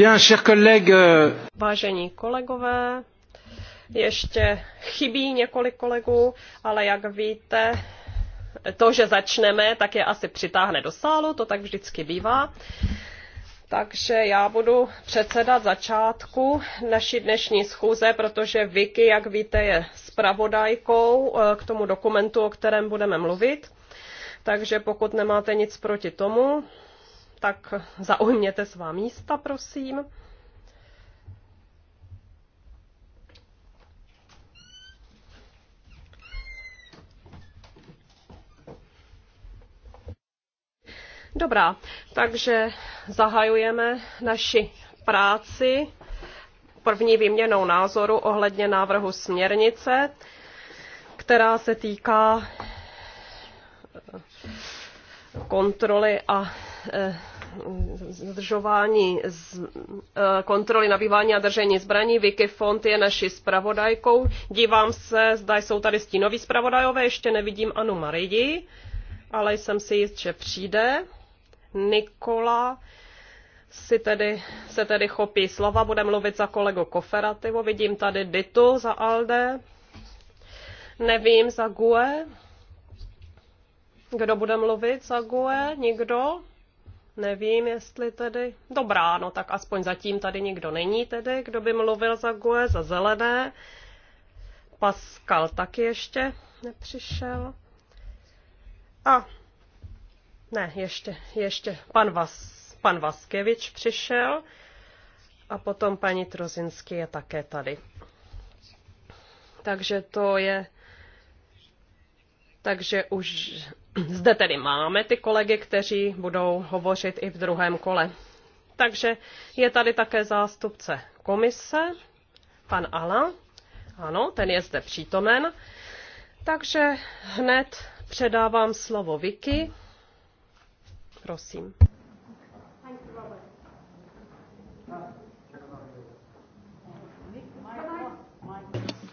Euh, Vážení kolegové, ještě chybí několik kolegů, ale jak víte, to, že začneme, tak je asi přitáhne do sálu, to tak vždycky bývá. Takže já budu předsedat začátku naší dnešní schůze, protože Vicky, jak víte, je spravodajkou eh, k tomu dokumentu, o kterém budeme mluvit. Takže pokud nemáte nic proti tomu, tak zaujměte svá místa, prosím. Dobrá, takže zahajujeme naši práci první výměnou názoru ohledně návrhu směrnice, která se týká eh, kontroly a eh, zdržování z, eh, kontroly nabývání a držení zbraní. Vicky Font je naší zpravodajkou. Dívám se, zda jsou tady stínoví zpravodajové, ještě nevidím Anu Maridi, ale jsem si jist, že přijde. Nikola si tedy, se tedy chopí slova, bude mluvit za kolego Koferativo. Vidím tady Ditu za Alde, nevím za GUE. Kdo bude mluvit za GUE? Nikdo? Nevím, jestli tedy... Dobrá, no tak aspoň zatím tady nikdo není tedy, kdo by mluvil za GUE, za zelené. Pascal taky ještě nepřišel. A ne, ještě, ještě pan, Vas, pan Vaskevič přišel a potom paní Trozinsky je také tady. Takže to je takže už zde tedy máme ty kolegy, kteří budou hovořit i v druhém kole. Takže je tady také zástupce komise, pan Ala. Ano, ten je zde přítomen. Takže hned předávám slovo Vicky. Prosím.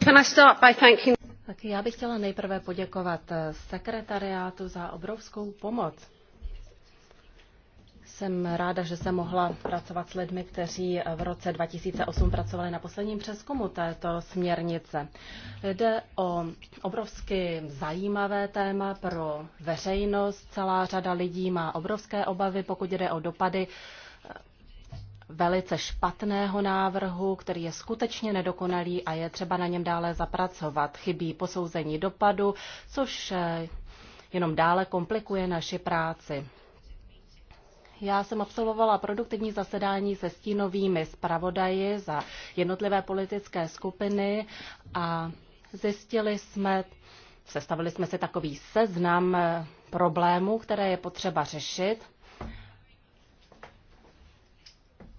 Can I start by thanking... Tak já bych chtěla nejprve poděkovat eh, sekretariátu za obrovskou pomoc. Jsem ráda, že jsem mohla pracovat s lidmi, kteří eh, v roce 2008 pracovali na posledním přeskumu této směrnice. Jde o obrovsky zajímavé téma pro veřejnost. Celá řada lidí má obrovské obavy, pokud jde o dopady velice špatného návrhu, který je skutečně nedokonalý a je třeba na něm dále zapracovat. Chybí posouzení dopadu, což eh, jenom dále komplikuje naši práci. Já jsem absolvovala produktivní zasedání se stínovými zpravodaji za jednotlivé politické skupiny a zjistili jsme, sestavili jsme si takový seznam eh, problémů, které je potřeba řešit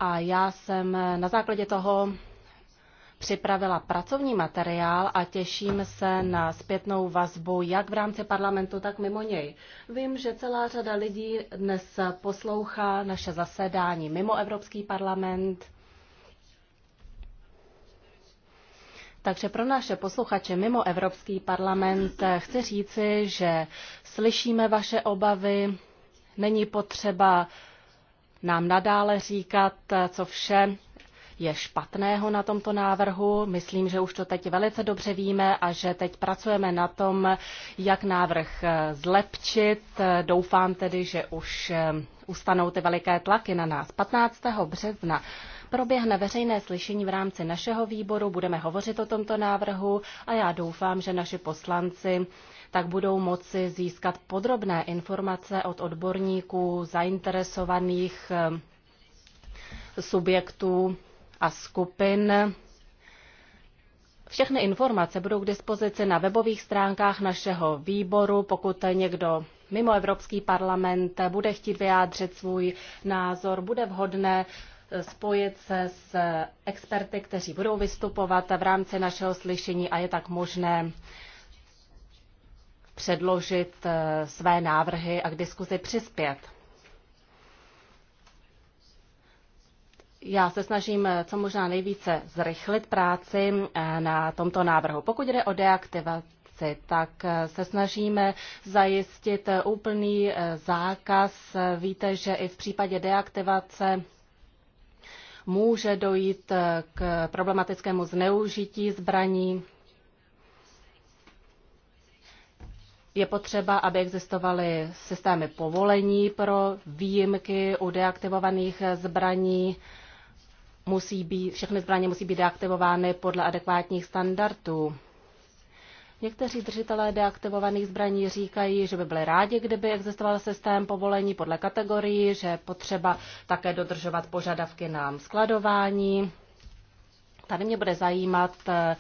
a já jsem na základě toho připravila pracovní materiál a těším se na zpětnou vazbu jak v rámci parlamentu, tak mimo něj. Vím, že celá řada lidí dnes poslouchá naše zasedání mimo Evropský parlament. Takže pro naše posluchače mimo Evropský parlament chci říci, že slyšíme vaše obavy, není potřeba uh, nám nadále říkat, co vše je špatného na tomto návrhu. Myslím, že už to teď velice dobře víme a že teď pracujeme na tom, jak návrh zlepšit. Doufám tedy, že už eh, ustanou ty veliké tlaky na nás. 15. března proběhne veřejné slyšení v rámci našeho výboru, budeme hovořit o tomto návrhu a já doufám, že naši poslanci tak budou moci získat podrobné informace od odborníků, zainteresovaných eh, subjektů a skupin. Všechny informace budou k dispozici na webových stránkách našeho výboru. Pokud někdo mimo Evropský parlament bude chtít vyjádřit svůj názor, bude vhodné eh, spojit se s eh, experty, kteří budou vystupovat v rámci našeho slyšení a je tak možné předložit eh, své návrhy a k diskuzi přispět. Já se snažím eh, co možná nejvíce zrychlit práci eh, na tomto návrhu. Pokud jde o deaktivaci, tak se snažíme zajistit úplný zákaz. Víte, že i v případě deaktivace může dojít k problematickému zneužití zbraní je potřeba, aby existovaly systémy povolení pro výjimky u deaktivovaných zbraní. Musí být, všechny zbraně musí být deaktivovány podle adekvátních standardů. Někteří držitelé deaktivovaných zbraní říkají, že by byli rádi, kdyby existoval systém povolení podle kategorii, že je potřeba také dodržovat požadavky na skladování. Tady mě bude zajímat eh,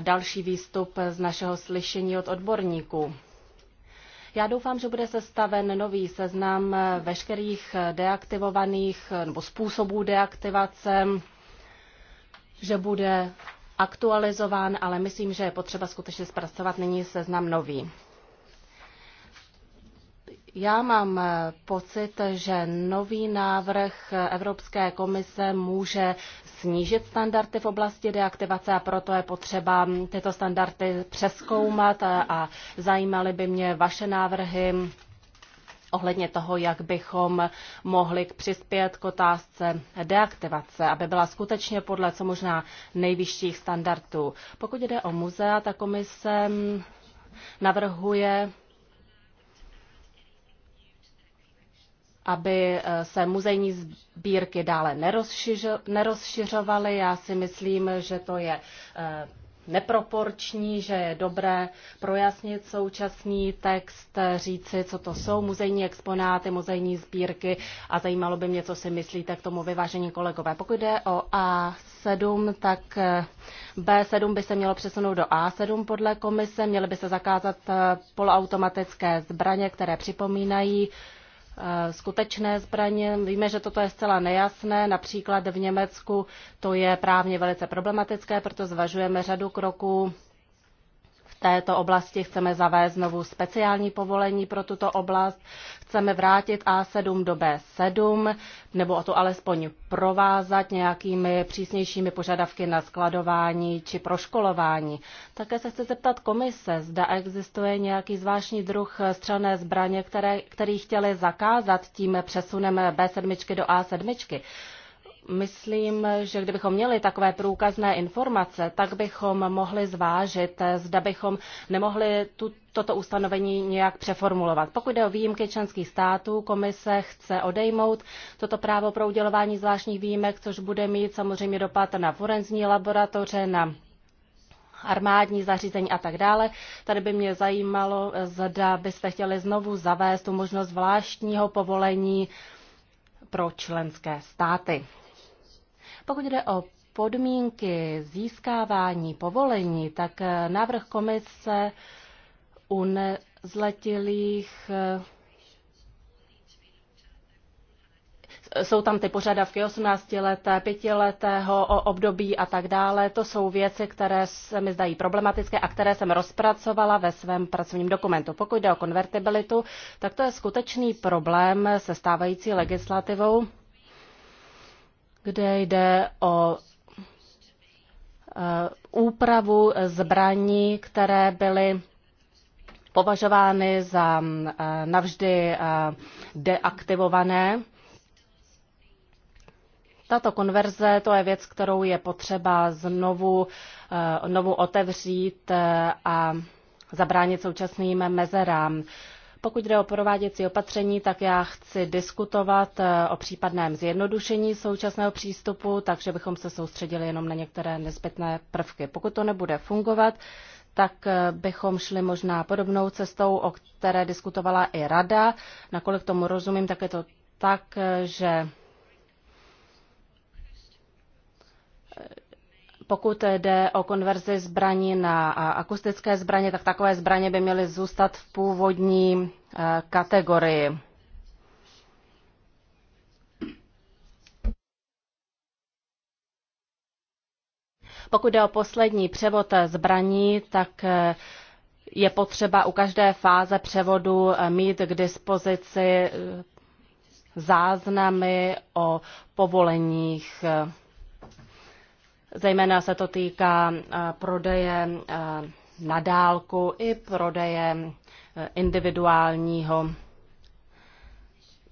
další výstup z našeho slyšení od odborníků. Já doufám, že bude sestaven nový seznam veškerých deaktivovaných nebo způsobů deaktivace, že bude aktualizován, ale myslím, že je potřeba skutečně zpracovat nyní seznam nový. Já mám pocit, že nový návrh Evropské komise může snížit standardy v oblasti deaktivace a proto je potřeba tyto standardy přeskoumat a zajímaly by mě vaše návrhy ohledně toho, jak bychom mohli přispět k otázce deaktivace, aby byla skutečně podle co možná nejvyšších standardů. Pokud jde o muzea, ta komise navrhuje aby eh, se muzejní sbírky dále nerozšiřovaly. Já si myslím, že to je eh, neproporční, že je dobré projasnit současný text, eh, říci, co to jsou muzejní exponáty, muzejní sbírky a zajímalo by mě, co si myslíte k tomu vyvážení kolegové. Pokud jde o A7, tak B7 by se mělo přesunout do A7 podle komise, měly by se zakázat poloautomatické zbraně, které připomínají uh, Eh, skutečné zbraně. Víme, že toto je zcela nejasné, například v Německu to je právně velice problematické, proto zvažujeme řadu kroků této oblasti. Chceme zavést znovu speciální povolení pro tuto oblast. Chceme vrátit A7 do B7, nebo to alespoň provázat nějakými přísnějšími požadavky na skladování či proškolování. Také se chci zeptat komise, zda existuje nějaký zvláštní druh střelné zbraně, které, který chtěli zakázat tím přesunem B7 do A7 myslím, že kdybychom měli takové průkazné informace, tak bychom mohli zvážit, zda bychom nemohli tu, toto ustanovení nějak přeformulovat. Pokud jde o výjimky členských států, komise chce odejmout toto právo pro udělování zvláštních výjimek, což bude mít samozřejmě dopad na forenzní laboratoře, na armádní zařízení a tak dále. Tady by mě zajímalo, zda byste chtěli znovu zavést tu možnost zvláštního povolení pro členské státy. Pokud jde o podmínky získávání povolení, tak eh, návrh komise u nezletilých eh, jsou tam ty požadavky 18 leté, 5 letého období a tak dále. To jsou věci, které se mi zdají problematické a které jsem rozpracovala ve svém pracovním dokumentu. Pokud jde o konvertibilitu, tak to je skutečný problém se stávající legislativou kde jde o eh, úpravu zbraní, které byly považovány za eh, navždy eh, deaktivované. Tato konverze to je věc, kterou je potřeba znovu, znovu otevřít a zabránit současným mezerám. Pokud jde o prováděcí opatření, tak já chci diskutovat eh, o případném zjednodušení současného přístupu, takže bychom se soustředili jenom na některé nezbytné prvky. Pokud to nebude fungovat, tak eh, bychom šli možná podobnou cestou, o které diskutovala i rada. Nakolik tomu rozumím, tak je to tak, eh, že Pokud jde o konverzi zbraní na akustické zbraně, tak takové zbraně by měly zůstat v původní e, kategorii. Pokud jde o poslední převod zbraní, tak e, je potřeba u každé fáze převodu e, mít k dispozici záznamy o povoleních Zejména se to týká eh, prodeje eh, na dálku i prodeje eh, individuálního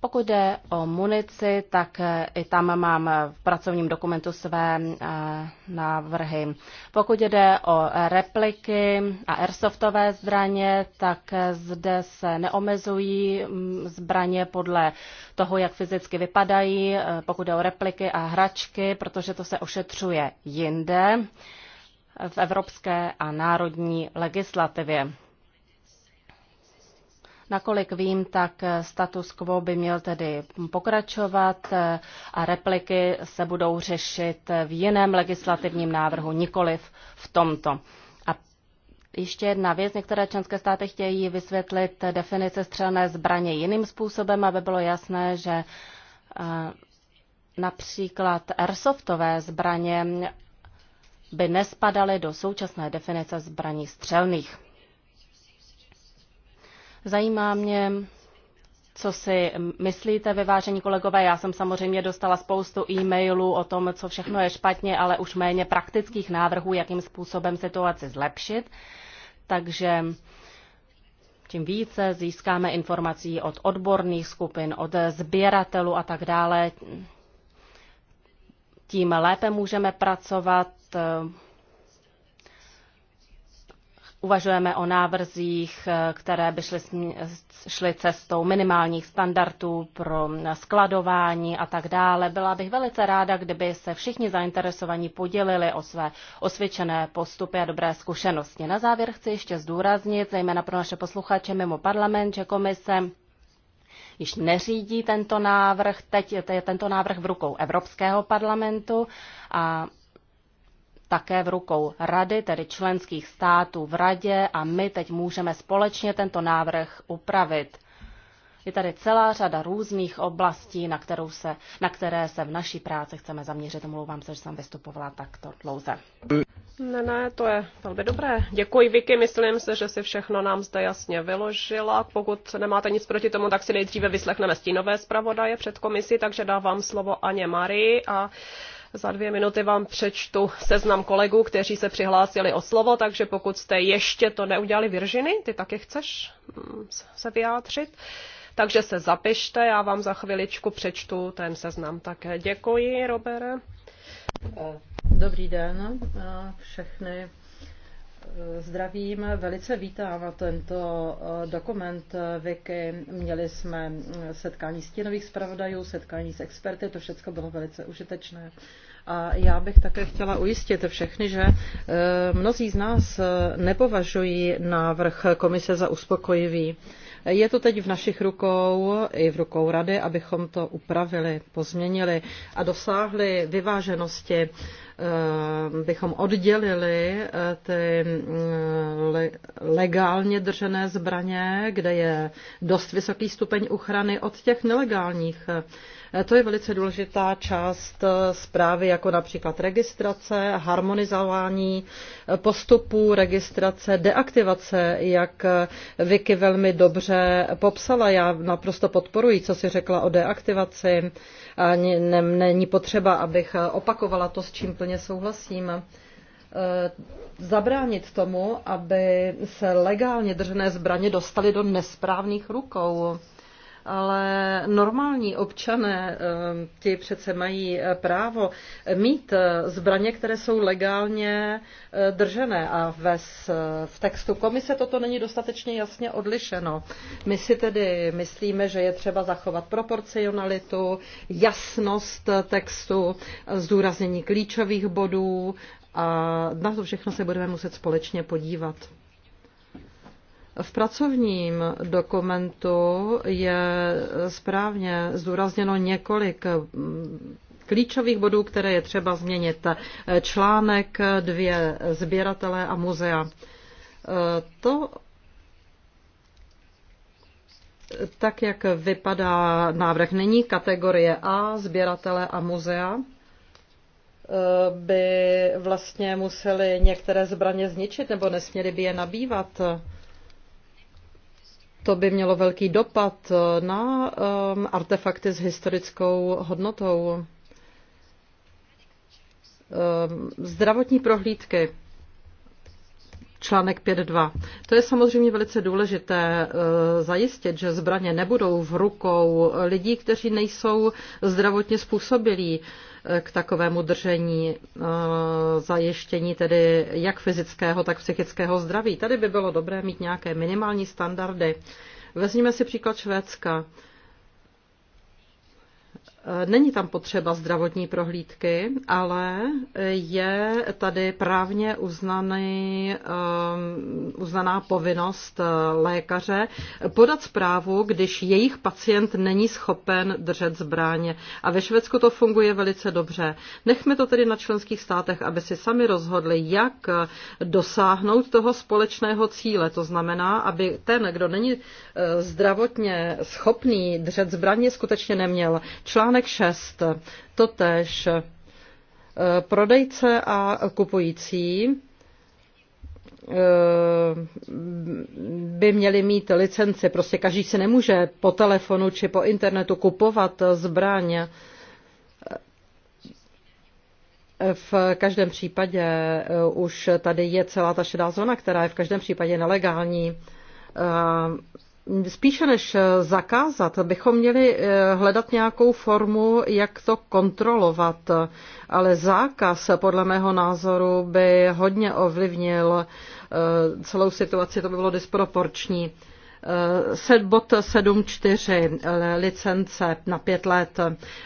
pokud jde o munici, tak e, i tam mám v pracovním dokumentu své e, návrhy. Pokud jde o repliky a airsoftové zbraně, tak e, zde se neomezují zbraně podle toho, jak fyzicky vypadají, pokud jde o repliky a hračky, protože to se ošetřuje jinde v evropské a národní legislativě. Nakolik vím, tak status quo by měl tedy pokračovat eh, a repliky se budou řešit v jiném legislativním návrhu, nikoliv v tomto. A ještě jedna věc, některé členské státy chtějí vysvětlit definice střelné zbraně jiným způsobem, aby bylo jasné, že eh, například airsoftové zbraně by nespadaly do současné definice zbraní střelných. Zajímá mě, co si myslíte, vyvážení kolegové. Já jsem samozřejmě dostala spoustu e-mailů o tom, co všechno je špatně, ale už méně praktických návrhů, jakým způsobem situaci zlepšit. Takže tím více získáme informací od odborných skupin, od sběratelů a tak dále. Tím lépe můžeme pracovat, Uvažujeme o návrzích, eh, které by šly, šly cestou minimálních standardů pro skladování a tak dále. Byla bych velice ráda, kdyby se všichni zainteresovaní podělili o své osvědčené postupy a dobré zkušenosti. Na závěr chci ještě zdůraznit, zejména pro naše posluchače mimo parlament, že komise již neřídí tento návrh, teď je tento návrh v rukou Evropského parlamentu a také v rukou Rady, tedy členských států v Radě a my teď můžeme společně tento návrh upravit. Je tady celá řada různých oblastí, na, kterou se, na které se v naší práci chceme zaměřit. Omlouvám se, že jsem vystupovala takto dlouze. Ne, ne, to je velmi dobré. Děkuji, Vicky. Myslím se, že si všechno nám zde jasně vyložila. Pokud nemáte nic proti tomu, tak si nejdříve vyslechneme stínové zpravodaje před komisi, takže dávám slovo Aně Marii a za dvě minuty vám přečtu seznam kolegů, kteří se přihlásili o slovo, takže pokud jste ještě to neudělali, Viržiny, ty taky chceš mm, se vyjádřit? Takže se zapište, já vám za chviličku přečtu ten seznam. Tak děkuji, Robere. Eh, dobrý den eh, všechny. Eh, zdravím, velice vítám tento dokument Vicky. Měli jsme mm, setkání stínových zpravodajů, setkání s experty, to všechno bylo velice užitečné. A já bych také chtěla ujistit všechny, že e, mnozí z nás e, nepovažují návrh komise za uspokojivý. Je to teď v našich rukou i v rukou rady, abychom to upravili, pozměnili a dosáhli vyváženosti, e, bychom oddělili ty mm, legálně držené zbraně, kde je dost vysoký stupeň ochrany od těch nelegálních Eh, to je velice důležitá část eh, zprávy, jako například registrace, harmonizování eh, postupů registrace, deaktivace, jak Vicky velmi dobře popsala. Já naprosto podporuji, co si řekla o deaktivaci. není potřeba, abych opakovala to, s čím plně souhlasím zabránit tomu, aby se legálně držené zbraně dostaly do nesprávných rukou ale normální občané, eh, ti přece mají eh, právo mít eh, zbraně, které jsou legálně držené a ve, v textu komise toto není dostatečně jasně odlišeno. My si tedy myslíme, že je třeba zachovat proporcionalitu, jasnost textu, zdůraznění klíčových bodů a na to všechno se budeme muset společně podívat. V pracovním dokumentu je správně zdůrazněno několik mm, klíčových bodů, které je třeba změnit. Článek dvě sběratelé a muzea. E, to tak, jak vypadá návrh nyní, kategorie A, sběratele a muzea, e, by vlastně museli některé zbraně zničit nebo nesměli by je nabývat. To by mělo velký dopad eh, na ehm, artefakty s historickou hodnotou. Ehm, zdravotní prohlídky. Článek 5.2. To je samozřejmě velice důležité eh, zajistit, že zbraně nebudou v rukou lidí, kteří nejsou zdravotně způsobilí k takovému držení, e, zajištění tedy jak fyzického, tak psychického zdraví. Tady by bylo dobré mít nějaké minimální standardy. Vezměme si příklad Švédska. Eh, není tam potřeba zdravotní prohlídky, ale je tady právně uznaný, eh, uznaná povinnost eh, lékaře podat zprávu, když jejich pacient není schopen držet zbraně. A ve Švédsku to funguje velice dobře. Nechme to tedy na členských státech, aby si sami rozhodli, jak dosáhnout toho společného cíle. To znamená, aby ten, kdo není zdravotně schopný držet zbraně, skutečně neměl. Článek Článek 6. Totež eh, prodejce a kupující eh, by měli mít licenci. Prostě každý si nemůže po telefonu či po internetu kupovat zbraň. V každém případě eh, už tady je celá ta šedá zóna, která je v každém případě nelegální. Spíše než zakázat, bychom měli eh, hledat nějakou formu, jak to kontrolovat, ale zákaz podle mého názoru by hodně ovlivnil eh, celou situaci, to by bylo disproporční bod 7.4 eh, licence na pět let.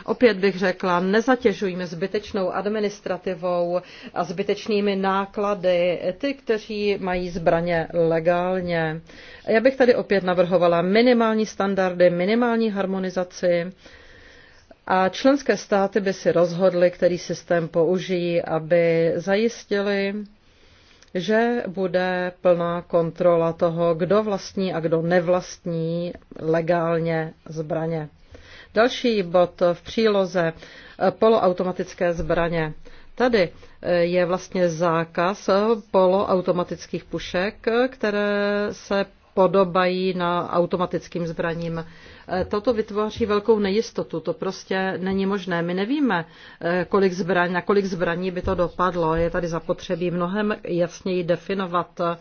Opět bych řekla, nezatěžujme zbytečnou administrativou a zbytečnými náklady ty, kteří mají zbraně legálně. Já bych tady opět navrhovala minimální standardy, minimální harmonizaci a členské státy by si rozhodly, který systém použijí, aby zajistili že bude plná kontrola toho, kdo vlastní a kdo nevlastní legálně zbraně. Další bod v příloze eh, poloautomatické zbraně. Tady eh, je vlastně zákaz eh, poloautomatických pušek, které se podobají na automatickým zbraním. E, toto vytvoří velkou nejistotu, to prostě není možné. My nevíme, e, kolik zbraň, na kolik zbraní by to dopadlo. Je tady zapotřebí mnohem jasněji definovat, e,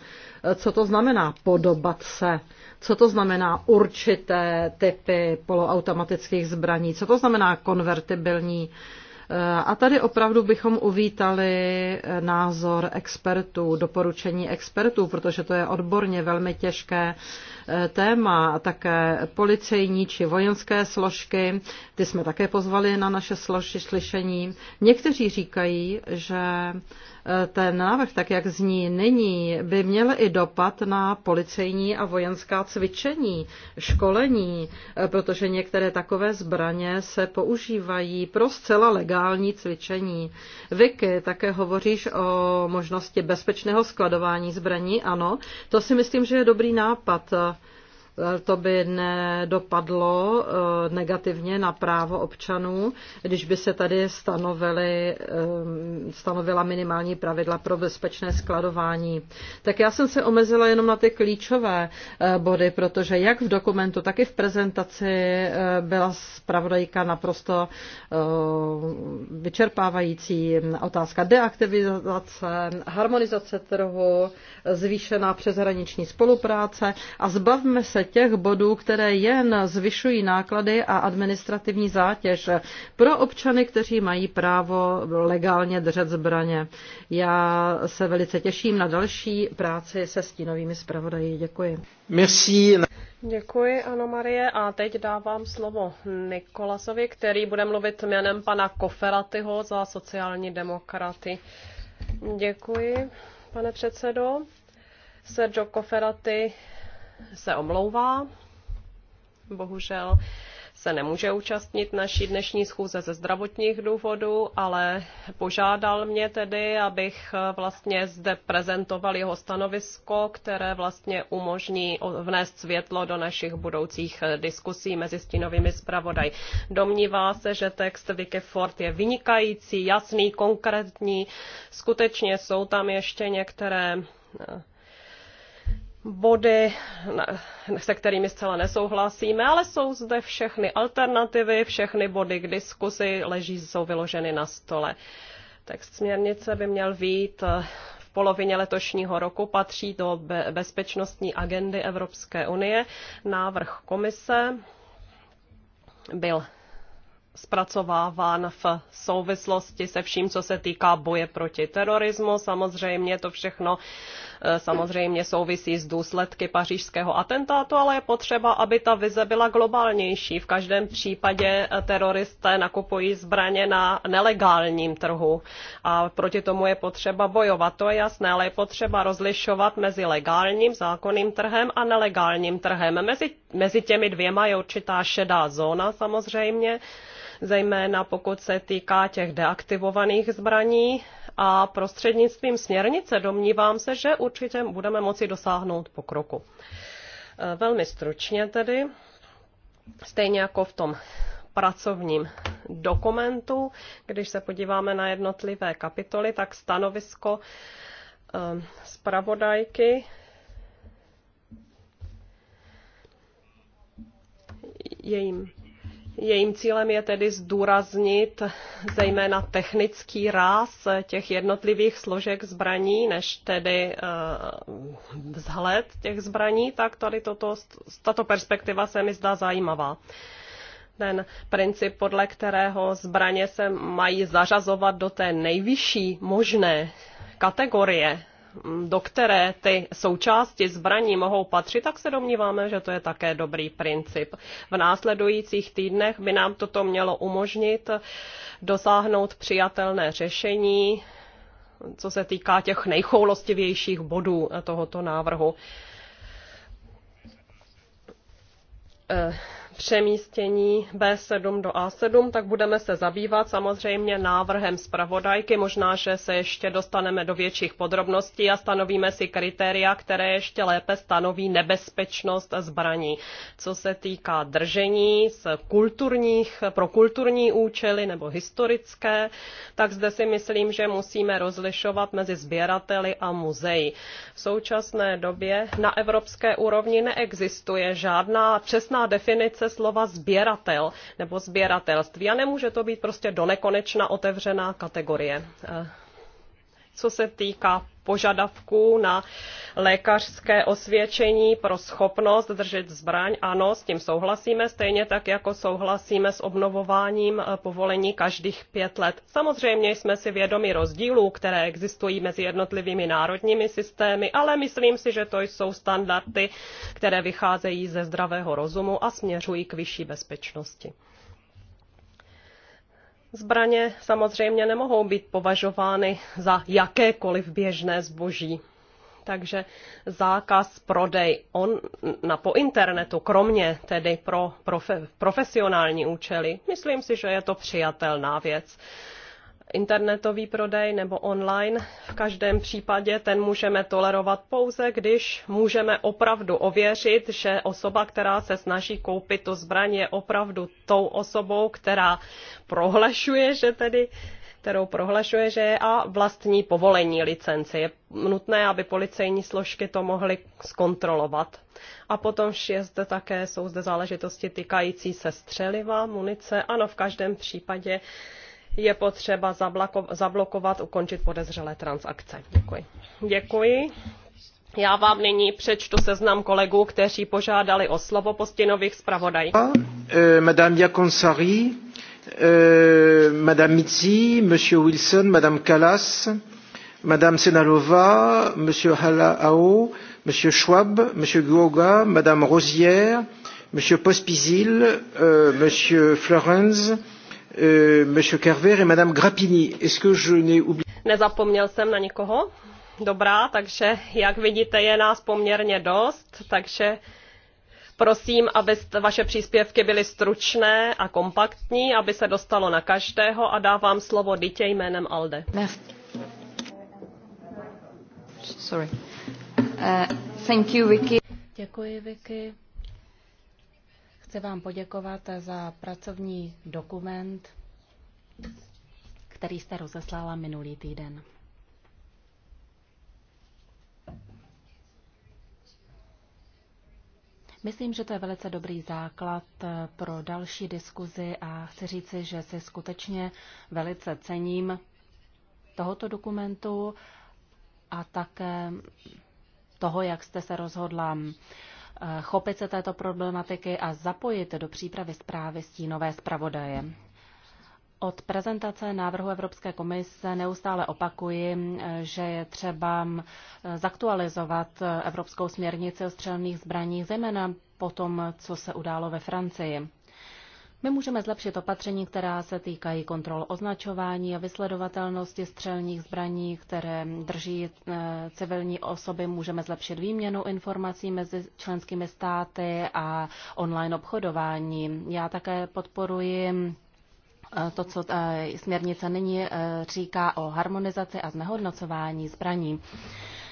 co to znamená podobat se, co to znamená určité typy poloautomatických zbraní, co to znamená konvertibilní uh, a tady opravdu bychom uvítali eh, názor expertů, doporučení expertů, protože to je odborně velmi těžké eh, téma. A také policejní či vojenské složky, ty jsme také pozvali na naše slyšení. Někteří říkají, že Eh, ten návrh, tak jak zní nyní, by měl i dopad na policejní a vojenská cvičení, školení, eh, protože některé takové zbraně se používají pro zcela legální cvičení. Vicky, také hovoříš o možnosti bezpečného skladování zbraní. Ano, to si myslím, že je dobrý nápad to by nedopadlo eh, negativně na právo občanů, když by se tady stanovily, eh, stanovila minimální pravidla pro bezpečné skladování. Tak já jsem se omezila jenom na ty klíčové eh, body, protože jak v dokumentu, tak i v prezentaci byla zpravodajka naprosto vyčerpávající otázka deaktivizace, harmonizace trhu, zvýšená přeshraniční spolupráce a zbavme se těch bodů, které jen zvyšují náklady a administrativní zátěž pro občany, kteří mají právo legálně držet zbraně. Já se velice těším na další práci se stínovými zpravodaji. Děkuji. Merci. Děkuji, Ano Marie. A teď dávám slovo Nikolasovi, který bude mluvit jménem pana Koferatyho za sociální demokraty. Děkuji, pane předsedo. Sergio Koferaty se omlouvá. Bohužel se nemůže účastnit naší dnešní schůze ze zdravotních důvodů, ale požádal mě tedy, abych eh, vlastně zde prezentoval jeho stanovisko, které vlastně umožní vnést světlo do našich budoucích eh, diskusí mezi stínovými zpravodaj. Domnívá se, že text Vicky Ford je vynikající, jasný, konkrétní. Skutečně jsou tam ještě některé eh, body, se kterými zcela nesouhlasíme, ale jsou zde všechny alternativy, všechny body k diskusi leží, jsou vyloženy na stole. Text směrnice by měl být eh, v polovině letošního roku, patří do bezpečnostní agendy Evropské unie. Návrh komise byl zpracováván v souvislosti se vším, co se týká boje proti terorismu. Samozřejmě to všechno Eh, samozřejmě souvisí s důsledky pařížského atentátu, ale je potřeba, aby ta vize byla globálnější. V každém případě eh, teroristé nakupují zbraně na nelegálním trhu a proti tomu je potřeba bojovat. To je jasné, ale je potřeba rozlišovat mezi legálním zákonným trhem a nelegálním trhem. Mezi, mezi těmi dvěma je určitá šedá zóna samozřejmě zejména pokud se týká těch deaktivovaných zbraní, a prostřednictvím směrnice domnívám se, že určitě budeme moci dosáhnout pokroku. E, velmi stručně tedy, stejně jako v tom pracovním dokumentu, když se podíváme na jednotlivé kapitoly, tak stanovisko e, zpravodajky jejím Jejím cílem je tedy zdůraznit zejména technický ráz těch jednotlivých složek zbraní, než tedy eh, vzhled těch zbraní, tak tady toto, tato perspektiva se mi zdá zajímavá ten princip, podle kterého zbraně se mají zařazovat do té nejvyšší možné kategorie do které ty součásti zbraní mohou patřit, tak se domníváme, že to je také dobrý princip. V následujících týdnech by nám toto mělo umožnit dosáhnout přijatelné řešení, co se týká těch nejchoulostivějších bodů tohoto návrhu. Eh, přemístění B7 do A7, tak budeme se zabývat samozřejmě návrhem zpravodajky. Možná, že se ještě dostaneme do větších podrobností a stanovíme si kritéria, které ještě lépe stanoví nebezpečnost zbraní. Co se týká držení z kulturních, pro kulturní účely nebo historické, tak zde si myslím, že musíme rozlišovat mezi sběrateli a muzeji. V současné době na evropské úrovni neexistuje žádná přesná definice slova sběratel nebo sběratelství a nemůže to být prostě donekonečna otevřená kategorie. Eh, co se týká požadavků na lékařské osvědčení pro schopnost držet zbraň. Ano, s tím souhlasíme, stejně tak jako souhlasíme s obnovováním eh, povolení každých pět let. Samozřejmě jsme si vědomi rozdílů, které existují mezi jednotlivými národními systémy, ale myslím si, že to jsou standardy, které vycházejí ze zdravého rozumu a směřují k vyšší bezpečnosti. Zbraně samozřejmě nemohou být považovány za jakékoliv běžné zboží. Takže zákaz prodej on, na, po internetu, kromě tedy pro profe, profesionální účely, myslím si, že je to přijatelná věc internetový prodej nebo online. V každém případě ten můžeme tolerovat pouze, když můžeme opravdu ověřit, že osoba, která se snaží koupit to zbraně, je opravdu tou osobou, která prohlašuje, že tedy kterou prohlašuje, že je a vlastní povolení licence. Je nutné, aby policejní složky to mohly zkontrolovat. A potom je zde také, jsou zde záležitosti týkající se střeliva, munice. Ano, v každém případě je potřeba zablokovat, ukončit podezřelé transakce. Děkuji. Děkuji. Já vám nyní přečtu seznam kolegů, kteří požádali o slovo postinových zpravodaj. E, madame Jakonsari, e, Madame Mitzi, Monsieur Wilson, Madame Callas, Madame Senalova, Monsieur Halaao, Monsieur Schwab, Monsieur Guoga, Madame Rosière, Monsieur Pospisil, e, Monsieur Florence, Euh, Monsieur Carver et Madame Grappini. Est-ce que je n'ai oublié... Nezapomněl jsem na nikoho? Dobrá, takže jak vidíte, je nás poměrně dost, takže prosím, aby vaše příspěvky byly stručné a kompaktní, aby se dostalo na každého a dávám slovo dítě jménem Alde. Sorry. Uh, thank you, Vicky. Děkuji, Vicky. Chci vám poděkovat za pracovní dokument, který jste rozeslala minulý týden. Myslím, že to je velice dobrý základ eh, pro další diskuzi a chci říci, že si skutečně velice cením tohoto dokumentu a také toho, jak jste se rozhodla chopit se této problematiky a zapojit do přípravy zprávy stínové zpravodaje. Od prezentace návrhu Evropské komise neustále opakuji, že je třeba mm, zaktualizovat evropskou směrnici o střelných zbraních, zejména po tom, co se událo ve Francii. My můžeme zlepšit opatření, která se týkají kontrol označování a vysledovatelnosti střelních zbraní, které drží eh, civilní osoby. Můžeme zlepšit výměnu informací mezi členskými státy a online obchodování. Já také podporuji eh, to, co eh, směrnice nyní říká o harmonizaci a znehodnocování zbraní.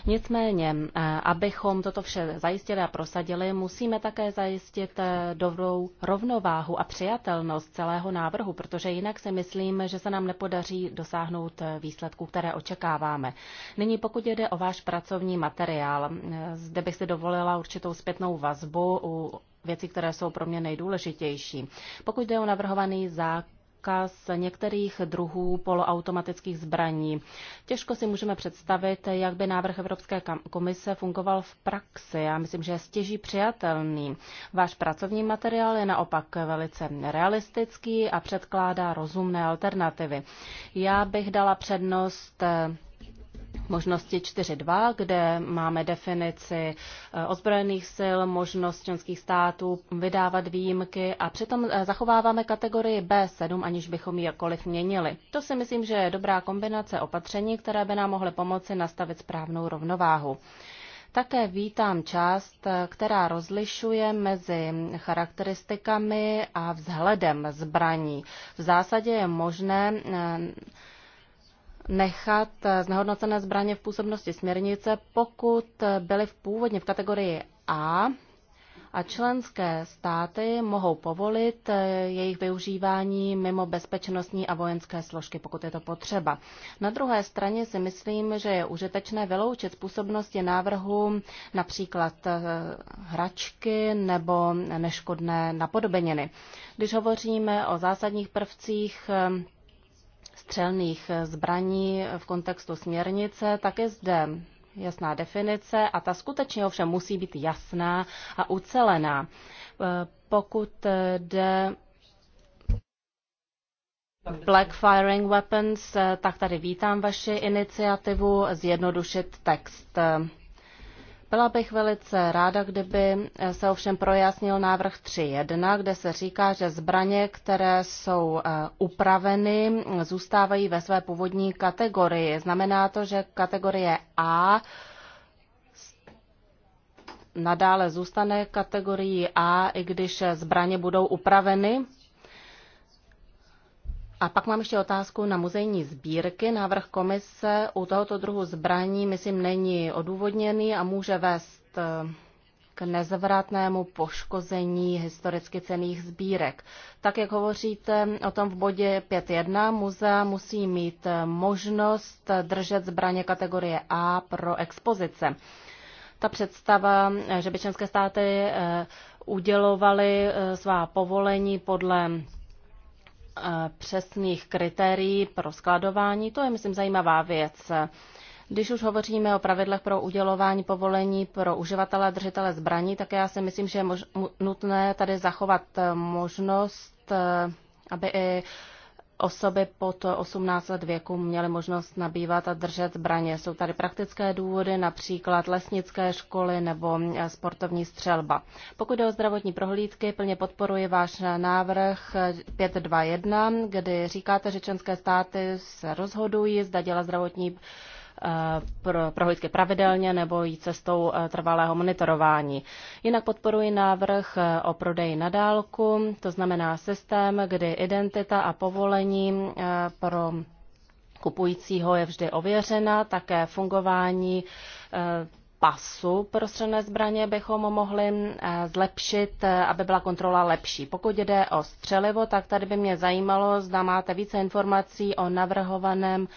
Nicméně, eh, abychom toto vše zajistili a prosadili, musíme také zajistit eh, dobrou rovnováhu a přijatelnost celého návrhu, protože jinak si myslím, že se nám nepodaří dosáhnout eh, výsledků, které očekáváme. Nyní pokud jde o váš pracovní materiál, zde bych si dovolila určitou zpětnou vazbu u věcí, které jsou pro mě nejdůležitější. Pokud jde o navrhovaný zákon, zákaz některých druhů poloautomatických zbraní. Těžko si můžeme představit, jak by návrh Evropské komise fungoval v praxi. Já myslím, že je stěží přijatelný. Váš pracovní materiál je naopak velice realistický a předkládá rozumné alternativy. Já bych dala přednost možnosti 4.2, kde máme definici eh, ozbrojených sil, možnost členských států vydávat výjimky a přitom eh, zachováváme kategorii B7, aniž bychom ji jakkoliv měnili. To si myslím, že je dobrá kombinace opatření, které by nám mohly pomoci nastavit správnou rovnováhu. Také vítám část, eh, která rozlišuje mezi charakteristikami a vzhledem zbraní. V zásadě je možné nechat eh, znehodnocené zbraně v působnosti směrnice, pokud eh, byly v původně v kategorii A a členské státy mohou povolit eh, jejich využívání mimo bezpečnostní a vojenské složky, pokud je to potřeba. Na druhé straně si myslím, že je užitečné vyloučit způsobnosti návrhu například hračky nebo neškodné napodobeniny. Když hovoříme o zásadních prvcích střelných eh, zbraní v kontextu směrnice, tak je zde jasná definice a ta skutečně ovšem musí být jasná a ucelená. Eh, pokud eh, jde Black Firing Weapons, tak tady vítám vaši iniciativu zjednodušit text. Byla bych velice ráda, kdyby se ovšem projasnil návrh 3.1, kde se říká, že zbraně, které jsou eh, upraveny, zůstávají ve své původní kategorii. Znamená to, že kategorie A nadále zůstane kategorií A, i když zbraně budou upraveny? A pak mám ještě otázku na muzejní sbírky. Návrh komise u tohoto druhu zbraní, myslím, není odůvodněný a může vést eh, k nezvratnému poškození historicky cených sbírek. Tak, jak hovoříte o tom v bodě 5.1, muzea musí mít eh, možnost držet zbraně kategorie A pro expozice. Ta představa, eh, že by členské státy udělovaly svá povolení podle přesných kritérií pro skladování. To je, myslím, zajímavá věc. Když už hovoříme o pravidlech pro udělování povolení pro uživatele a držitele zbraní, tak já si myslím, že je nutné tady zachovat možnost, eh, aby i osoby pod 18 let věku měly možnost nabývat a držet zbraně. Jsou tady praktické důvody, například lesnické školy nebo sportovní střelba. Pokud jde o zdravotní prohlídky, plně podporuji váš návrh 521, kdy říkáte, že členské státy se rozhodují, zda dělat zdravotní Eh, prohlídky pravidelně nebo jít cestou eh, trvalého monitorování. Jinak podporuji návrh eh, o prodeji na dálku, to znamená systém, kdy identita a povolení pro kupujícího je vždy ověřena, také fungování pasu pro střelné zbraně bychom mohli zlepšit, aby byla kontrola lepší. Pokud jde o střelivo, tak tady by mě zajímalo, zda máte více informací o navrhovaném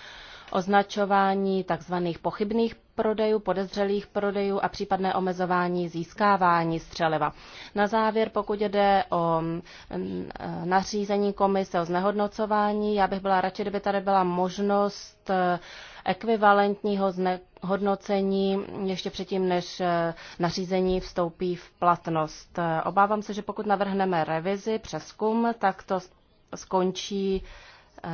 označování tzv. pochybných prodejů, podezřelých prodejů a případné omezování získávání střeliva. Na závěr, pokud jde o mm, eh, nařízení komise o znehodnocování, já bych byla radši, kdyby tady byla možnost eh, ekvivalentního znehodnocení ještě předtím, než eh, nařízení vstoupí v platnost. Obávám se, že pokud navrhneme revizi, přeskum, tak to skončí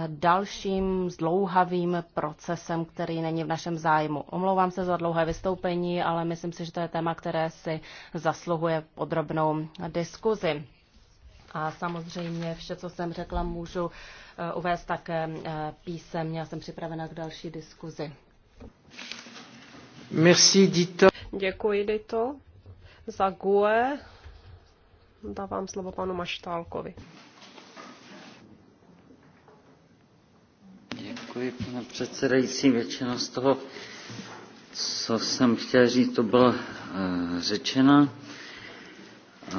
dalším zdlouhavým procesem, který není v našem zájmu. Omlouvám se za dlouhé vystoupení, ale myslím si, že to je téma, které si zasluhuje podrobnou diskuzi. A samozřejmě vše, co jsem řekla, můžu eh, uvést také eh, písemně. Já jsem připravena k další diskuzi. Merci, Dito. Děkuji, Dito. Za GUE dávám slovo panu Maštálkovi. Děkuji, pane předsedající. Většina z toho, co jsem chtěl říct, to byla e, eh, řečena. E,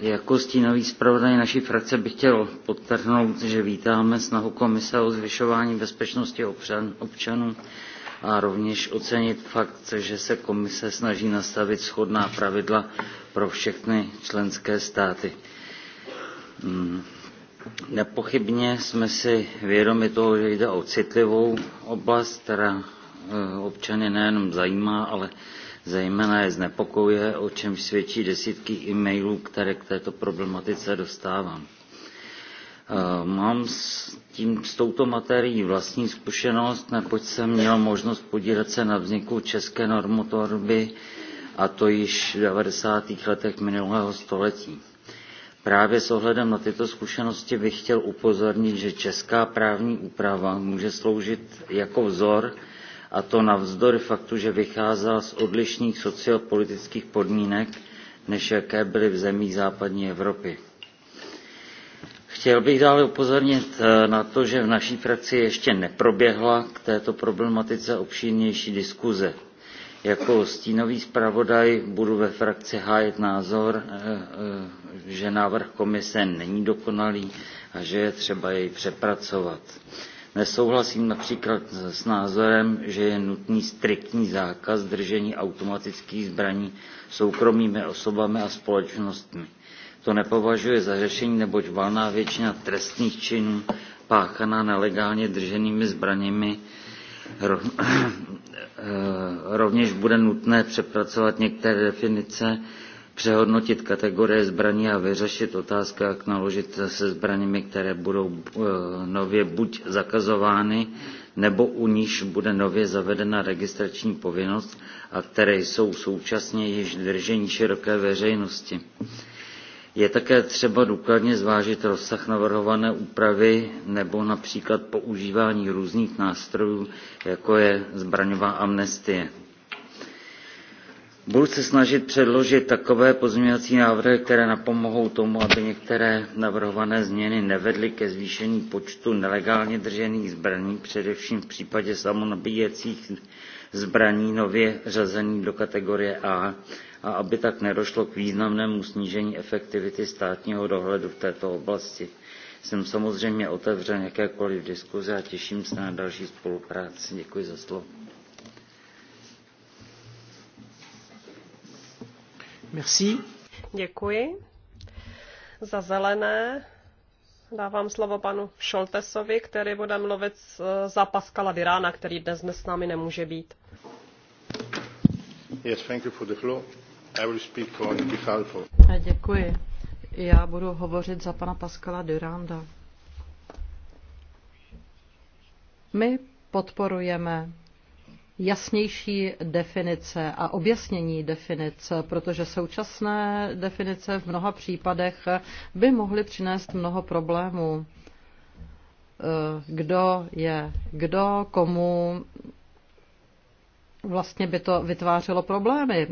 jako stínový zpravodaj naší frakce bych chtěl podtrhnout, že vítáme snahu komise o zvyšování bezpečnosti občan, občanů a rovněž ocenit fakt, že se komise snaží nastavit schodná pravidla pro všechny členské státy. Hmm. Nepochybně jsme si vědomi toho, že jde o citlivou oblast, která eh, občany nejenom zajímá, ale zejména je znepokojuje, o čem svědčí desítky e-mailů, které k této problematice dostávám. Eh, mám s, tím, s touto materií vlastní zkušenost, neboť jsem měl možnost podílet se na vzniku české normotvorby, a to již v 90. letech minulého století Právě s ohledem na tyto zkušenosti bych chtěl upozornit, že česká právní úprava může sloužit jako vzor, a to navzdory faktu, že vycházela z odlišných sociopolitických podmínek, než jaké byly v zemích západní Evropy. Chtěl bych dále upozornit eh, na to, že v naší frakci ještě neproběhla k této problematice obšírnější diskuze. Jako stínový zpravodaj budu ve frakci hájet názor, eh, eh, že návrh komise není dokonalý a že je třeba jej přepracovat. Nesouhlasím například s názorem, že je nutný striktní zákaz držení automatických zbraní soukromými osobami a společnostmi. To nepovažuje za řešení, neboť valná většina trestných činů páchaná nelegálně drženými zbraněmi Eh, rovněž bude nutné přepracovat některé definice, přehodnotit kategorie zbraní a vyřešit otázku, jak naložit se zbraněmi, které budou eh, nově buď zakazovány, nebo u níž bude nově zavedena registrační povinnost a které jsou současně již držení široké veřejnosti. Je také třeba důkladně zvážit rozsah navrhované úpravy nebo například používání různých nástrojů, jako je zbraňová amnestie. Budu se snažit předložit takové pozměňovací návrhy, které napomohou tomu, aby některé navrhované změny nevedly ke zvýšení počtu nelegálně držených zbraní, především v případě samonabíjecích zbraní nově řazených do kategorie A, a aby tak nedošlo k významnému snížení efektivity státního dohledu v této oblasti. Jsem samozřejmě otevřen jakékoliv diskuze a těším se na další spolupráci. Děkuji za slovo. Merci. Děkuji. Za zelené dávám slovo panu Šoltesovi, který bude mluvit za Paskala Dirána, který dnes, dnes s námi nemůže být. Yes, thank you for the floor. Děkuji. Já budu hovořit za pana Pascala Duranda. My podporujeme jasnější definice a objasnění definic, protože současné definice v mnoha případech by mohly přinést mnoho problémů. Eh, kdo je kdo, komu vlastně by to vytvářelo problémy.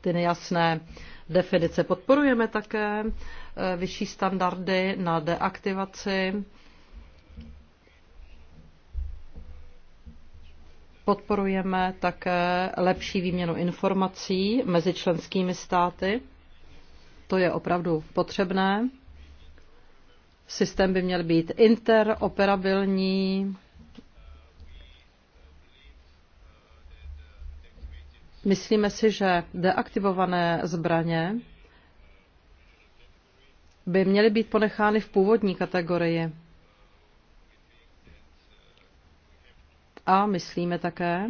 Ty nejasné definice. Podporujeme také eh, vyšší standardy na deaktivaci. Podporujeme také lepší výměnu informací mezi členskými státy. To je opravdu potřebné. Systém by měl být interoperabilní, Myslíme si, že deaktivované zbraně by měly být ponechány v původní kategorii. A myslíme také,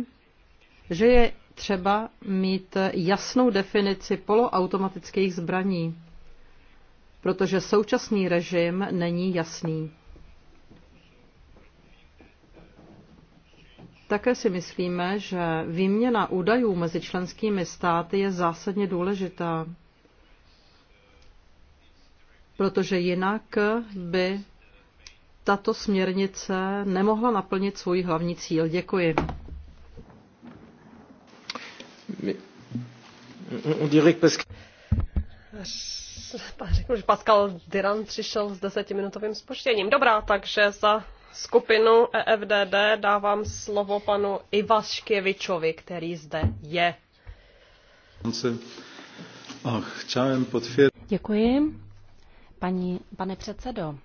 že je třeba mít jasnou definici poloautomatických zbraní, protože současný režim není jasný. Také si myslíme, že výměna údajů mezi členskými státy je zásadně důležitá, protože jinak by tato směrnice nemohla naplnit svůj hlavní cíl. Děkuji. Řeknu, že Pascal Diran přišel s desetiminutovým spoštěním. Dobrá, takže za skupinu EFDD dávám slovo panu Ivaškěvičovi, který zde je. Děkuji. Paní, pane předsedo,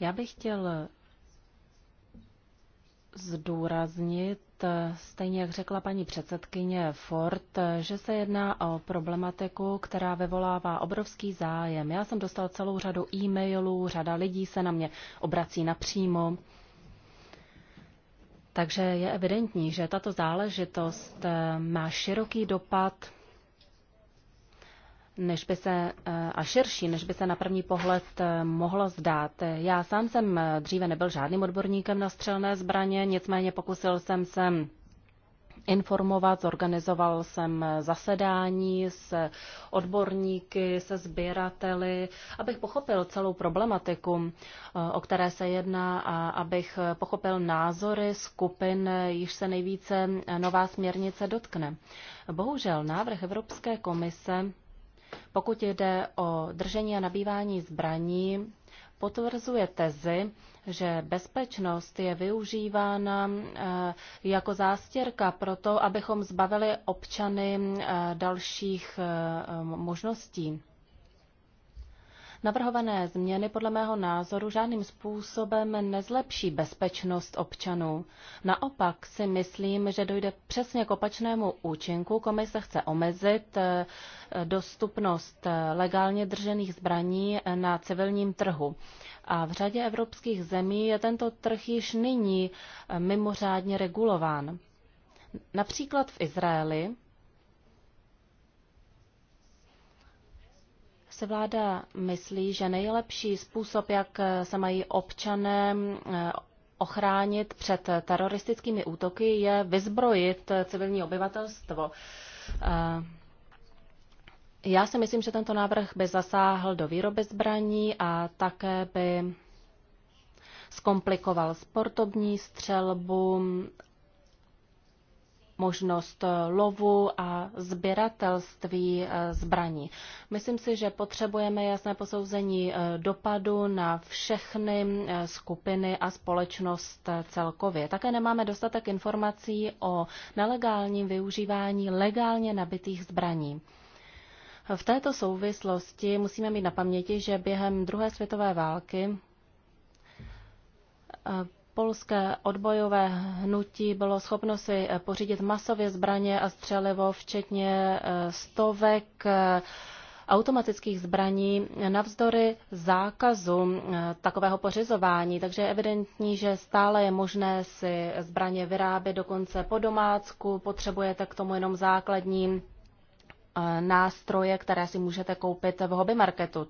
já bych chtěl zdůraznit, stejně jak řekla paní předsedkyně Ford, že se jedná o problematiku, která vyvolává obrovský zájem. Já jsem dostal celou řadu e-mailů, řada lidí se na mě obrací napřímo. Takže je evidentní, že tato záležitost má široký dopad než by se, eh, a širší, než by se na první pohled eh, mohlo zdát. Já sám jsem eh, dříve nebyl žádným odborníkem na střelné zbraně, nicméně pokusil jsem se informovat, zorganizoval jsem zasedání s odborníky, se sběrateli, abych pochopil celou problematiku, o které se jedná a abych pochopil názory skupin, již se nejvíce nová směrnice dotkne. Bohužel návrh Evropské komise pokud jde o držení a nabývání zbraní, potvrzuje tezi, že bezpečnost je využívána eh, jako zástěrka pro to, abychom zbavili občany eh, dalších eh, možností. Navrhované změny podle mého názoru žádným způsobem nezlepší bezpečnost občanů. Naopak si myslím, že dojde přesně k opačnému účinku. Komise chce omezit eh, dostupnost eh, legálně držených zbraní eh, na civilním trhu. A v řadě evropských zemí je tento trh již nyní mimořádně regulován. Například v Izraeli se vláda myslí, že nejlepší způsob, jak se mají občané eh, ochránit před teroristickými útoky, je vyzbrojit civilní obyvatelstvo. Eh, já si myslím, že tento návrh by zasáhl do výroby zbraní a také by zkomplikoval sportovní střelbu možnost eh, lovu a sběratelství eh, zbraní. Myslím si, že potřebujeme jasné posouzení eh, dopadu na všechny skupiny a společnost celkově. Také nemáme dostatek informací o nelegálním využívání legálně nabitých zbraní. V této souvislosti musíme mít na paměti, že během druhé světové války Polské odbojové hnutí bylo schopno si eh, pořídit masově zbraně a střelivo, včetně eh, stovek eh, automatických zbraní navzdory zákazu takového pořizování. Takže je evidentní, že stále je možné si zbraně vyrábět dokonce po domácku, potřebujete k tomu jenom základní nástroje, které si můžete koupit v hobby marketu.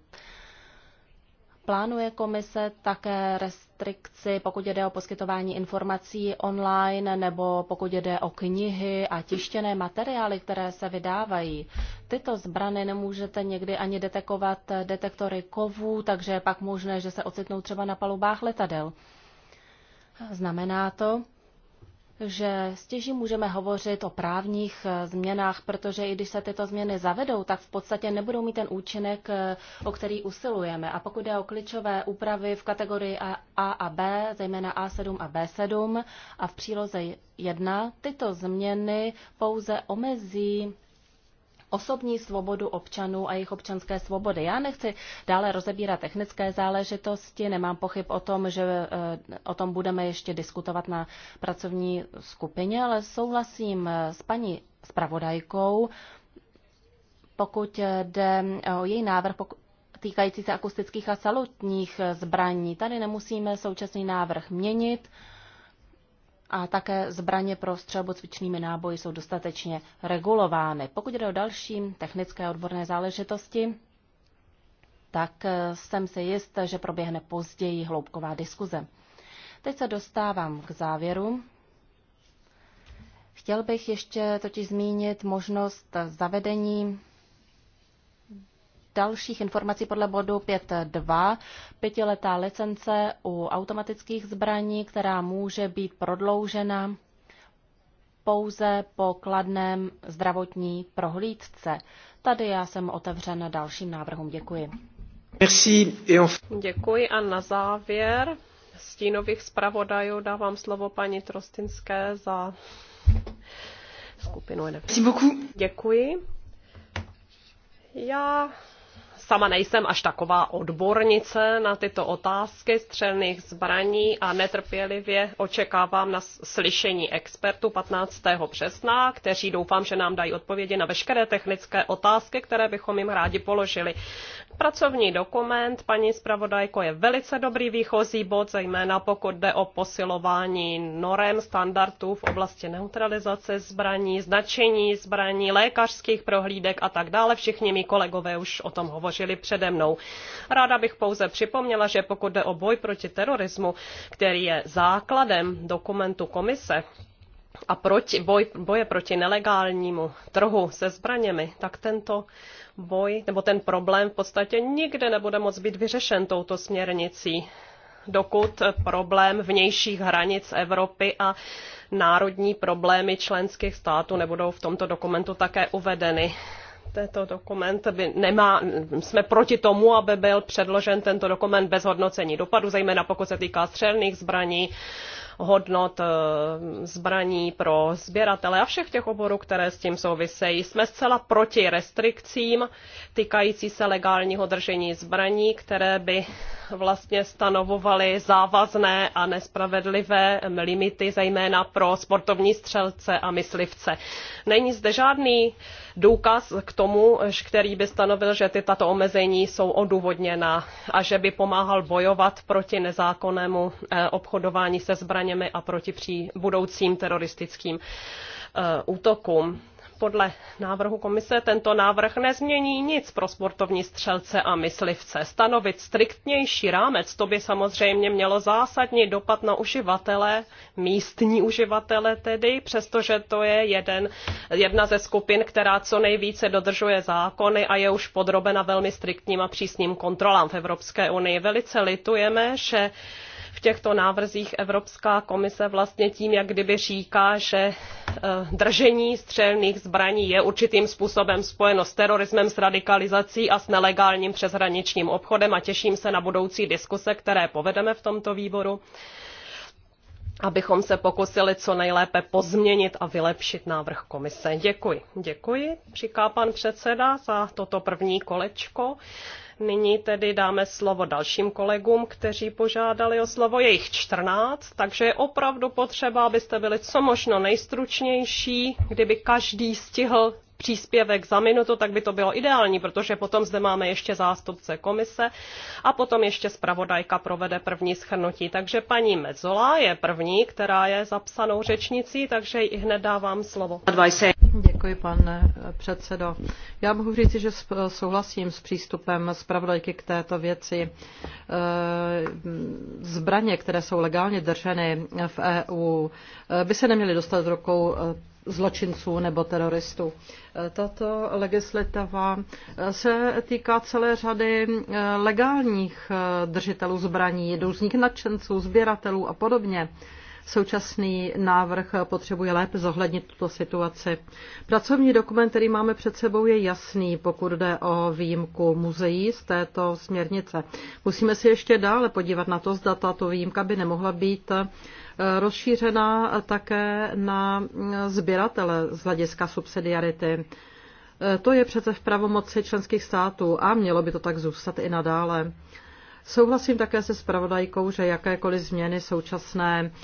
Plánuje komise také restrikci, pokud jde o poskytování informací online nebo pokud jde o knihy a tištěné materiály, které se vydávají. Tyto zbrany nemůžete někdy ani detekovat detektory kovů, takže je pak možné, že se ocitnou třeba na palubách letadel. Znamená to, že stěží můžeme hovořit o právních eh, změnách, protože i když se tyto změny zavedou, tak v podstatě nebudou mít ten účinek, eh, o který usilujeme. A pokud jde o klíčové úpravy v kategorii A a B, zejména A7 a B7 a v příloze 1, tyto změny pouze omezí osobní svobodu občanů a jejich občanské svobody. Já nechci dále rozebírat technické záležitosti, nemám pochyb o tom, že eh, o tom budeme ještě diskutovat na pracovní skupině, ale souhlasím eh, s paní zpravodajkou, pokud eh, jde o její návrh, týkající se akustických a salutních zbraní. Tady nemusíme současný návrh měnit a také zbraně pro střelbu cvičnými náboji jsou dostatečně regulovány. Pokud jde o další technické odborné záležitosti, tak eh, jsem si jist, že proběhne později hloubková diskuze. Teď se dostávám k závěru. Chtěl bych ještě totiž zmínit možnost zavedení dalších informací podle bodu 5.2. Pětiletá licence u automatických zbraní, která může být prodloužena pouze po kladném zdravotní prohlídce. Tady já jsem otevřen dalším návrhům. Děkuji. Merci. Děkuji a na závěr stínových zpravodajů dávám slovo paní Trostinské za skupinu Děkuji. Já sama nejsem až taková odbornice na tyto otázky střelných zbraní a netrpělivě očekávám na slyšení expertů 15. března, kteří doufám, že nám dají odpovědi na veškeré technické otázky, které bychom jim rádi položili. Pracovní dokument, paní zpravodajko, je velice dobrý výchozí bod, zejména pokud jde o posilování norem standardů v oblasti neutralizace zbraní, značení zbraní, lékařských prohlídek a tak dále. Všichni mi kolegové už o tom hovoří předložili přede mnou. Ráda bych pouze připomněla, že pokud jde o boj proti terorismu, který je základem dokumentu komise, a proti, boj, boje proti nelegálnímu trhu se zbraněmi, tak tento boj nebo ten problém v podstatě nikde nebude moc být vyřešen touto směrnicí, dokud problém vnějších hranic Evropy a národní problémy členských států nebudou v tomto dokumentu také uvedeny. Tento dokument by nemá, jsme proti tomu, aby byl předložen tento dokument bez hodnocení dopadu, zejména pokud se týká střelných zbraní, hodnot eh, zbraní pro sběratele a všech těch oborů, které s tím souvisejí. Jsme zcela proti restrikcím týkající se legálního držení zbraní, které by vlastně stanovovaly závazné a nespravedlivé limity, zejména pro sportovní střelce a myslivce. Není zde žádný důkaz k tomu, který by stanovil, že ty tato omezení jsou odůvodněná a že by pomáhal bojovat proti nezákonnému eh, obchodování se zbraní zbraněmi a proti pří budoucím teroristickým eh, útokům podle návrhu komise tento návrh nezmění nic pro sportovní střelce a myslivce. Stanovit striktnější rámec, to by samozřejmě mělo zásadní dopad na uživatele, místní uživatele tedy, přestože to je jeden, jedna ze skupin, která co nejvíce dodržuje zákony a je už podrobena velmi striktním a přísným kontrolám v Evropské unii. Velice litujeme, že těchto návrzích Evropská komise vlastně tím, jak kdyby říká, že e, držení střelných zbraní je určitým způsobem spojeno s terorismem, s radikalizací a s nelegálním přeshraničním obchodem a těším se na budoucí diskuse, které povedeme v tomto výboru abychom se pokusili co nejlépe pozměnit a vylepšit návrh komise. Děkuji. Děkuji, říká pan předseda, za toto první kolečko Nyní tedy dáme slovo dalším kolegům, kteří požádali o slovo. Je jich 14, takže je opravdu potřeba, abyste byli co možno nejstručnější, kdyby každý stihl příspěvek za minutu, tak by to bylo ideální, protože potom zde máme ještě zástupce komise a potom ještě zpravodajka provede první schrnutí. Takže paní Mezola je první, která je zapsanou řečnicí, takže ji hned dávám slovo. Děkuji, pane předsedo. Já mohu říct, že souhlasím s přístupem zpravodajky k této věci. E, zbraně, které jsou legálně drženy v EU, e, by se neměly dostat do rukou e, zločinců nebo teroristů. Tato legislativa se týká celé řady eh, legálních eh, držitelů zbraní, různých nadšenců, sběratelů a podobně. Současný návrh potřebuje lépe zohlednit tuto situaci. Pracovní dokument, který máme před sebou, je jasný, pokud jde o výjimku muzeí z této směrnice. Musíme si ještě dále podívat na to, zda tato výjimka by nemohla být rozšířena také na sběratele z hlediska subsidiarity. To je přece v pravomoci členských států a mělo by to tak zůstat i nadále. Souhlasím také se spravodajkou, že jakékoliv změny současné eh,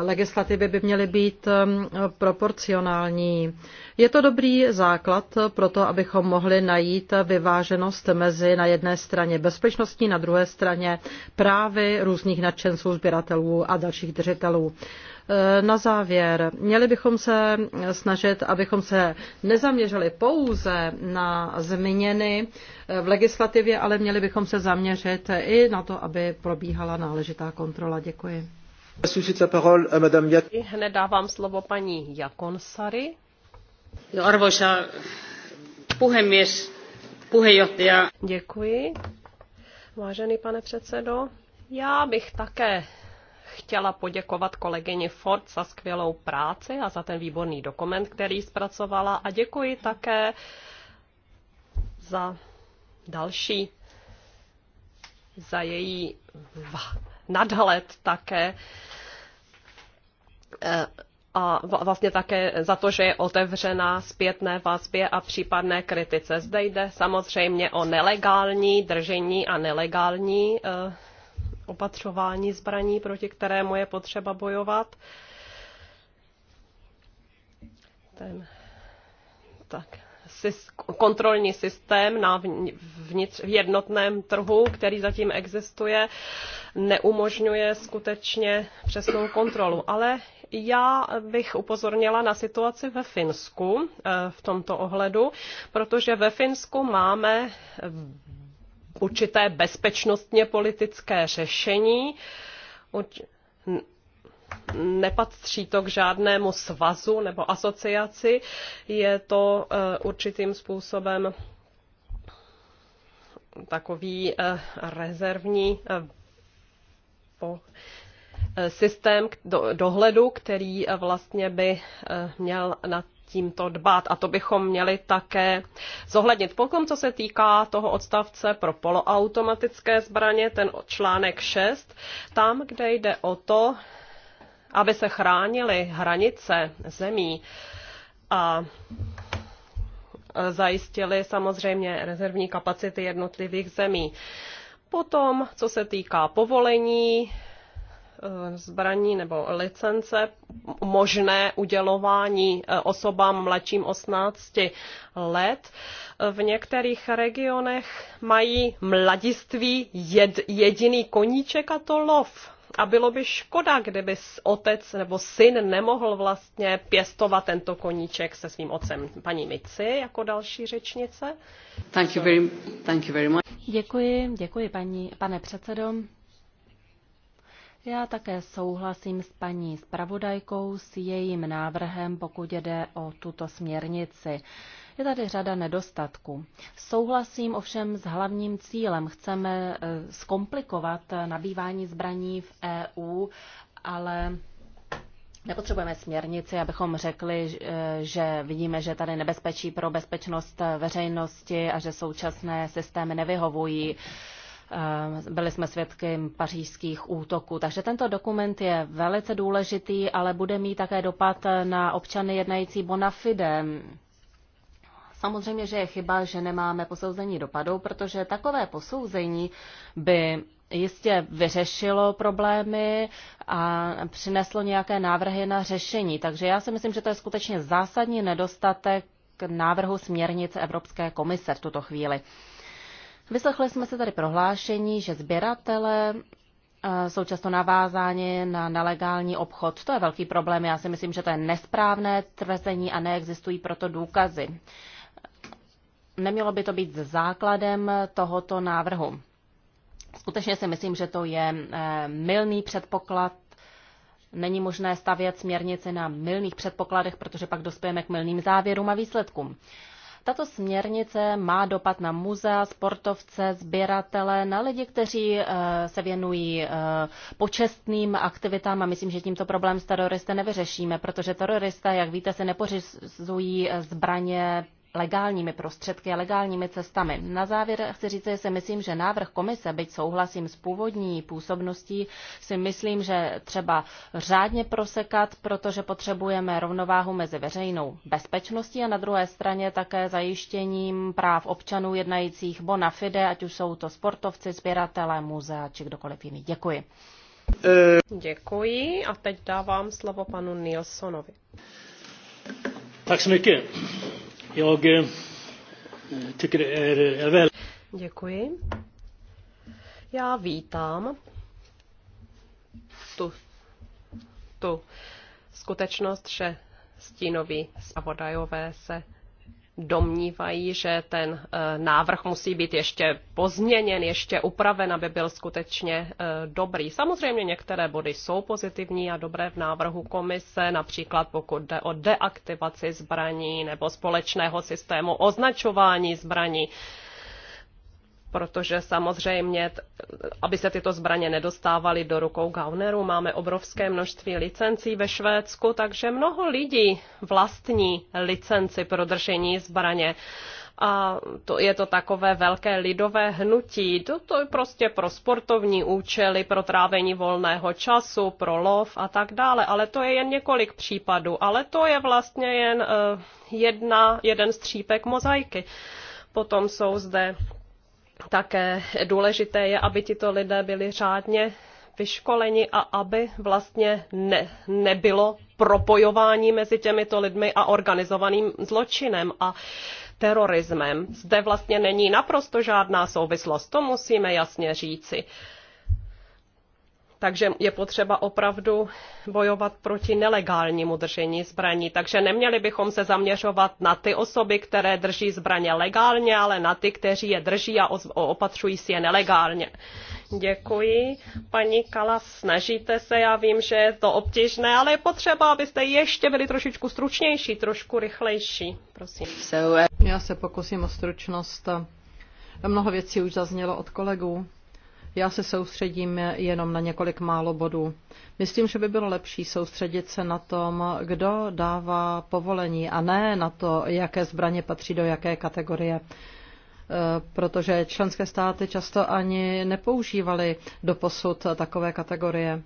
legislativy by měly být eh, proporcionální. Je to dobrý základ pro to, abychom mohli najít vyváženost mezi na jedné straně bezpečnostní, na druhé straně právy různých nadšenců, sběratelů a dalších držitelů. Eh, na závěr, měli bychom se snažit, abychom se nezaměřili pouze na změny eh, v legislativě, ale měli bychom se zaměřit i na to, aby probíhala náležitá kontrola. Děkuji. Hned dávám slovo paní Jakonsari. Arvoisa puhemies, puheenjohtaja. Děkuji. Vážený pane předsedo, já bych také chtěla poděkovat kolegyni Ford za skvělou práci a za ten výborný dokument, který zpracovala a děkuji také za další, za její nadhled také eh, a vlastně také za to, že je otevřená zpětné vazbě a případné kritice. Zde jde samozřejmě o nelegální držení a nelegální eh, opatřování zbraní, proti kterému je potřeba bojovat. Ten, tak, kontrolní systém na vnitř, v jednotném trhu, který zatím existuje, neumožňuje skutečně přesnou kontrolu. Ale já bych upozornila na situaci ve Finsku eh, v tomto ohledu, protože ve Finsku máme určité bezpečnostně politické řešení. Nepatří to k žádnému svazu nebo asociaci, je to eh, určitým způsobem takový eh, rezervní eh, systém dohledu, který vlastně by měl nad tímto dbát a to bychom měli také zohlednit. pokud co se týká toho odstavce pro poloautomatické zbraně, ten článek 6, tam, kde jde o to, aby se chránily hranice zemí a zajistili samozřejmě rezervní kapacity jednotlivých zemí. Potom, co se týká povolení, zbraní nebo licence možné udělování eh, osobám mladším 18 let. V některých regionech mají mladiství jed, jediný koníček a to lov. A bylo by škoda, kdyby otec nebo syn nemohl vlastně pěstovat tento koníček se svým otcem. Paní Mici jako další řečnice. Thank you very, thank you very much. Děkuji, děkuji paní, pane předsedo. Já také souhlasím s paní zpravodajkou s jejím návrhem, pokud jde o tuto směrnici. Je tady řada nedostatků. Souhlasím ovšem s hlavním cílem. Chceme eh, zkomplikovat nabývání zbraní v EU, ale Nepotřebujeme směrnici, abychom řekli, eh, že vidíme, že tady nebezpečí pro bezpečnost veřejnosti a že současné systémy nevyhovují. Eh, byli jsme svědky pařížských útoků. Takže tento dokument je velice důležitý, ale bude mít také dopad na občany jednající bona fide. Samozřejmě, že je chyba, že nemáme posouzení dopadu, protože takové posouzení by jistě vyřešilo problémy a přineslo nějaké návrhy na řešení. Takže já si myslím, že to je skutečně zásadní nedostatek návrhu směrnice Evropské komise v tuto chvíli. Vyslechli jsme se tady prohlášení, že sběratele eh, jsou často navázáni na nelegální obchod. To je velký problém. Já si myslím, že to je nesprávné tvrzení a neexistují proto důkazy. Nemělo by to být základem tohoto návrhu. Skutečně si myslím, že to je eh, mylný předpoklad. Není možné stavět směrnici na mylných předpokladech, protože pak dospějeme k mylným závěrům a výsledkům. Tato směrnice má dopad na muzea, sportovce, sběratele, na lidi, kteří eh, se věnují eh, počestným aktivitám a myslím, že tímto problém s teroristy nevyřešíme, protože terorista, jak víte, se nepořizují eh, zbraně legálními prostředky a legálními cestami. Na závěr chci říct, že si myslím, že návrh komise, byť souhlasím s původní působností, si myslím, že třeba řádně prosekat, protože potřebujeme rovnováhu mezi veřejnou bezpečností a na druhé straně také zajištěním práv občanů jednajících bona fide, ať už jsou to sportovci, sběratelé, muzea či kdokoliv jiný. Děkuji. E- Děkuji a teď dávám slovo panu Nilsonovi. Tak Eh, eh, Děkuji. Já vítám tu, tu skutečnost, že stínoví zpravodajové se domnívají, že ten eh, návrh musí být ještě pozměněn, ještě upraven, aby byl skutečně eh, dobrý. Samozřejmě některé body jsou pozitivní a dobré v návrhu komise, například pokud jde o deaktivaci zbraní nebo společného systému označování zbraní protože samozřejmě, aby se tyto zbraně nedostávaly do rukou gaunerů, máme obrovské množství licencí ve Švédsku, takže mnoho lidí vlastní licenci pro držení zbraně. A to je to takové velké lidové hnutí. To, to je prostě pro sportovní účely, pro trávení volného času, pro lov a tak dále. Ale to je jen několik případů. Ale to je vlastně jen eh, jedna, jeden střípek mozaiky. Potom jsou zde také důležité je, aby tito lidé byli řádně vyškoleni a aby vlastně ne, nebylo propojování mezi těmito lidmi a organizovaným zločinem a terorismem. Zde vlastně není naprosto žádná souvislost, to musíme jasně říci. Takže je potřeba opravdu bojovat proti nelegálnímu držení zbraní. Takže neměli bychom se zaměřovat na ty osoby, které drží zbraně legálně, ale na ty, kteří je drží a opatřují si je nelegálně. Děkuji. Paní Kala, snažíte se, já vím, že je to obtížné, ale je potřeba, abyste ještě byli trošičku stručnější, trošku rychlejší. Prosím. Eh, já se pokusím o stručnost. Mnoho věcí už zaznělo od kolegů já se soustředím jenom na několik málo bodů. Myslím, že by bylo lepší soustředit se na tom, kdo dává povolení a ne na to, jaké zbraně patří do jaké kategorie e, protože členské státy často ani nepoužívaly doposud takové kategorie.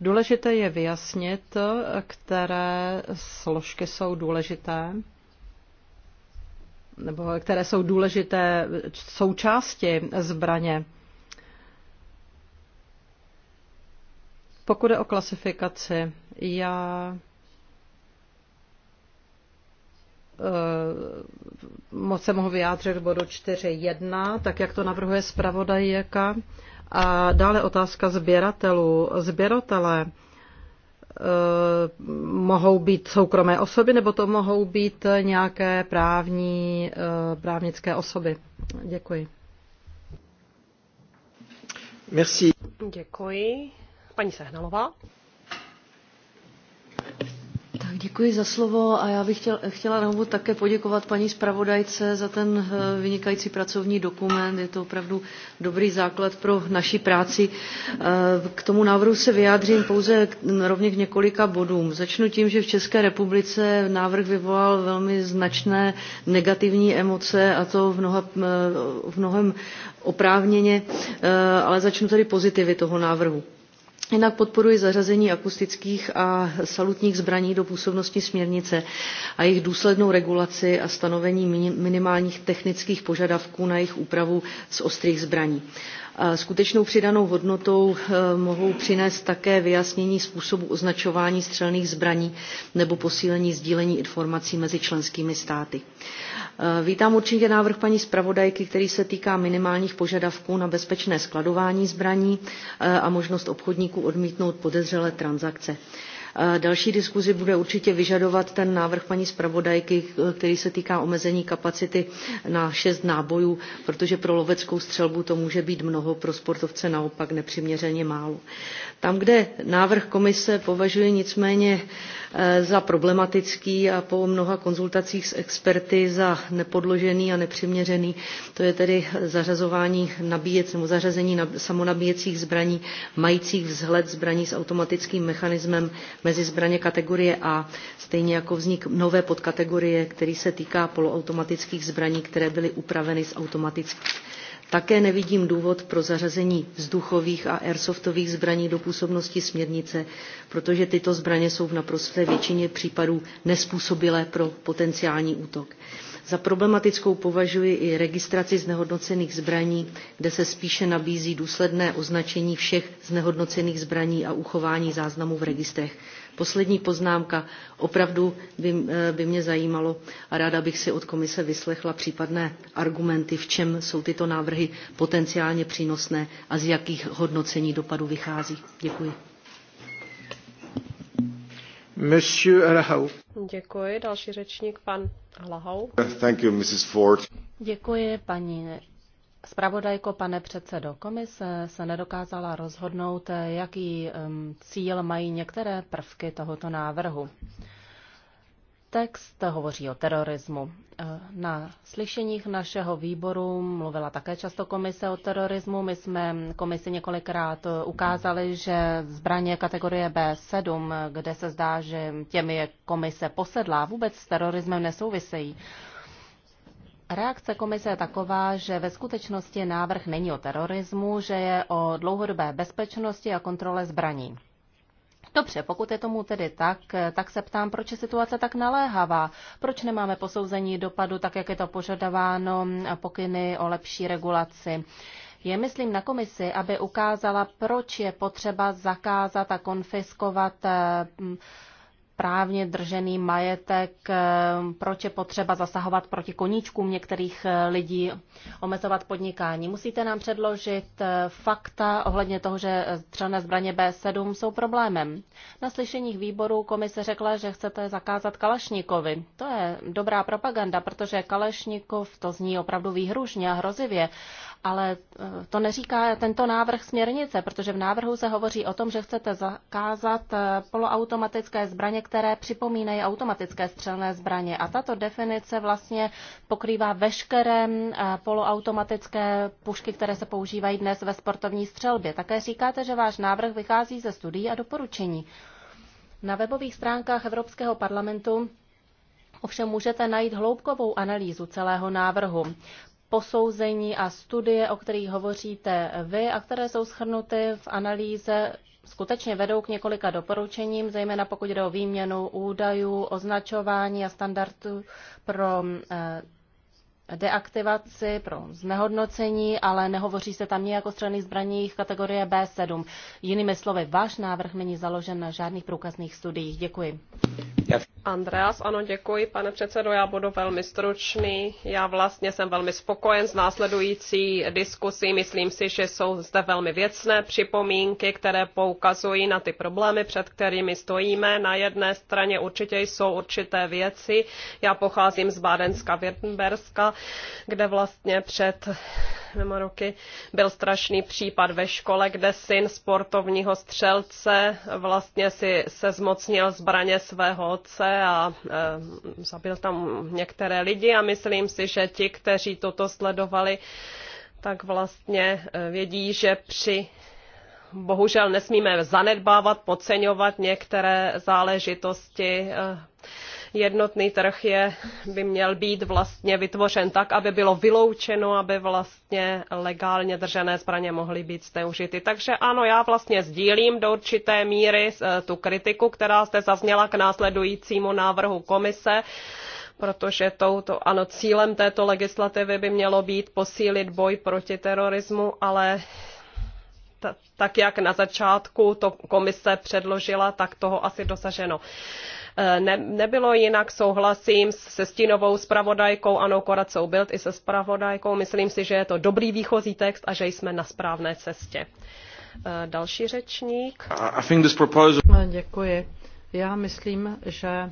Důležité je vyjasnit, které složky jsou důležité, nebo které jsou důležité součásti zbraně Pokud je o klasifikaci, já eh, moc se mohu vyjádřit v bodu 4.1, tak jak to navrhuje zpravodajka. A dále otázka sběratelů. Sběratele eh, mohou být soukromé osoby, nebo to mohou být nějaké právní, eh, právnické osoby. Děkuji. Merci. Děkuji. Paní Sehnalová. Tak děkuji za slovo a já bych chtěl, chtěla na úvod také poděkovat paní zpravodajce za ten eh, vynikající pracovní dokument. Je to opravdu dobrý základ pro naši práci. Eh, k tomu návrhu se vyjádřím pouze rovně k několika bodům. Začnu tím, že v České republice návrh vyvolal velmi značné negativní emoce a to v, mnoha, eh, v mnohem oprávněně, ale začnu tedy pozitivy toho návrhu Jinak podporuji zařazení akustických a salutních zbraní do působnosti směrnice a jejich důslednou regulaci a stanovení minimálních technických požadavků na jejich úpravu z ostrých zbraní Skutečnou přidanou hodnotou eh, mohou přinést také vyjasnění způsobu označování střelných zbraní nebo posílení sdílení informací mezi členskými státy. Eh, vítám určitě návrh paní zpravodajky, který se týká minimálních požadavků na bezpečné skladování zbraní eh, a možnost obchodníků odmítnout podezřelé transakce. Další diskuzi bude určitě vyžadovat ten návrh paní zpravodajky, který se týká omezení kapacity na šest nábojů, protože pro loveckou střelbu to může být mnoho, pro sportovce naopak nepřiměřeně málo. Tam, kde návrh komise považuji nicméně e, za problematický a po mnoha konzultacích s experty za nepodložený a nepřiměřený, to je tedy zařazování nabíjec nebo zařazení samonabíjecích zbraní majících vzhled zbraní s automatickým mechanismem mezi zbraně kategorie A, stejně jako vznik nové podkategorie, který se týká poloautomatických zbraní, které byly upraveny z automatických. Také nevidím důvod pro zařazení vzduchových a airsoftových zbraní do působnosti směrnice, protože tyto zbraně jsou v naprosté většině případů nespůsobilé pro potenciální útok. Za problematickou považuji i registraci znehodnocených zbraní, kde se spíše nabízí důsledné označení všech znehodnocených zbraní a uchování záznamů v registrech. Poslední poznámka. Opravdu by, eh, by mě zajímalo a ráda bych si od komise vyslechla případné argumenty, v čem jsou tyto návrhy potenciálně přínosné a z jakých hodnocení dopadu vychází. Děkuji. Monsieur Arahau. Děkuji. Další řečník, pan Lahou. Thank you, Mrs. Ford. Děkuji, paní zpravodajko, pane předsedo, komise se nedokázala rozhodnout, jaký um, cíl mají některé prvky tohoto návrhu. Text hovoří o terorismu. E, na slyšeních našeho výboru mluvila také často komise o terorismu. My jsme komisi několikrát ukázali, že zbraně kategorie B7, kde se zdá, že těmi je komise posedlá, vůbec s terorismem nesouvisejí. Reakce komise je taková, že ve skutečnosti návrh není o terorismu, že je o dlouhodobé bezpečnosti a kontrole zbraní. Dobře, pokud je tomu tedy tak, tak se ptám, proč je situace tak naléhavá? Proč nemáme posouzení dopadu, tak jak je to požadováno pokyny o lepší regulaci? Je myslím na komisi, aby ukázala, proč je potřeba zakázat a konfiskovat eh, správně držený majetek, eh, proč je potřeba zasahovat proti koníčkům některých eh, lidí, omezovat podnikání. Musíte nám předložit eh, fakta ohledně toho, že střelné zbraně B7 jsou problémem. Na slyšeních výborů komise řekla, že chcete zakázat Kalašnikovi. To je dobrá propaganda, protože Kalašnikov to zní opravdu výhružně a hrozivě, ale e, to neříká tento návrh směrnice, protože v návrhu se hovoří o tom, že chcete zakázat e, poloautomatické zbraně, které připomínají automatické střelné zbraně. A tato definice vlastně pokrývá veškeré e, poloautomatické pušky, které se používají dnes ve sportovní střelbě. Také říkáte, že váš návrh vychází ze studií a doporučení. Na webových stránkách Evropského parlamentu Ovšem můžete najít hloubkovou analýzu celého návrhu posouzení a studie, o kterých hovoříte vy a které jsou schrnuty v analýze, skutečně vedou k několika doporučením, zejména pokud jde o výměnu údajů, označování a standardů pro eh, deaktivaci, pro znehodnocení, ale nehovoří se tam nějak o střelných zbraních kategorie B7. Jinými slovy, váš návrh není založen na žádných průkazných studiích. Děkuji. Andreas, ano, děkuji, pane předsedo, já budu velmi stručný. Já vlastně jsem velmi spokojen s následující diskusí. Myslím si, že jsou zde velmi věcné připomínky, které poukazují na ty problémy, před kterými stojíme. Na jedné straně určitě jsou určité věci. Já pocházím z Bádenska, Württemberska, kde vlastně před dvěma roky byl strašný případ ve škole, kde syn sportovního střelce vlastně si se zmocnil zbraně svého otce a e, zabil tam některé lidi a myslím si, že ti, kteří toto sledovali, tak vlastně eh, vědí, že při bohužel nesmíme zanedbávat, podceňovat některé záležitosti eh, jednotný trh je, by měl být vlastně vytvořen tak, aby bylo vyloučeno, aby vlastně legálně držené zbraně mohly být zneužity. Takže ano, já vlastně sdílím do určité míry eh, tu kritiku, která zde zazněla k následujícímu návrhu komise protože touto, ano, cílem této legislativy by mělo být posílit boj proti terorismu, ale tak jak na začátku to komise předložila, tak toho asi dosaženo Eh, ne, nebylo jinak, souhlasím se stínovou spravodajkou, Anou Koracou Bild i se spravodajkou. Myslím si, že je to dobrý výchozí text a že jsme na správné cestě. Eh, další řečník. I think this proposal... Eh, děkuji. Já myslím, že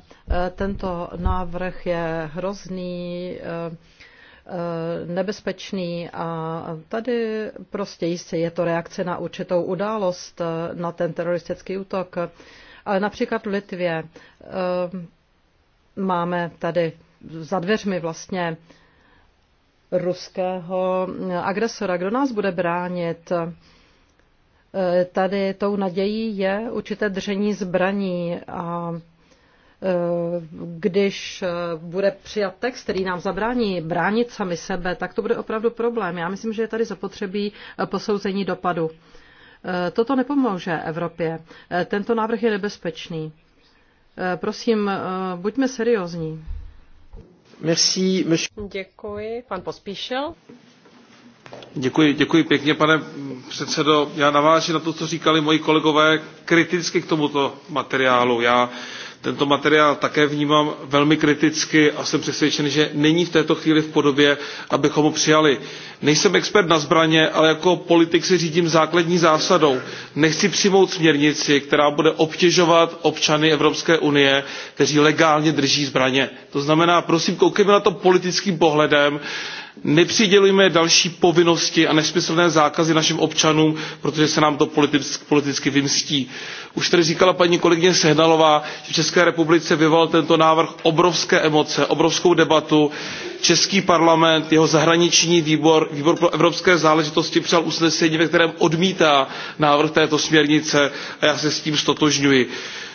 tento návrh je hrozný, nebezpečný a tady prostě jistě je to reakce na určitou událost, na ten teroristický útok. Ale například v Litvě eh, máme tady za dveřmi vlastně ruského agresora. Kdo nás bude bránit? Eh, tady tou nadějí je určité držení zbraní a eh, když bude přijat text, který nám zabrání bránit sami sebe, tak to bude opravdu problém. Já myslím, že je tady zapotřebí posouzení dopadu. Eh, toto nepomůže Evropě. Eh, tento návrh je nebezpečný. Eh, prosím, buďme seriózní. Merci, Děkuji. Pan Pospíšil. Děkuji, děkuji pěkně, pane předsedo. Já navážu na to, co říkali moji kolegové kriticky k tomuto materiálu. Já tento materiál také vnímám velmi kriticky a jsem přesvědčen, že není v této chvíli v podobě, abychom ho přijali. Nejsem expert na zbraně, ale jako politik se řídím základní zásadou. Nechci přijmout směrnici, která bude obtěžovat občany Evropské unie, kteří legálně drží zbraně. To znamená, prosím, koukejme na to politickým pohledem nepřidělujme další povinnosti a nesmyslné zákazy našim občanům protože se nám to politicky, vymstí. už tady říkala paní kolegyně sehnalová že v české republice vyvolal tento návrh obrovské emoce obrovskou debatu český parlament jeho zahraniční výbor výbor pro evropské záležitosti přijal usnesení ve kterém odmítá návrh této směrnice a já se s tím ztotožňuji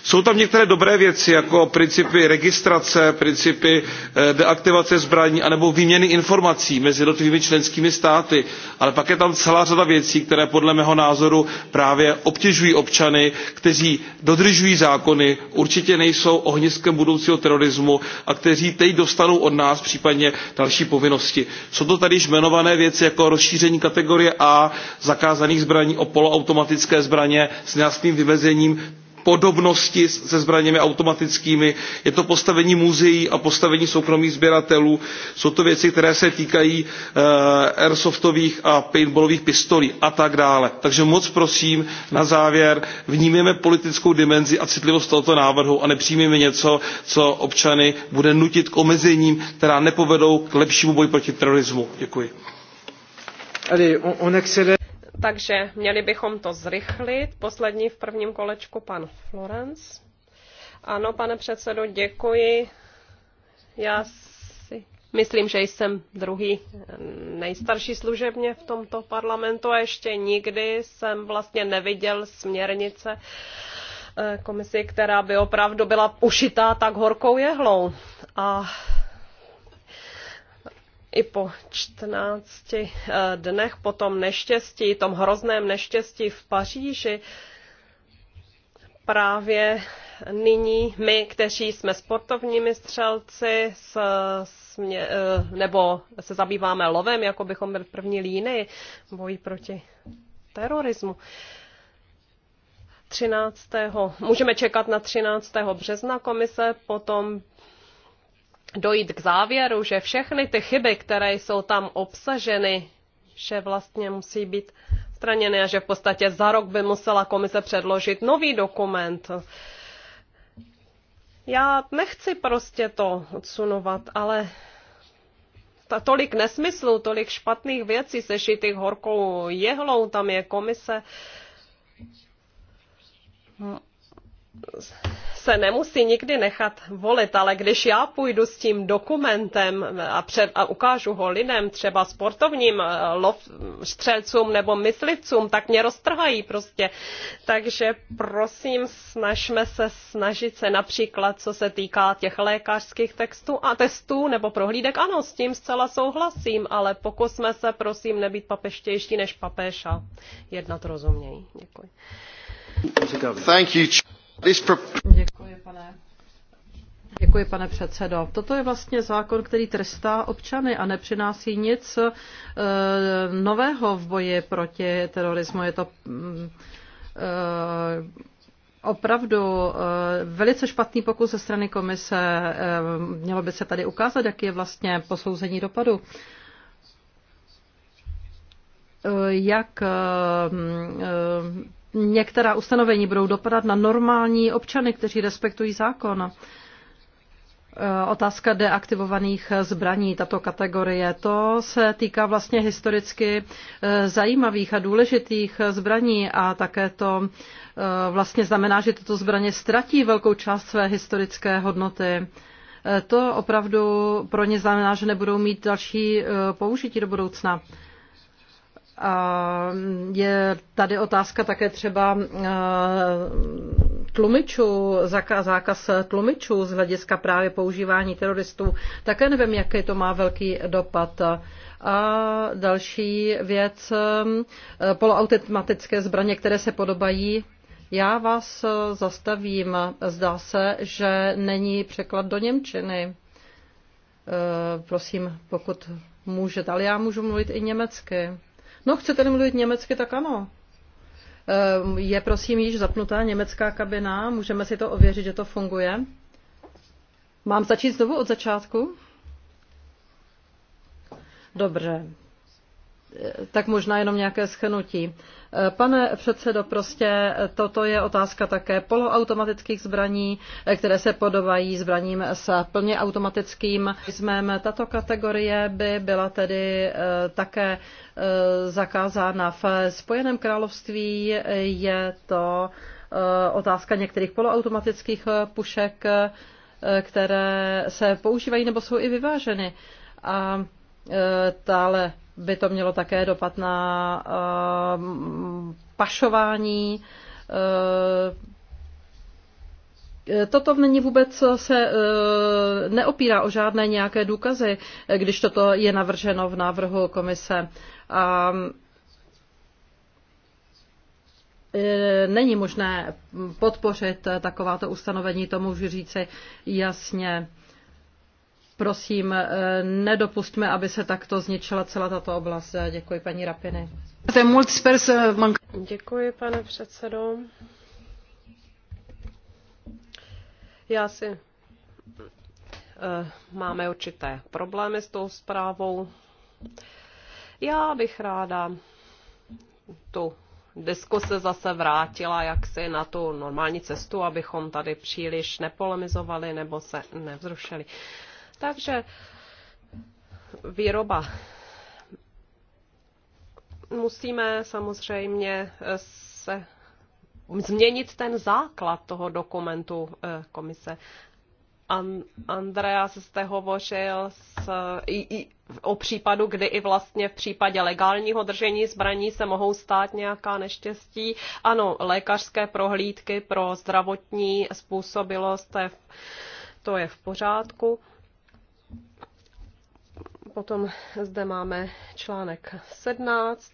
jsou tam některé dobré věci jako principy registrace principy eh, deaktivace zbraní anebo výměny informací mezi jednotlivými členskými státy ale pak je tam celá řada věcí které podle mého názoru právě obtěžují občany kteří dodržují zákony určitě nejsou ohniskem budoucího terorismu a kteří teď dostanou od nás případně další povinnosti. jsou to tady již jmenované věci jako rozšíření kategorie a zakázaných zbraní o poloautomatické zbraně s nejasným vymezením podobnosti se zbraněmi automatickými je to postavení muzeí a postavení soukromých sběratelů jsou to věci které se týkají eh, airsoftových a paintballových pistolí a tak dále. takže moc prosím na závěr vnímejme politickou dimenzi a citlivost tohoto návrhu a nepřijímejme něco co občany bude nutit k omezením která nepovedou k lepšímu boji proti terorismu. děkuji. Takže měli bychom to zrychlit. Poslední v prvním kolečku pan Florence. Ano, pane předsedo, děkuji. Já si myslím, že jsem druhý eh, nejstarší služebně v tomto parlamentu a ještě nikdy jsem vlastně neviděl směrnice eh, komisi, která by opravdu byla ušitá tak horkou jehlou. A i po 14 eh, dnech po tom neštěstí, tom hrozném neštěstí v Paříži, právě nyní my, kteří jsme sportovními střelci s, smě, eh, nebo se zabýváme lovem, jako bychom byli v první línii boji proti terorismu. 13. Můžeme čekat na 13. března komise, potom dojít k závěru, že všechny ty chyby, které jsou tam obsaženy, že vlastně musí být straněny a že v podstatě za rok by musela komise předložit nový dokument. Já nechci prostě to odsunovat, ale ta, tolik nesmyslů, tolik špatných věcí sešitých horkou jehlou, tam je komise se nemusí nikdy nechat volit, ale když já půjdu s tím dokumentem a, před, a ukážu ho lidem, třeba sportovním eh, lov, střelcům nebo myslivcům, tak mě roztrhají prostě. Takže prosím, snažme se snažit se například, co se týká těch lékařských textů a testů nebo prohlídek, ano, s tím zcela souhlasím, ale pokusme se, prosím, nebýt papeštější než papéša. jednat rozuměji. Děkuji. Thank you. Děkuji, pane. předsedající Toto je vlastně zákon, který trestá občany a nepřináší nic eh, nového v boji proti terorismu. Je to eh, opravdu eh, velice špatný pokus ze strany komise. Mělo by se tady ukázat, jak je vlastně posouzení dopadu. Jak některá ustanovení budou dopadat na normální občany, kteří respektují zákon. E, otázka deaktivovaných zbraní, tato kategorie, to se týká vlastně historicky e, zajímavých a důležitých zbraní a také to e, vlastně znamená, že tyto zbraně ztratí velkou část své historické hodnoty. To opravdu pro ně znamená, že nebudou mít další použití do budoucna. A je tady otázka také třeba eh, tlumičů, zákaz tlumičů z hlediska právě používání teroristů. Také nevím, jaký to má velký dopad. A další věc, eh, poloautomatické zbraně, které se podobají. Já vás eh, zastavím. Zdá se, že není překlad do Němčiny. Prosím, pokud můžete, ale já můžu mluvit i německy. No, chcete-li mluvit německy, tak ano. Eh, je prosím již zapnutá německá kabina, můžeme si to ověřit, že to funguje. Mám začít znovu od začátku? Dobře, tak možná jenom nějaké schnutí. Pane předsedo, prostě toto je otázka také poloautomatických zbraní, které se podobají zbraním s plně automatickým písmem. Tato kategorie by byla tedy eh, také eh, zakázána. V Spojeném království je to eh, otázka některých poloautomatických pušek, které se používají nebo jsou i vyváženy. A dále by to mělo také dopad na eh, pašování. Eh, toto není vůbec se eh, neopírá o žádné nějaké důkazy, když toto je navrženo v návrhu komise. A není možné podpořit takováto ustanovení, to můžu říci jasně. Prosím, eh, nedopustme, aby se takto zničila celá tato oblast. Eh, děkuji, paní Rapiny. Děkuji, pane předsedo. Já si eh, máme určité problémy s tou zprávou. Já bych ráda tu diskuse zase vrátila jaksi na tu normální cestu, abychom tady příliš nepolemizovali nebo se nevzrušili. Uh, takže výroba. Musíme samozřejmě eh, se změnit ten základ toho dokumentu eh, komise. Andreas jste hovořil s, i, i, o případu, kdy i vlastně v případě legálního držení zbraní se mohou stát nějaká neštěstí. Ano, lékařské prohlídky pro zdravotní způsobilost, to je v, to je v pořádku. Potom zde máme článek 17.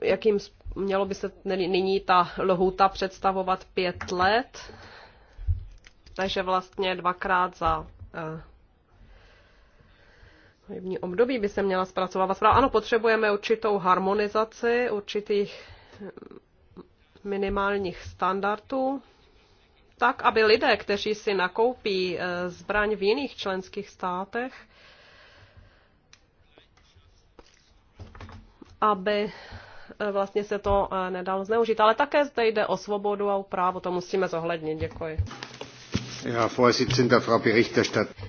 Jakým mělo by se nyní ta lhůta představovat pět let, takže vlastně dvakrát za eh, volební období by se měla zpracovat. Ano, potřebujeme určitou harmonizaci určitých mm, minimálních standardů tak, aby lidé, kteří si nakoupí eh, zbraň v jiných členských státech, aby eh, vlastně se to eh, nedalo zneužít. Ale také zde jde o svobodu a o právo, to musíme zohlednit. Děkuji. Ja, Frau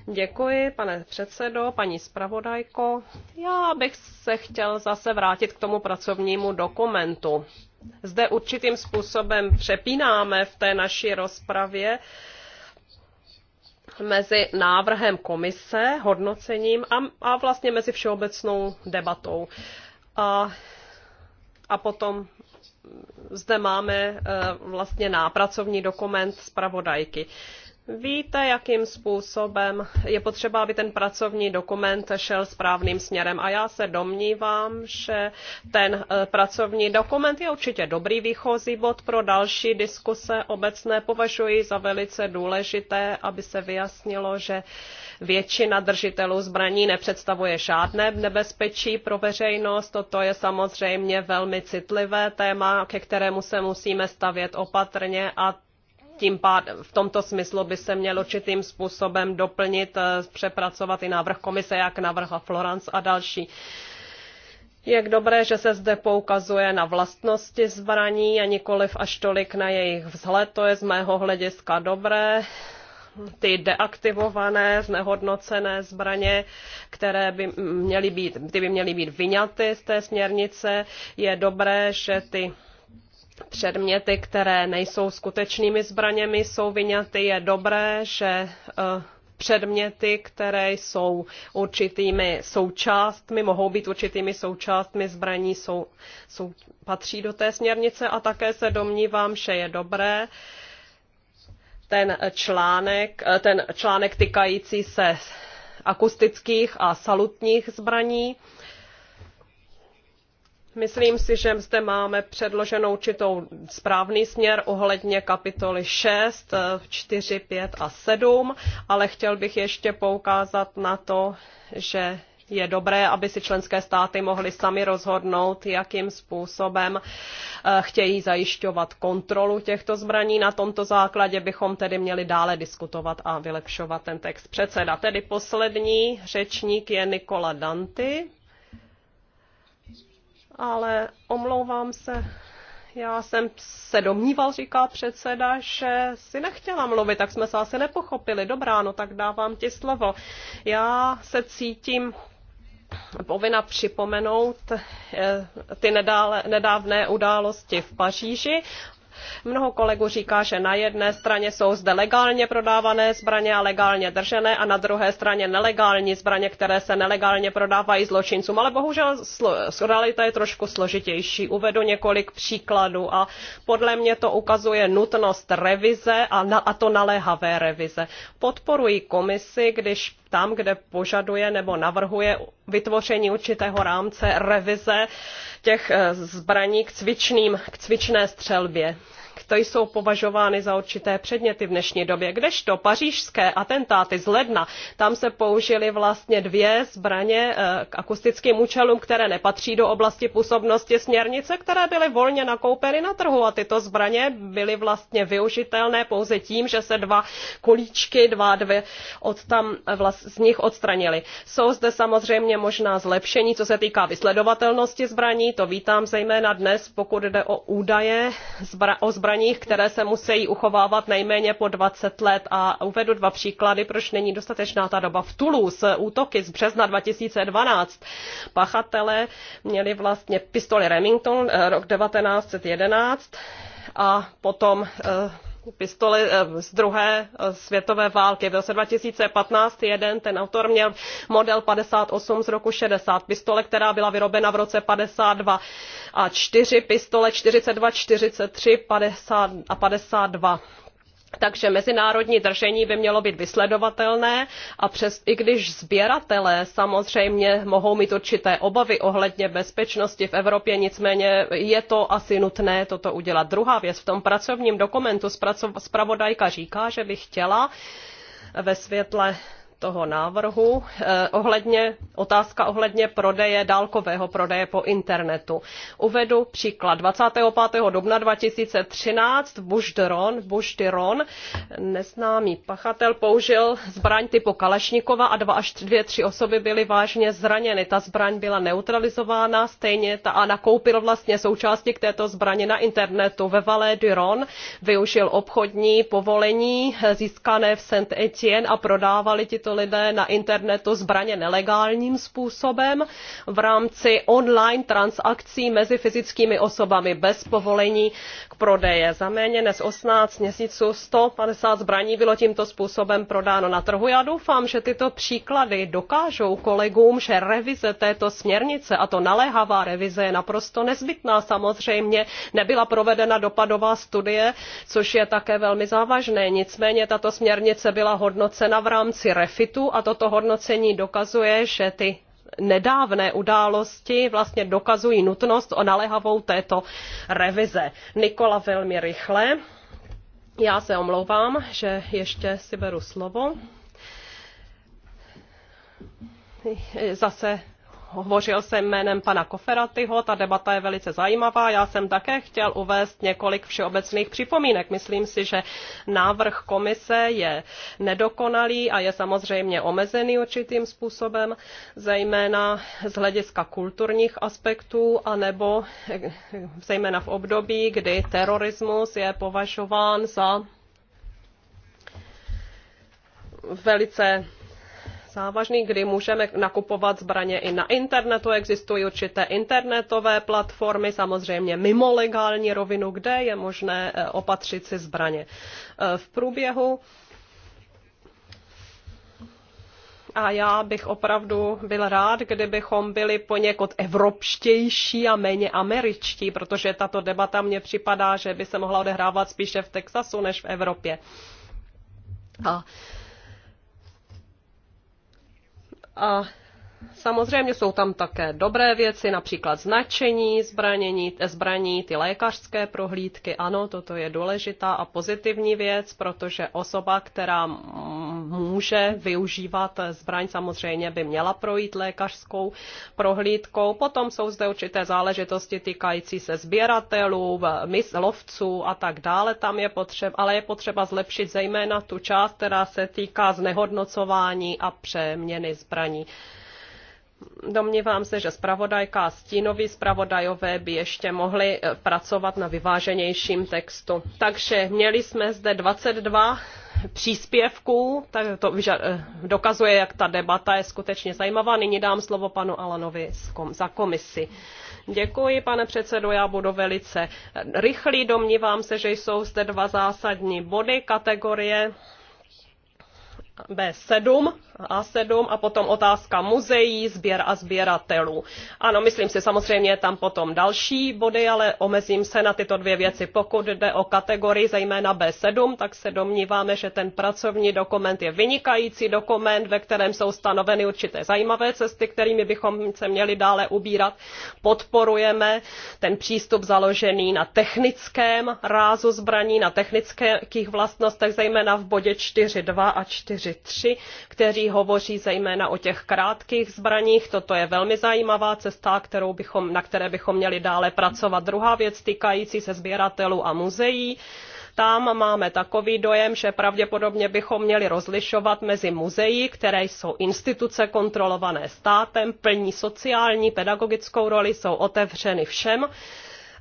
Děkuji, pane předsedo, paní zpravodajko. Já bych se chtěl zase vrátit k tomu pracovnímu dokumentu zde určitým způsobem přepínáme v té naší rozpravě mezi návrhem komise, hodnocením a, a vlastně mezi všeobecnou debatou. A, a potom zde máme eh, vlastně nápracovní dokument zpravodajky. Víte, jakým způsobem je potřeba, aby ten pracovní dokument šel správným směrem. A já se domnívám, že ten eh, pracovní dokument je určitě dobrý výchozí bod pro další diskuse. Obecné považuji za velice důležité, aby se vyjasnilo, že většina držitelů zbraní nepředstavuje žádné nebezpečí pro veřejnost. Toto je samozřejmě velmi citlivé téma, ke kterému se musíme stavět opatrně a tím pád, v tomto smyslu by se měl určitým způsobem doplnit, eh, přepracovat i návrh komise, jak navrhla Florence a další. Je dobré, že se zde poukazuje na vlastnosti zbraní a nikoliv až tolik na jejich vzhled, to je z mého hlediska dobré ty deaktivované, znehodnocené zbraně, které by měly být, ty by měly být vyňaty z té směrnice. Je dobré, že ty předměty, které nejsou skutečnými zbraněmi, jsou vyňaty. Je dobré, že eh, předměty, které jsou určitými součástmi, mohou být určitými součástmi zbraní, jsou, jsou, patří do té směrnice a také se domnívám, že je dobré ten článek, eh, ten článek týkající se akustických a salutních zbraní, Myslím si, že zde máme předloženou určitou správný směr ohledně kapitoly 6, 4, 5 a 7, ale chtěl bych ještě poukázat na to, že je dobré, aby si členské státy mohly sami rozhodnout, jakým způsobem eh, chtějí zajišťovat kontrolu těchto zbraní. Na tomto základě bychom tedy měli dále diskutovat a vylepšovat ten text. Předseda, tedy poslední řečník je Nikola Danti ale omlouvám se. Já jsem se domníval, říká předseda, že si nechtěla mluvit, tak jsme se asi nepochopili. Dobrá, no tak dávám ti slovo. Já se cítím povinna připomenout eh, ty nedále, nedávné události v Paříži Mnoho kolegů říká, že na jedné straně jsou zde legálně prodávané zbraně a legálně držené a na druhé straně nelegální zbraně, které se nelegálně prodávají zločincům. Ale bohužel realita je trošku složitější. Uvedu několik příkladů a podle mě to ukazuje nutnost revize a, na, a to naléhavé revize. Podporuji komisi, když tam, kde požaduje nebo navrhuje vytvoření určitého rámce revize těch eh, zbraní k, cvičným, k cvičné střelbě to jsou považovány za určité předměty v dnešní době. Kdežto pařížské atentáty z ledna, tam se použily vlastně dvě zbraně eh, k akustickým účelům, které nepatří do oblasti působnosti směrnice, které byly volně nakoupeny na trhu a tyto zbraně byly vlastně využitelné pouze tím, že se dva kolíčky, dva, dvě od tam eh, vlast, z nich odstranili. Jsou zde samozřejmě možná zlepšení, co se týká vysledovatelnosti zbraní, to vítám zejména dnes, pokud jde o údaje zbra, o zbraní zbraních, které se musí uchovávat nejméně po 20 let. A uvedu dva příklady, proč není dostatečná ta doba. V Toulouse útoky z března 2012 pachatele měli vlastně pistoli Remington eh, rok 1911 a potom eh, pistoli eh, z druhé eh, světové války. V roce 2015 jeden ten autor měl model 58 z roku 60, pistole, která byla vyrobena v roce 52 a čtyři pistole 42, 43 50 a 52 takže mezinárodní držení by mělo být vysledovatelné a přes, i když sběratelé samozřejmě mohou mít určité obavy ohledně bezpečnosti v Evropě, nicméně je to asi nutné toto udělat. Druhá věc, v tom pracovním dokumentu zpravodajka říká, že by chtěla ve světle toho návrhu eh, ohledně, otázka ohledně prodeje, dálkového prodeje po internetu. Uvedu příklad. 25. dubna 2013 Bushderon, Bushderon, neznámý pachatel, použil zbraň typu Kalašnikova a dva až dvě, tři osoby byly vážně zraněny. Ta zbraň byla neutralizována stejně ta, a nakoupil vlastně součásti k této zbraně na internetu. Ve Valé Duron využil obchodní povolení eh, získané v Saint Etienne a prodávali tito lidé na internetu zbraně nelegálním způsobem v rámci online transakcí mezi fyzickými osobami bez povolení k prodeji Za méně než eighteen měsíců fifty zbraní bylo tímto způsobem prodáno na trhu. Já doufám, že tyto příklady dokážou kolegům, že revize této směrnice a to naléhavá revize je naprosto nezbytná. Samozřejmě nebyla provedena dopadová studie, což je také velmi závažné. Nicméně tato směrnice byla hodnocena v rámci REFIT deficitu a toto hodnocení dokazuje, že ty nedávné události vlastně dokazují nutnost o naléhavou této revize. nicola velmi rychle. Já se omlouvám, že ještě si beru slovo. Zase hovořil jsem jménem pana Koferatyho, ta debata je velice zajímavá. Já jsem také chtěl uvést několik všeobecných připomínek. Myslím si, že návrh komise je nedokonalý a je samozřejmě omezený určitým způsobem, zejména z hlediska kulturních aspektů, anebo eh, zejména v období, kdy terorismus je považován za velice závažný, kdy můžeme nakupovat zbraně i na internetu. Existují určité internetové platformy, samozřejmě mimo legální rovinu, kde je možné eh, opatřit si zbraně. Eh, v průběhu a já bych opravdu byl rád, kdybychom byli poněkud evropštější a méně američtí, protože tato debata mně připadá, že by se mohla odehrávat spíše v Texasu než v Evropě. A a Samozřejmě jsou tam také dobré věci, například značení zbranění, zbraní, ty lékařské prohlídky. Ano, toto je důležitá a pozitivní věc, protože osoba, která může využívat zbraň, samozřejmě by měla projít lékařskou prohlídkou. Potom jsou zde určité záležitosti týkající se sběratelů, lovců a tak dále. Tam je potřeba, ale je potřeba zlepšit zejména tu část, která se týká znehodnocování a přeměny zbraní. Domnívám se, že zpravodajka a stínoví zpravodajové by ještě mohli eh, pracovat na vyváženějším textu. Takže měli jsme zde 22 příspěvků, tak to eh, dokazuje, jak ta debata je skutečně zajímavá. Nyní dám slovo panu Alanovi za komisi. Děkuji, pane předsedo, já budu velice eh, rychlý. Domnívám se, že jsou zde dva zásadní body kategorie B7, A7 a potom otázka muzeí, sběr a sběratelů. Ano, myslím si, samozřejmě tam potom další body, ale omezím se na tyto dvě věci. Pokud jde o kategorii zejména B7, tak se domníváme, že ten pracovní dokument je vynikající dokument, ve kterém jsou stanoveny určité zajímavé cesty, kterými bychom se měli dále ubírat. Podporujeme ten přístup založený na technickém rázu zbraní, na technických vlastnostech, zejména v bodě 4.2 a 4 tři, kteří hovoří zejména o těch krátkých zbraních. Toto je velmi zajímavá cesta, kterou bychom, na které bychom měli dále pracovat. Druhá věc týkající se sběratelů a muzeí tam máme takový dojem, že pravděpodobně bychom měli rozlišovat mezi muzeí, které jsou instituce kontrolované státem, plní sociální, pedagogickou roli, jsou otevřeny všem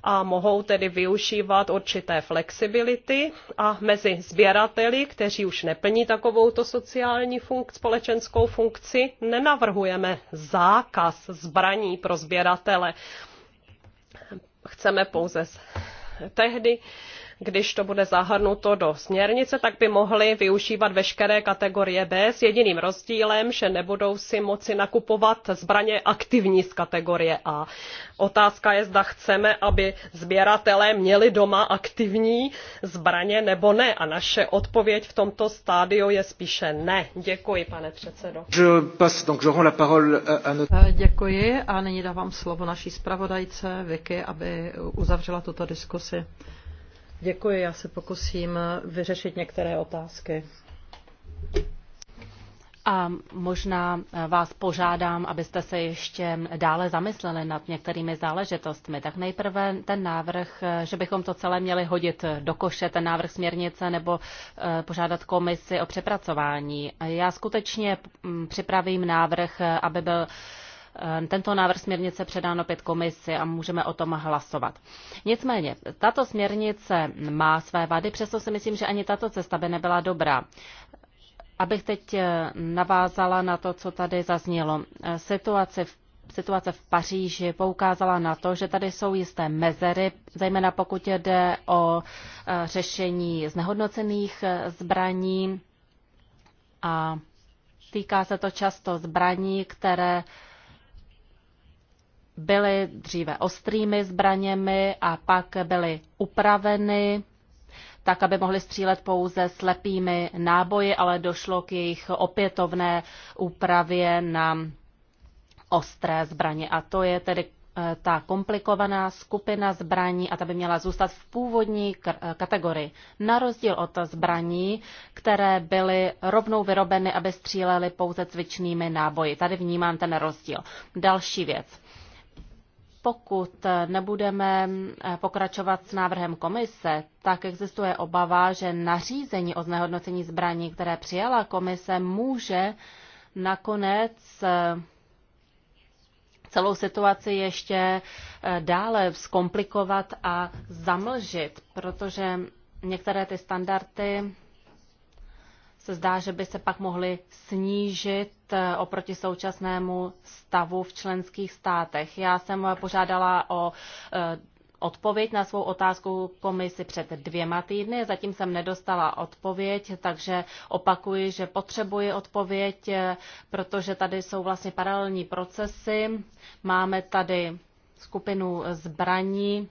a mohou tedy využívat určité flexibility a mezi sběrateli, kteří už neplní takovouto sociální funk- společenskou funkci, nenavrhujeme zákaz zbraní pro sběratele. Chceme pouze tehdy když to bude zahrnuto do směrnice, tak by mohli využívat veškeré kategorie B s jediným rozdílem, že nebudou si moci nakupovat zbraně aktivní z kategorie A. Otázka je, zda chceme, aby sběratelé měli doma aktivní zbraně nebo ne. A naše odpověď v tomto stádiu je spíše ne. Děkuji, pane předsedo. Eh, děkuji a nyní dávám slovo naší zpravodajce Vicky, aby uzavřela tuto diskusi. Děkuji, já se pokusím vyřešit některé otázky. A možná vás požádám, abyste se ještě dále zamysleli nad některými záležitostmi. Tak nejprve ten návrh, že bychom to celé měli hodit do koše, ten návrh směrnice, nebo eh, požádat komisi o přepracování. Já skutečně mm, připravím návrh, eh, aby byl Ehm, tento návrh směrnice předán opět komisi a můžeme o tom hlasovat. Nicméně, tato směrnice má své vady, přesto si myslím, že ani tato cesta by nebyla dobrá. Abych teď eh, navázala na to, co tady zaznělo. Eh, situace v Situace v Paříži poukázala na to, že tady jsou jisté mezery, zejména pokud jde o eh, řešení znehodnocených zbraní a týká se to často zbraní, které byly dříve ostrými zbraněmi a pak byly upraveny tak, aby mohli střílet pouze slepými náboji, ale došlo k jejich opětovné úpravě na ostré zbraně. A to je tedy eh, ta komplikovaná skupina zbraní a ta by měla zůstat v původní eh, kategorii. Na rozdíl od zbraní, které byly rovnou vyrobeny, aby střílely pouze cvičnými náboji. Tady vnímám ten rozdíl. Další věc pokud nebudeme eh, pokračovat s návrhem komise, tak existuje obava, že nařízení o znehodnocení zbraní, které přijala komise, může nakonec eh, celou situaci ještě eh, dále zkomplikovat a zamlžit, protože některé ty standardy se zdá, že by se pak mohly snížit eh, oproti současnému stavu v členských státech. Já jsem požádala o eh, odpověď na svou otázku komisi před dvěma týdny. Zatím jsem nedostala odpověď, takže opakuji, že potřebuji odpověď, eh, protože tady jsou vlastně paralelní procesy. Máme tady skupinu zbraní,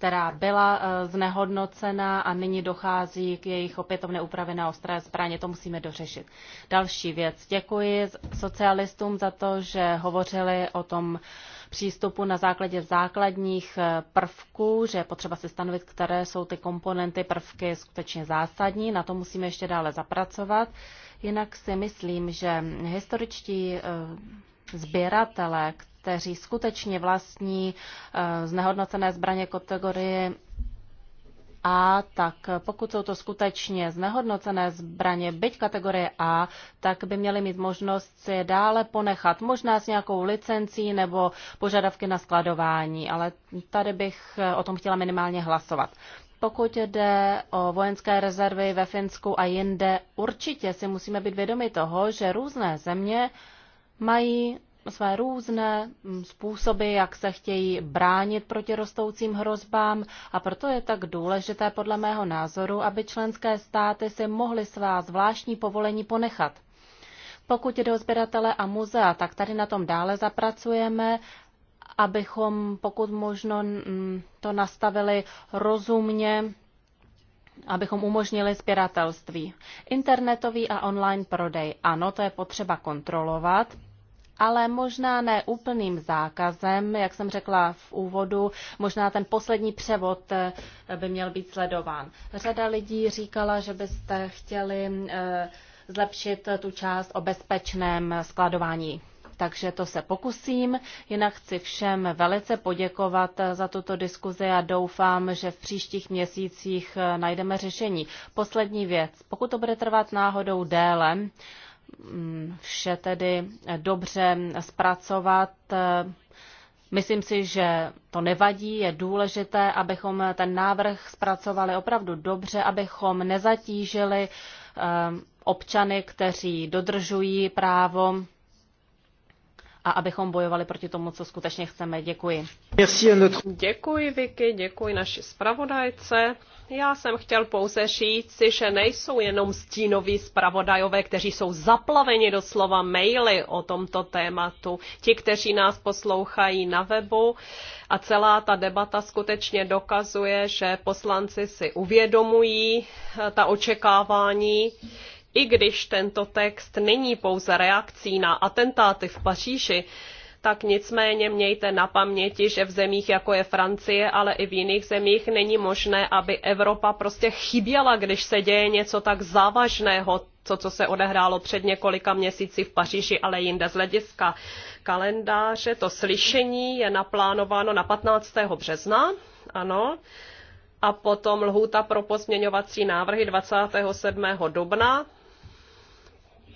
která byla eh, znehodnocena a nyní dochází k jejich opětovné úpravě na ostré zbraně. To musíme dořešit. Další věc. Děkuji socialistům za to, že hovořili o tom přístupu na základě základních eh, prvků, že je potřeba si stanovit, které jsou ty komponenty, prvky skutečně zásadní. Na to musíme ještě dále zapracovat. Jinak si myslím, že historičtí eh, sběratelé, kteří skutečně vlastní eh, znehodnocené zbraně kategorie a, tak pokud jsou to skutečně znehodnocené zbraně, byť kategorie A, tak by měli mít možnost si je dále ponechat, možná s nějakou licencí nebo požadavky na skladování, ale tady bych eh, o tom chtěla minimálně hlasovat. Pokud jde o vojenské rezervy ve Finsku a jinde, určitě si musíme být vědomi toho, že různé země mají své různé mm, způsoby, jak se chtějí bránit proti rostoucím hrozbám a proto je tak důležité podle mého názoru, aby členské státy si mohly svá zvláštní povolení ponechat. Pokud jde o sběratele a muzea, tak tady na tom dále zapracujeme, abychom pokud možno mm, to nastavili rozumně, abychom umožnili sběratelství. Internetový a online prodej, ano, to je potřeba kontrolovat, ale možná ne úplným zákazem, jak jsem řekla v úvodu, možná ten poslední převod eh, by měl být sledován. Řada lidí říkala, že byste chtěli eh, zlepšit tu část o bezpečném skladování takže to se pokusím. Jinak chci všem velice poděkovat eh, za tuto diskuzi a doufám, že v příštích měsících najdeme řešení. Poslední věc. Pokud to bude trvat náhodou déle, Mm, vše tedy dobře zpracovat. Myslím si, že to nevadí, je důležité, abychom ten návrh zpracovali opravdu dobře, abychom nezatížili eh, občany, kteří dodržují právo a abychom bojovali proti tomu, co skutečně chceme. Děkuji. Děkuji, Vicky, děkuji naši zpravodajce. Já jsem chtěl pouze říct, že nejsou jenom stínoví zpravodajové, kteří jsou zaplaveni doslova maily o tomto tématu. Ti, kteří nás poslouchají na webu a celá ta debata skutečně dokazuje, že poslanci si uvědomují eh, ta očekávání, i když tento text není pouze reakcí na atentáty v Paříži, tak nicméně mějte na paměti, že v zemích jako je Francie, ale i v jiných zemích není možné, aby Evropa prostě chyběla, když se děje něco tak závažného, co, co se odehrálo před několika měsíci v Paříži, ale jinde z hlediska kalendáře. To slyšení je naplánováno na 15. března, ano, a potom lhůta pro pozměňovací návrhy 27. dubna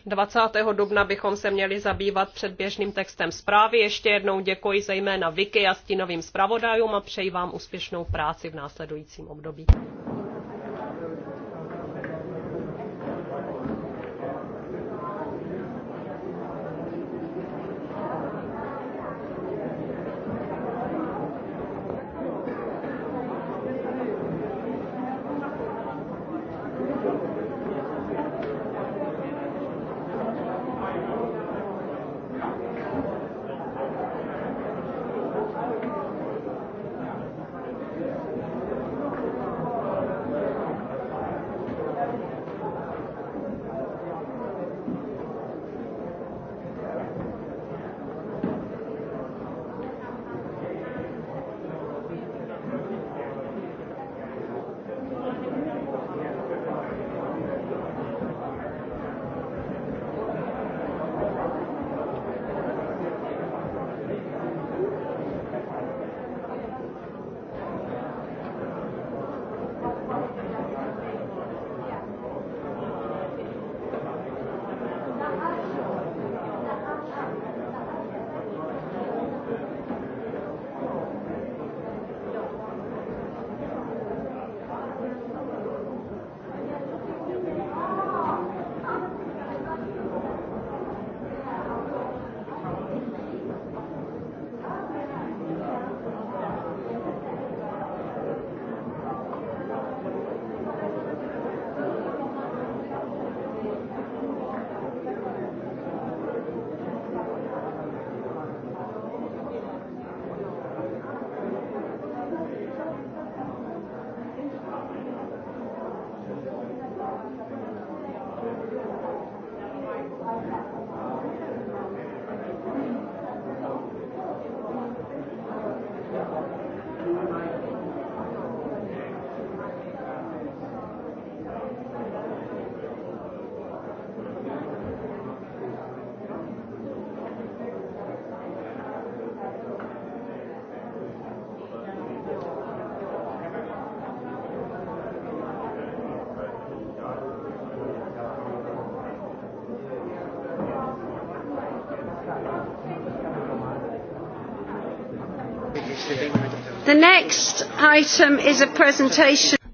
20. dubna bychom se měli zabývat předběžným textem zprávy. Ještě jednou děkuji zejména Vicky a stínovým zpravodajům a přeji vám úspěšnou práci v následujícím období.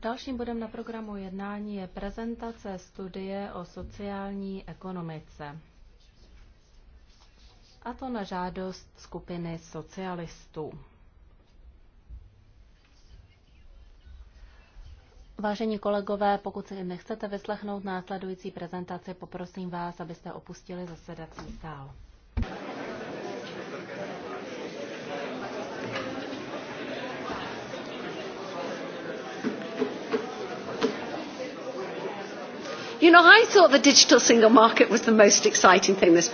Dalším bodem na programu jednání je prezentace studie o sociální ekonomice. A to na žádost skupiny socialistů. Vážení kolegové, pokud si nechcete vyslechnout následující prezentaci, poprosím vás, abyste opustili zasedací sál. You know, I thought the digital single market was the most exciting thing this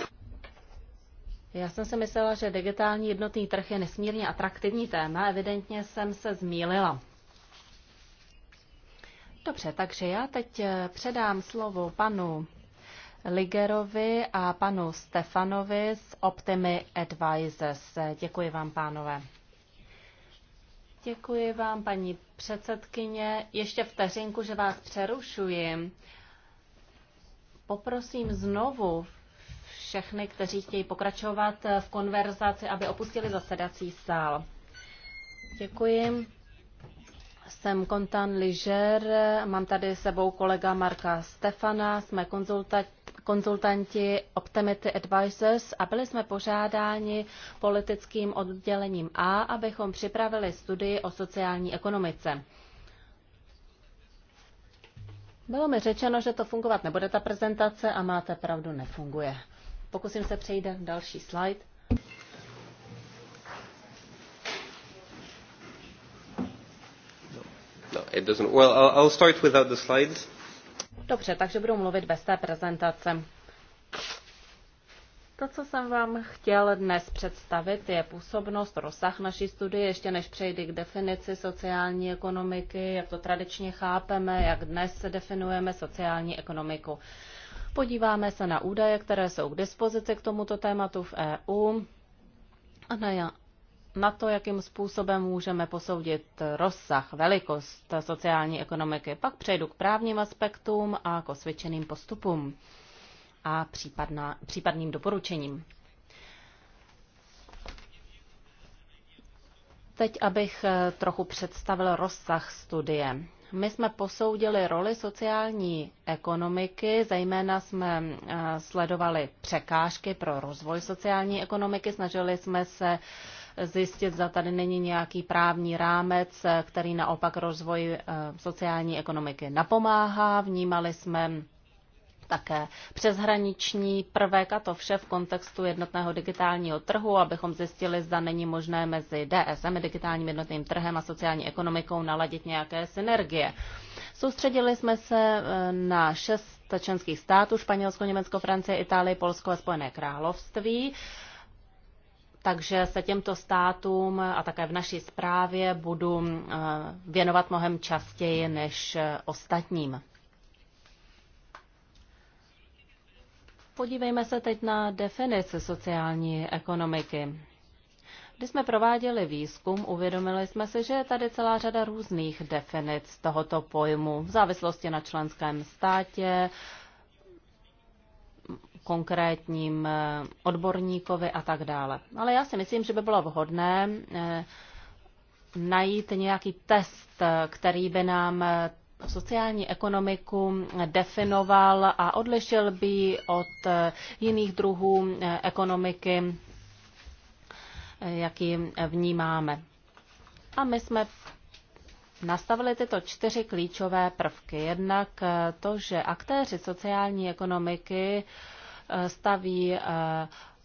já jsem si myslela, že digitální jednotný trh je nesmírně atraktivní téma, evidentně jsem se zmílila. Dobře, takže já teď eh, předám slovo panu Ligerovi a panu Stefanovi z Optimi Advisors. Děkuji vám, pánové. Děkuji vám, paní předsedkyně. Ještě vteřinku, že vás přerušuji poprosím znovu všechny, kteří chtějí pokračovat v konverzaci, aby opustili zasedací sál. Děkuji. Jsem Kontan Ližer, mám tady sebou kolega Marka Stefana, jsme konzulta- konzultanti Optimity Advisors a byli jsme požádáni politickým oddělením A, abychom připravili studii o sociální ekonomice. Bylo mi řečeno, že to fungovat nebude ta prezentace a máte pravdu, nefunguje. Pokusím se přejít na další slide. No, it doesn't. Well, I'll start without the slides. Dobře, takže budu mluvit bez té prezentace. To, co jsem vám chtěl dnes představit, je působnost, rozsah naší studie, ještě než přejdu k definici sociální ekonomiky, jak to tradičně chápeme, jak dnes se definujeme sociální ekonomiku. Podíváme se na údaje, které jsou k dispozici k tomuto tématu v EU a na, na to, jakým způsobem můžeme posoudit rozsah, velikost sociální ekonomiky. Pak přejdu k právním aspektům a k osvědčeným postupům a případná, případným doporučením. Teď, abych eh, trochu představil rozsah studie. My jsme posoudili roli sociální ekonomiky, zejména jsme eh, sledovali překážky pro rozvoj sociální ekonomiky, snažili jsme se zjistit, zda tady není nějaký právní rámec, eh, který naopak rozvoj sociální ekonomiky napomáhá. Vnímali jsme také přeshraniční prvek a to vše v kontextu jednotného digitálního trhu, abychom zjistili, zda není možné mezi DSM, digitálním jednotným trhem a sociální ekonomikou naladit nějaké synergie. Soustředili jsme se eh, na šest členských států, Španělsko, Německo, Francie, Itálie, Polsko a Spojené království. Takže se těmto státům a také v naší zprávě budu eh, věnovat mnohem častěji než eh, ostatním. Podívejme se teď na definici sociální ekonomiky. Když jsme prováděli výzkum, uvědomili jsme si, že je tady celá řada různých definic tohoto pojmu v závislosti na členském státě, konkrétním eh, odborníkovi a tak dále. Ale já si myslím, že by bylo vhodné eh, najít nějaký test, eh, který by nám sociální ekonomiku definoval a odlišil by od eh, jiných druhů eh, ekonomiky, eh, jaký vnímáme. A my jsme nastavili tyto čtyři klíčové prvky. Jednak to, že aktéři sociální ekonomiky staví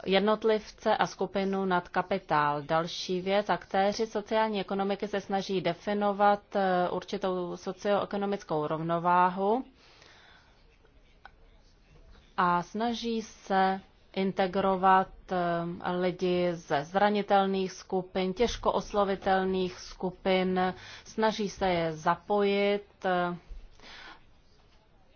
jednotlivce a skupinu nad kapitál. Další věc, aktéři sociální ekonomiky se snaží definovat eh, určitou socioekonomickou rovnováhu a snaží se integrovat eh, lidi ze zranitelných skupin, těžko oslovitelných skupin, snaží se je zapojit eh,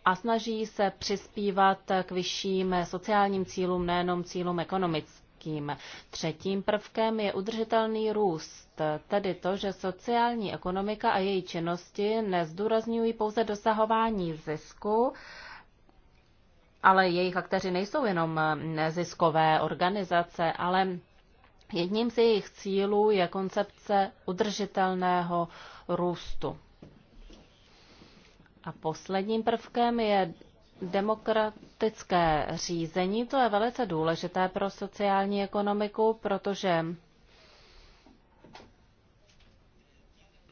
a snaží se přispívat k vyšším sociálním cílům, nejenom cílům ekonomickým. Třetím prvkem je udržitelný růst, tedy to, že sociální ekonomika a její činnosti nezdůrazňují pouze dosahování zisku, ale jejich aktéři nejsou jenom neziskové organizace, ale jedním z jejich cílů je koncepce udržitelného růstu. A posledním prvkem je demokratické řízení. To je velice důležité pro sociální ekonomiku, protože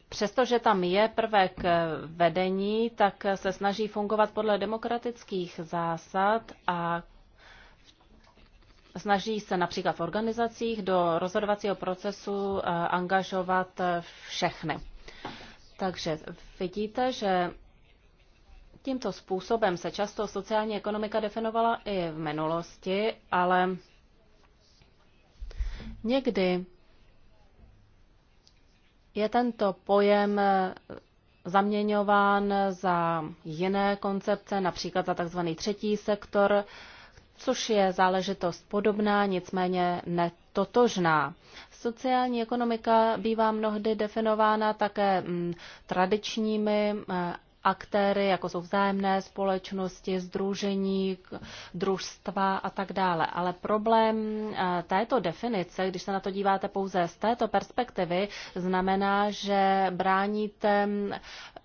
Přestože tam je prvek vedení, tak se snaží fungovat podle demokratických zásad a snaží se například v organizacích do rozhodovacího procesu eh, angažovat všechny. Takže vidíte, že Tímto způsobem se často sociální ekonomika definovala i v minulosti, ale někdy je tento pojem eh, zaměňován za jiné koncepce, například za tzv. třetí sektor, což je záležitost podobná, nicméně netotožná. Sociální ekonomika bývá mnohdy definována také mm, tradičními eh, aktéry, jako jsou vzájemné společnosti, združení, družstva a tak dále. Ale problém eh, této definice, když se na to díváte pouze z této perspektivy, znamená, že bráníte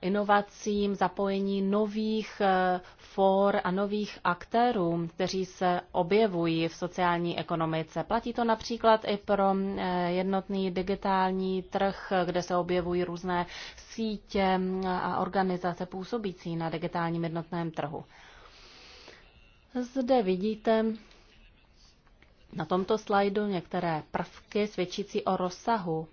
inovacím zapojení nových eh, for a nových aktérů, kteří se objevují v sociální ekonomice. Platí to například i pro eh, jednotný digitální trh, kde se objevují různé sítě a organizace působící na digitálním jednotném trhu. Zde vidíte na tomto slajdu některé prvky svědčící o rozsahu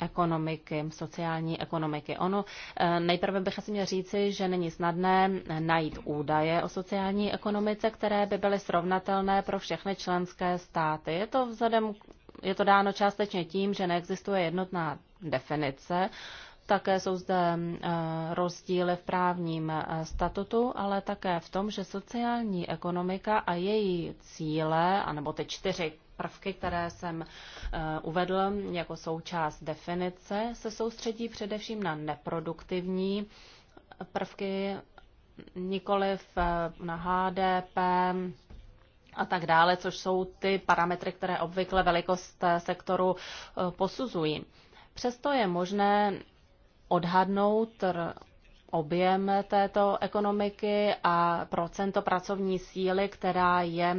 ekonomiky, sociální ekonomiky. Ono eh, nejprve bych asi měl říci, že není snadné najít údaje o sociální ekonomice, které by byly srovnatelné pro všechny členské státy. Je to vzhledem je to dáno částečně tím, že neexistuje jednotná definice také jsou zde mm, eh, rozdíly v právním eh, statutu, ale také v tom, že sociální ekonomika a její cíle, anebo ty čtyři prvky, které jsem eh, uvedl jako součást definice, se soustředí především na neproduktivní prvky, nikoliv na HDP, a tak dále, což jsou ty parametry, které obvykle velikost sektoru posuzují. Přesto je možné odhadnout objem této ekonomiky a procento pracovní síly, která je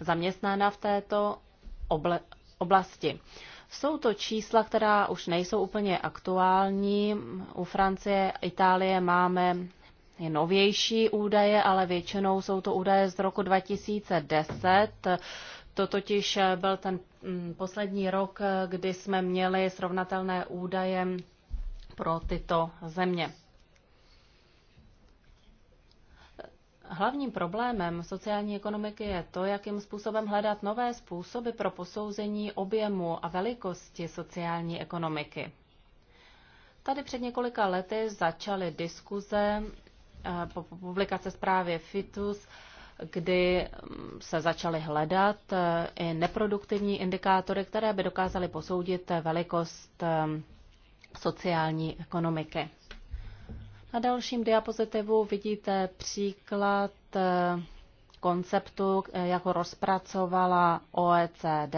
zaměstnána v této oblasti. Jsou to čísla, která už nejsou úplně aktuální. U Francie, Itálie máme je novější údaje, ale většinou jsou to údaje z roku 2010. To totiž byl ten mm, poslední rok, kdy jsme měli srovnatelné údaje pro tyto země. Hlavním problémem sociální ekonomiky je to, jakým způsobem hledat nové způsoby pro posouzení objemu a velikosti sociální ekonomiky. Tady před několika lety začaly diskuze eh, po publikace zprávy FITUS, kdy mm, se začaly hledat eh, i neproduktivní indikátory, které by dokázaly posoudit velikost eh, sociální ekonomiky. Na dalším diapozitivu vidíte příklad eh, konceptu, jako rozpracovala OECD,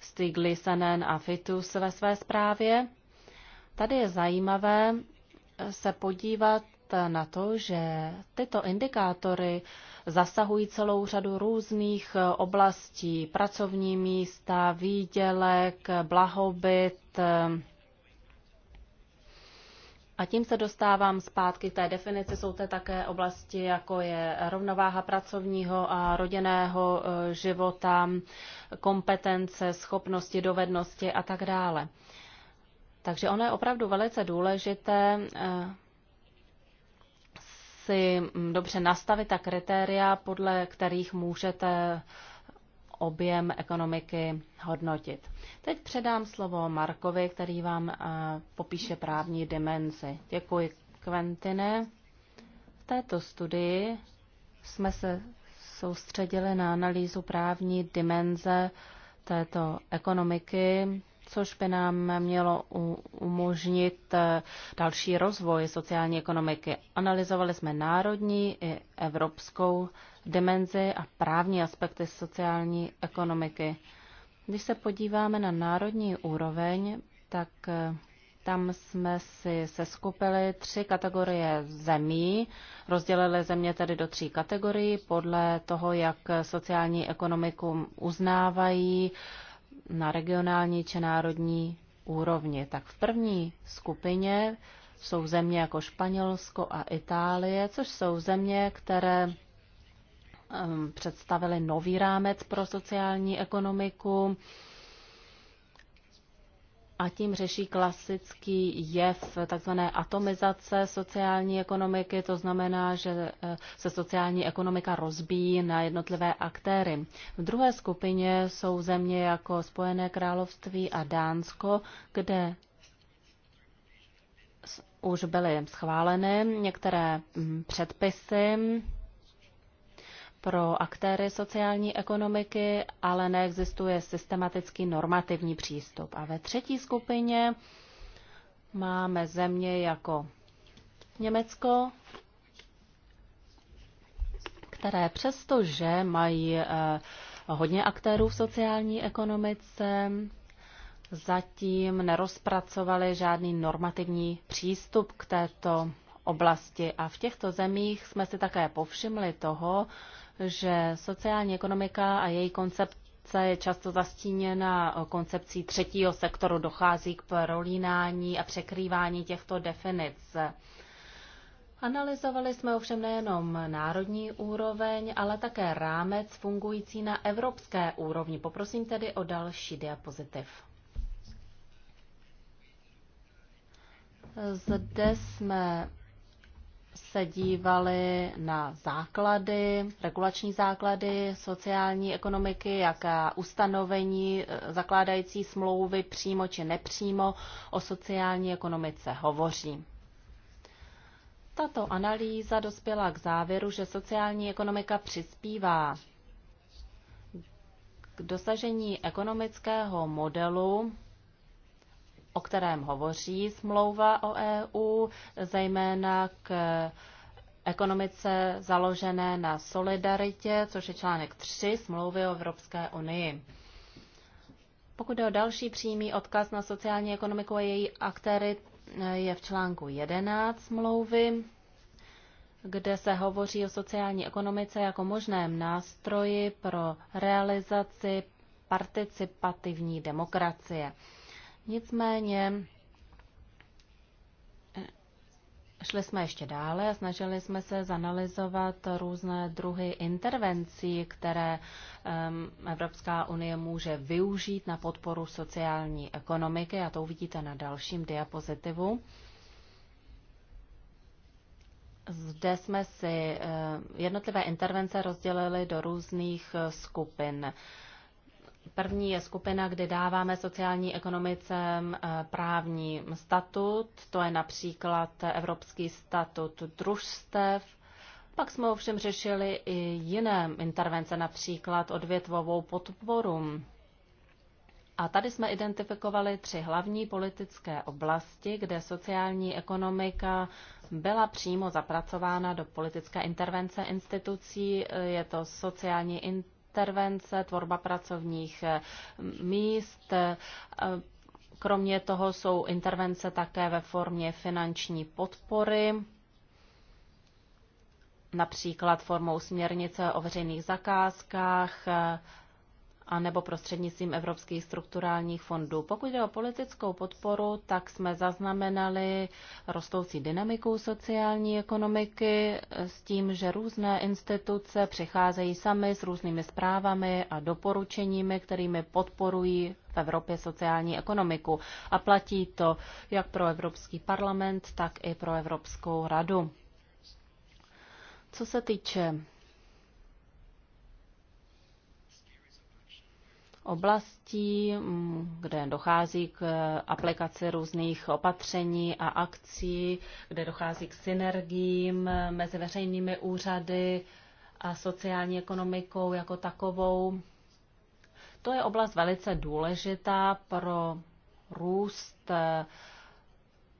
Stiglitz,nen a Fitus ve své zprávě. Tady je zajímavé eh, se podívat na to, že tyto indikátory zasahují celou řadu různých oblastí pracovní místa, výdělek, blahobyt, a tím se dostávám zpátky k té definici. Jsou to také oblasti, jako je rovnováha pracovního a rodinného e, života, kompetence, schopnosti, dovednosti a tak dále. Takže ono je opravdu velice důležité e, si dobře nastavit ta kritéria, podle kterých můžete objem ekonomiky hodnotit. Teď předám slovo Markovi, který vám eh, popíše právní dimenzi. Děkuji, Kventine. V této studii jsme se soustředili na analýzu právní dimenze této ekonomiky, což by nám mělo umožnit eh, další rozvoj sociální ekonomiky. Analyzovali jsme národní i evropskou dimenzi a právní aspekty sociální ekonomiky. Když se podíváme na národní úroveň, tak eh, tam jsme si seskupili tři kategorie zemí. Rozdělili země tedy do tří kategorií podle toho, jak sociální ekonomiku uznávají na regionální či národní úrovni. Tak v první skupině jsou země jako Španělsko a Itálie, což jsou země, které Um, představili nový rámec pro sociální ekonomiku a tím řeší klasický jev tzv. atomizace sociální ekonomiky, to znamená, že eh, se sociální ekonomika rozbíjí na jednotlivé aktéry. V druhé skupině jsou země jako Spojené království a Dánsko, kde už byly schváleny některé mm, předpisy pro aktéry sociální ekonomiky, ale neexistuje systematický normativní přístup. A ve třetí skupině máme země jako Německo, které přestože mají eh, hodně aktérů v sociální ekonomice, zatím nerozpracovali žádný normativní přístup k této oblasti. A v těchto zemích jsme si také povšimli toho, že sociální ekonomika a její koncept je často zastíněna koncepcí třetího sektoru. Dochází k prolínání a překrývání těchto definic. Analyzovali jsme ovšem nejenom národní úroveň, ale také rámec fungující na evropské úrovni. Poprosím tedy o další diapozitiv. Zde jsme se dívali na základy, regulační základy sociální ekonomiky, jaká ustanovení e, zakládající smlouvy přímo či nepřímo o sociální ekonomice hovoří. Tato analýza dospěla k závěru, že sociální ekonomika přispívá k dosažení ekonomického modelu, o kterém hovoří smlouva o EU, zejména k ekonomice založené na solidaritě, což je článek 3 smlouvy o Evropské unii. Pokud jde o další přímý odkaz na sociální ekonomiku a její aktéry, je v článku 11 smlouvy, kde se hovoří o sociální ekonomice jako možném nástroji pro realizaci participativní demokracie. Nicméně šli jsme ještě dále a snažili jsme se zanalizovat různé druhy intervencí, které Evropská unie může využít na podporu sociální ekonomiky a to uvidíte na dalším diapozitivu. Zde jsme si eh, jednotlivé intervence rozdělili do různých skupin. První je skupina, kde dáváme sociální ekonomice eh, právní statut, to je například Evropský statut družstev. Pak jsme ovšem řešili i jiné intervence, například odvětvovou podporu. A tady jsme identifikovali tři hlavní politické oblasti, kde sociální ekonomika byla přímo zapracována do politické intervence institucí. Je to sociální intervence intervence, tvorba pracovních eh, míst. Eh, kromě toho jsou intervence také ve formě finanční podpory například formou směrnice o veřejných zakázkách, a nebo prostřednictvím evropských strukturálních fondů. Pokud jde o politickou podporu, tak jsme zaznamenali rostoucí dynamiku sociální ekonomiky s tím, že různé instituce přicházejí sami s různými zprávami a doporučeními, kterými podporují v Evropě sociální ekonomiku. A platí to jak pro Evropský parlament, tak i pro Evropskou radu. Co se týče oblastí, mm, kde dochází k aplikaci různých opatření a akcí, kde dochází k synergiím mezi veřejnými úřady a sociální ekonomikou jako takovou. To je oblast velice důležitá pro růst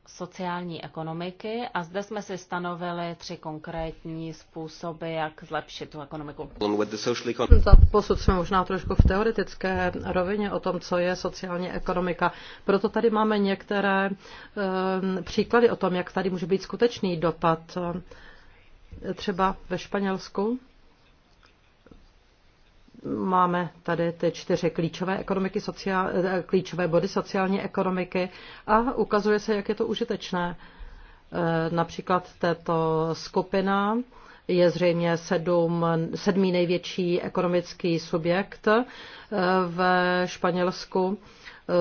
sociální ekonomiky a zde jsme si stanovili tři konkrétní způsoby, jak zlepšit tu ekonomiku. Za posud jsme možná trošku v teoretické rovině o tom, co je sociální ekonomika. Proto tady máme některé um, příklady o tom, jak tady může být skutečný dopad. Eh, třeba ve Španělsku Máme tady ty čtyři klíčové, ekonomiky, sociál, eh, klíčové body sociální ekonomiky a ukazuje se, jak je to užitečné. Eh, například tato skupina je zřejmě sedm, sedmý největší ekonomický subjekt eh, v Španělsku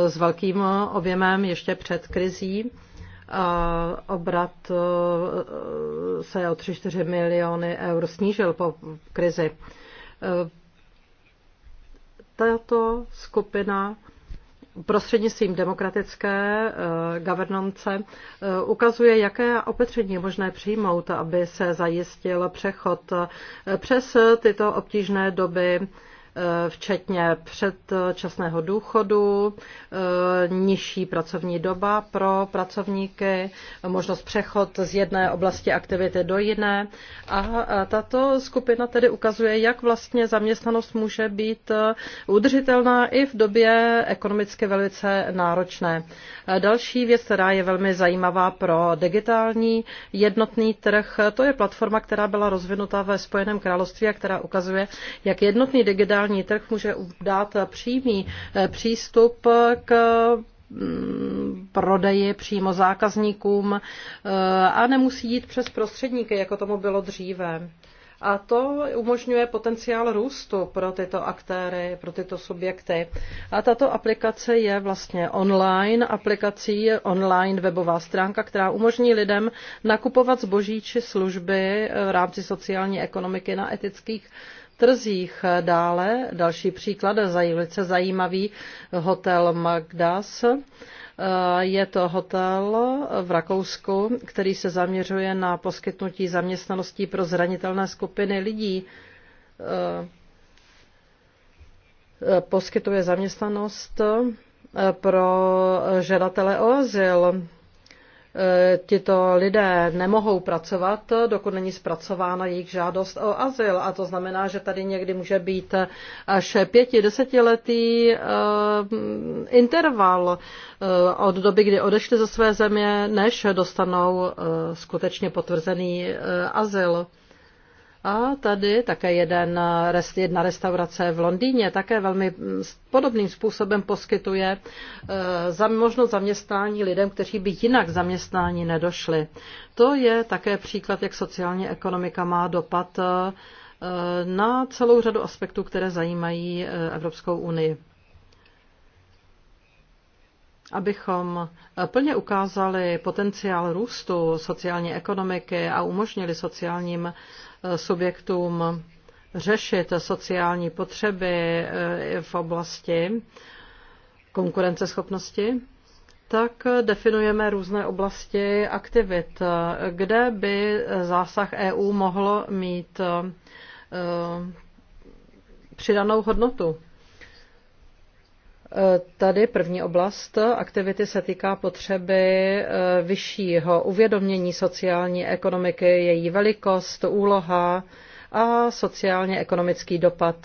s velkým objemem ještě před krizí. Obrat se o 3-4 miliony eur snížil po krizi tato skupina prostřednictvím demokratické eh, governance eh, ukazuje, jaké opatření je možné přijmout, aby se zajistil přechod eh, přes tyto obtížné doby Eh, včetně předčasného důchodu, eh, nižší pracovní doba pro pracovníky, možnost přechod z jedné oblasti aktivity do jiné. A tato skupina tedy ukazuje, jak vlastně zaměstnanost může být eh, udržitelná i v době ekonomicky velice náročné. Další věc, která je velmi zajímavá pro digitální jednotný trh, to je platforma, která byla rozvinuta ve Spojeném království a která ukazuje, jak jednotný digitální digitální trh může dát přímý eh, přístup k mm, prodeji přímo zákazníkům eh, a nemusí jít přes prostředníky, jako tomu bylo dříve. A to umožňuje potenciál růstu pro tyto aktéry, pro tyto subjekty. A tato aplikace je vlastně online aplikací, online webová stránka, která umožní lidem nakupovat zboží či služby eh, v rámci sociální ekonomiky na etických trzích. Dále další příklad, velice zajímavý hotel Magdas. Eh, je to hotel v Rakousku, který se zaměřuje na poskytnutí zaměstnaností pro zranitelné skupiny lidí. Eh, eh, poskytuje zaměstnanost pro žadatele o azyl Eh, tito lidé nemohou pracovat, dokud není zpracována jejich žádost o azyl. A to znamená, že tady někdy může být až pěti, desetiletý eh, interval eh, od doby, kdy odešli ze své země, než dostanou skutečně potvrzený azyl. A tady také jeden, eh, jedna restaurace v Londýně také velmi mm, podobným způsobem poskytuje eh, za možnost zaměstnání lidem, kteří by jinak zaměstnání nedošli. To je také příklad, jak sociální ekonomika má dopad eh, na celou řadu aspektů, které zajímají Evropskou unii abychom eh, plně ukázali potenciál růstu sociální ekonomiky a umožnili sociálním eh, subjektům řešit sociální potřeby eh, v oblasti konkurenceschopnosti, tak definujeme různé oblasti aktivit, kde by zásah EU mohl mít přidanou hodnotu. Tady první oblast aktivity se týká potřeby eh, vyššího uvědomění sociální ekonomiky, její velikost, úloha a sociálně-ekonomický dopad.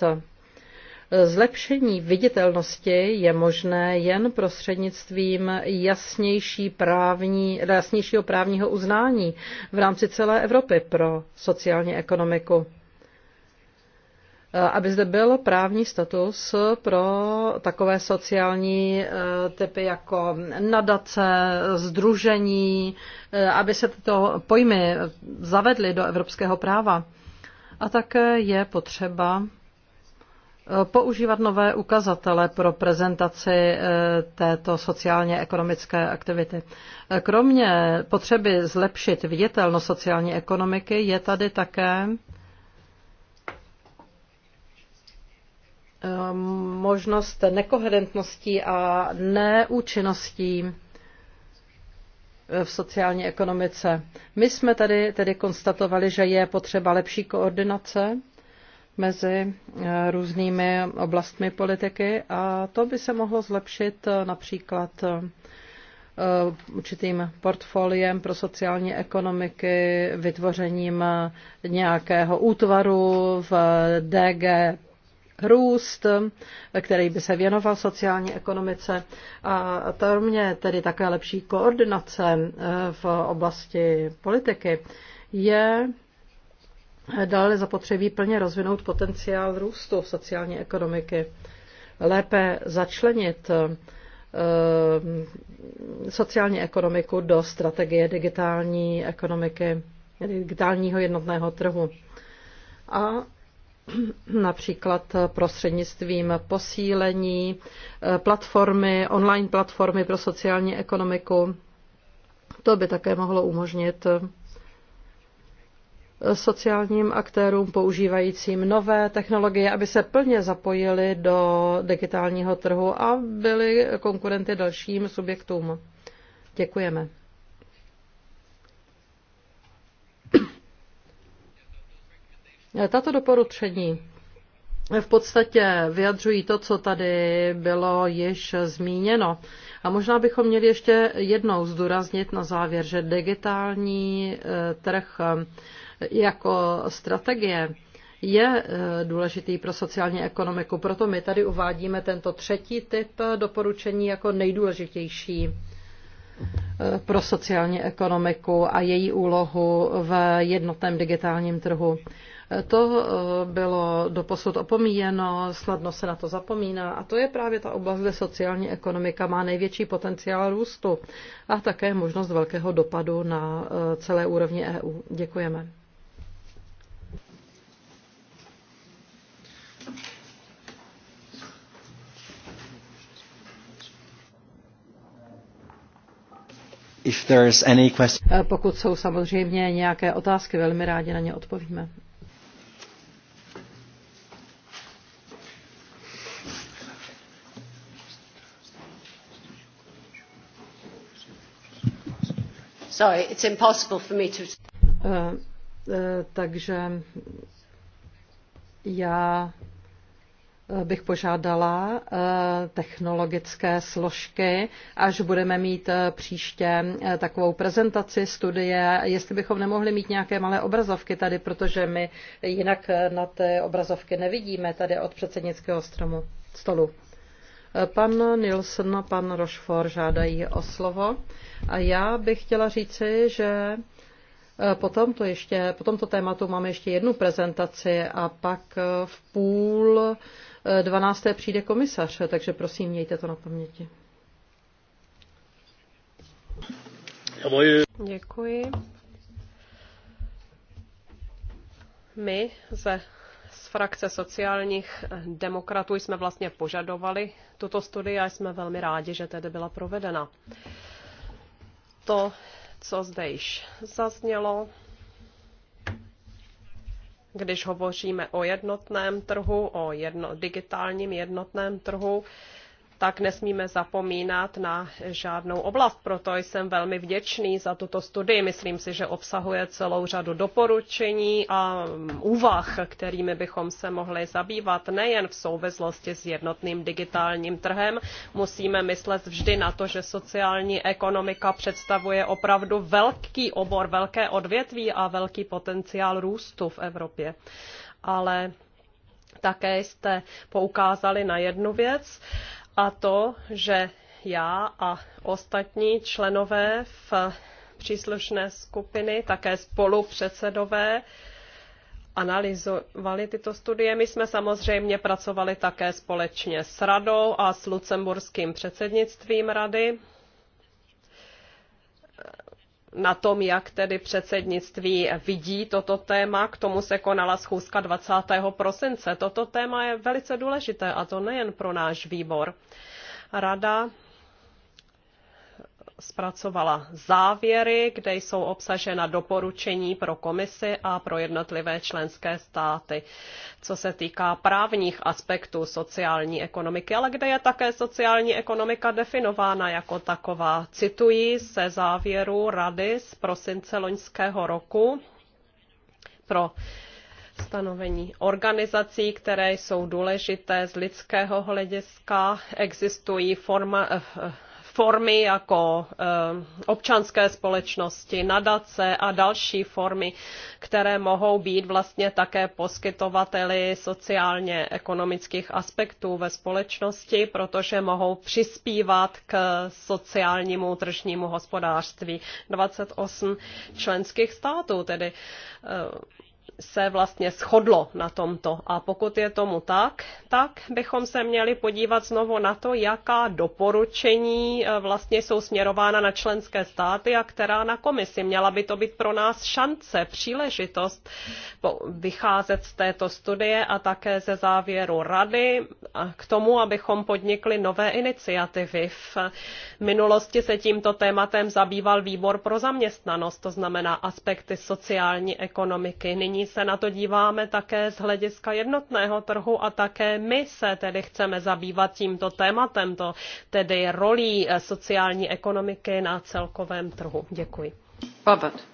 Zlepšení viditelnosti je možné jen prostřednictvím jasnější právní, jasnějšího právního uznání v rámci celé Evropy pro sociální ekonomiku. Eh, aby zde byl právní status pro takové sociální eh, typy jako nadace, združení, eh, aby se tyto pojmy zavedly do evropského práva. A také je potřeba používat nové ukazatele pro prezentaci této sociálně ekonomické aktivity. Kromě potřeby zlepšit viditelnost sociální ekonomiky je tady také možnost nekoherentností a neúčinností v sociální ekonomice. My jsme tady tedy konstatovali, že je potřeba lepší koordinace mezi eh, různými oblastmi politiky a to by se mohlo zlepšit eh, například eh, určitým portfoliem pro sociální ekonomiky, vytvořením nějakého útvaru v DG růst, který by se věnoval sociální ekonomice a to mě tedy také lepší koordinace eh, v oblasti politiky je dále zapotřebí plně rozvinout potenciál růstu sociální ekonomiky, lépe začlenit eh, sociální ekonomiku do strategie digitální ekonomiky, digitálního jednotného trhu. A například prostřednictvím posílení eh, platformy, online platformy pro sociální ekonomiku. To by také mohlo umožnit eh, sociálním aktérům používajícím nové technologie, aby se plně zapojili do digitálního trhu a byli konkurenty dalším subjektům. Děkujeme. Tato doporučení v podstatě vyjadřují to, co tady bylo již zmíněno. A možná bychom měli ještě jednou zdůraznit na závěr, že digitální eh, trh eh, jako strategie je eh, důležitý pro sociální ekonomiku. Proto my tady uvádíme tento třetí typ doporučení jako nejdůležitější pro sociální ekonomiku a její úlohu v jednotném digitálním trhu. To eh, bylo doposud opomíjeno, snadno se na to zapomíná a to je právě ta oblast, kde sociální ekonomika má největší potenciál růstu a také možnost velkého dopadu na eh, celé úrovni EU. Děkujeme. If any question... Eh, pokud jsou samozřejmě nějaké otázky, velmi rádi na ně odpovíme. Sorry, it's impossible for me to... Uh, uh, takže já eh, bych požádala technologické složky, až budeme mít příště takovou prezentaci studie, jestli bychom nemohli mít nějaké malé obrazovky tady, protože my jinak na ty obrazovky nevidíme tady od předsednického stromu, stolu. Pan Nilsson a pan Rochefort žádají o slovo a já bych chtěla říci, že eh, po tomto, ještě, po tomto tématu máme ještě jednu prezentaci a pak eh, v půl eh, dvanácté přijde komisař, takže prosím, mějte to na paměti. Děkuji. My ze frakce sociálních eh, demokratů jsme vlastně požadovali tuto studii a jsme velmi rádi, že tedy byla provedena. To, co zde již zaznělo, když hovoříme o jednotném trhu, o jedno, digitálním jednotném trhu, tak nesmíme zapomínat na žádnou oblast. Proto jsem velmi vděčný za tuto studii. Myslím si, že obsahuje celou řadu doporučení a úvah, kterými bychom se mohli zabývat nejen v souvislosti s jednotným digitálním trhem. Musíme myslet vždy na to, že sociální ekonomika představuje opravdu velký obor, velké odvětví a velký potenciál růstu v Evropě. Ale také jste poukázali na jednu věc, a to, že já a ostatní členové v příslušné skupiny, také spolupředsedové, analyzovali tyto studie. My jsme samozřejmě pracovali také společně s radou a s lucemburským předsednictvím rady na tom, jak tedy předsednictví vidí toto téma. K tomu se konala schůzka 20. prosince. Toto téma je velice důležité a to nejen pro náš výbor. Rada zpracovala závěry, kde jsou obsažena doporučení pro komisi a pro jednotlivé členské státy, co se týká právních aspektů sociální ekonomiky, ale kde je také sociální ekonomika definována jako taková. Cituji se závěru Rady z prosince loňského roku pro stanovení organizací, které jsou důležité z lidského hlediska. Existují forma, eh, eh, formy jako eh, občanské společnosti, nadace a další formy, které mohou být vlastně také poskytovateli sociálně ekonomických aspektů ve společnosti, protože mohou přispívat k sociálnímu tržnímu hospodářství. 28 členských států tedy eh, se vlastně shodlo na tomto. A pokud je tomu tak, tak bychom se měli podívat znovu na to, jaká doporučení eh, vlastně jsou směrována na členské státy a která na komisi. Měla by to být pro nás šance, příležitost vycházet z této studie a také ze závěru rady k tomu, abychom podnikli nové iniciativy. V minulosti se tímto tématem zabýval výbor pro zaměstnanost, to znamená aspekty sociální ekonomiky. Nyní se na to díváme také z hlediska jednotného trhu a také my se tedy chceme zabývat tímto tématem, to tedy rolí eh, sociální ekonomiky na celkovém trhu. Děkuji. Robert.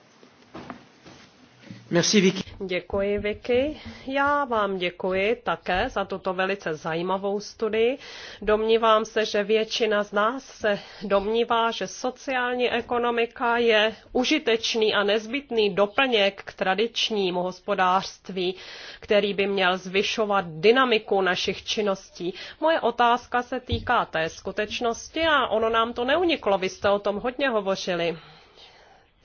Merci, Vicky. Děkuji, Vicky. Já vám děkuji také za tuto velice zajímavou studii. Domnívám se, že většina z nás se domnívá, že sociální ekonomika je užitečný a nezbytný doplněk k tradičnímu hospodářství, který by měl zvyšovat dynamiku našich činností. Moje otázka se týká té skutečnosti a ono nám to neuniklo. Vy jste o tom hodně hovořili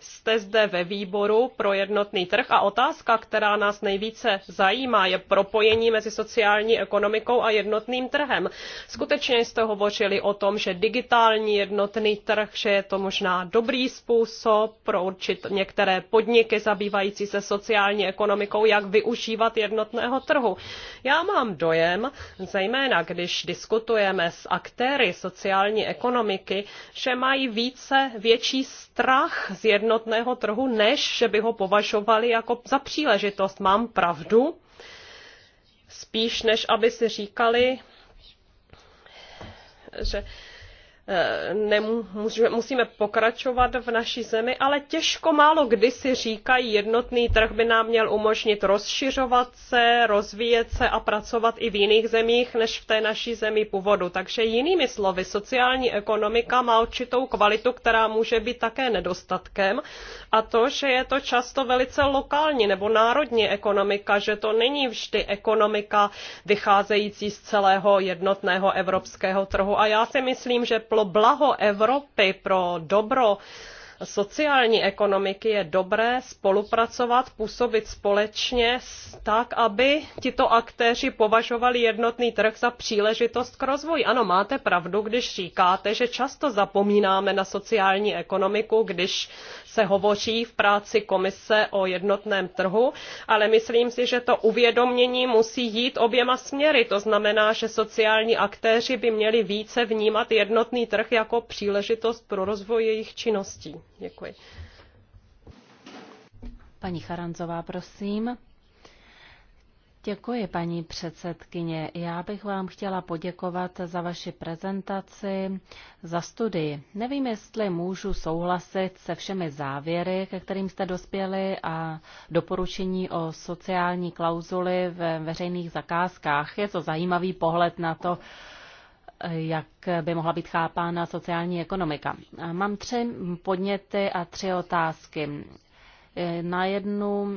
jste zde ve výboru pro jednotný trh a otázka, která nás nejvíce zajímá, je propojení mezi sociální ekonomikou a jednotným trhem. Skutečně jste hovořili o tom, že digitální jednotný trh, že je to možná dobrý způsob pro určit některé podniky zabývající se sociální ekonomikou, jak využívat jednotného trhu. Já mám dojem, zejména když diskutujeme s aktéry sociální ekonomiky, že mají více větší strach z jednotného trhu, než že by ho považovali jako za příležitost. Mám pravdu, spíš než aby si říkali, že Eh, musíme pokračovat v naší zemi, ale těžko málo kdy si říkají, jednotný trh by nám měl umožnit rozšiřovat se, rozvíjet se a pracovat i v jiných zemích než v té naší zemi původu. Takže jinými slovy, sociální ekonomika má určitou kvalitu, která může být také nedostatkem a to, že je to často velice lokální nebo národní ekonomika, že to není vždy ekonomika vycházející z celého jednotného evropského trhu. A já si myslím, že pro blaho Evropy, pro dobro sociální ekonomiky je dobré spolupracovat, působit společně tak, aby tito aktéři považovali jednotný trh za příležitost k rozvoji. Ano, máte pravdu, když říkáte, že často zapomínáme na sociální ekonomiku, když se hovoří v práci komise o jednotném trhu, ale myslím si, že to uvědomění musí jít oběma směry. To znamená, že sociální aktéři by měli více vnímat jednotný trh jako příležitost pro rozvoj jejich činností. Děkuji. Paní Charanzová, prosím. Děkuji, paní předsedkyně. Já bych vám chtěla poděkovat za vaši prezentaci, za studii. Nevím, jestli můžu souhlasit se všemi závěry, ke kterým jste dospěli a doporučení o sociální klauzuli ve veřejných zakázkách. Je to zajímavý pohled na to, jak by mohla být chápána sociální ekonomika. Mám tři podněty a tři otázky. Na jednu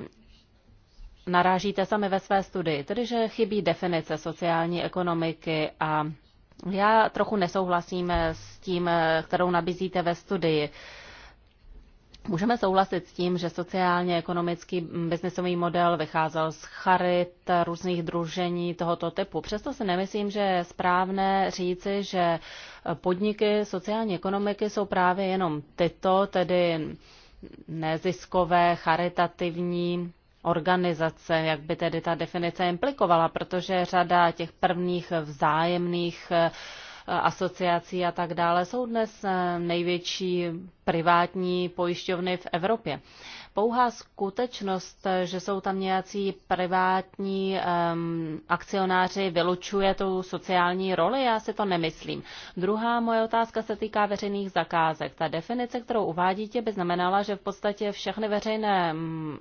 narážíte sami ve své studii, tedy že chybí definice sociální ekonomiky a já trochu nesouhlasím s tím, kterou nabízíte ve studii. Můžeme souhlasit s tím, že sociálně ekonomický biznesový model vycházel z charit, různých družení tohoto typu. Přesto si nemyslím, že je správné říci, že podniky sociální ekonomiky jsou právě jenom tyto, tedy neziskové, charitativní organizace, jak by tedy ta definice implikovala, protože řada těch prvních vzájemných eh, asociací a tak dále jsou dnes eh, největší privátní pojišťovny v Evropě pouhá skutečnost, že jsou tam nějací privátní um, akcionáři, vylučuje tu sociální roli? Já si to nemyslím. Druhá moje otázka se týká veřejných zakázek. Ta definice, kterou uvádíte, by znamenala, že v podstatě všechny veřejné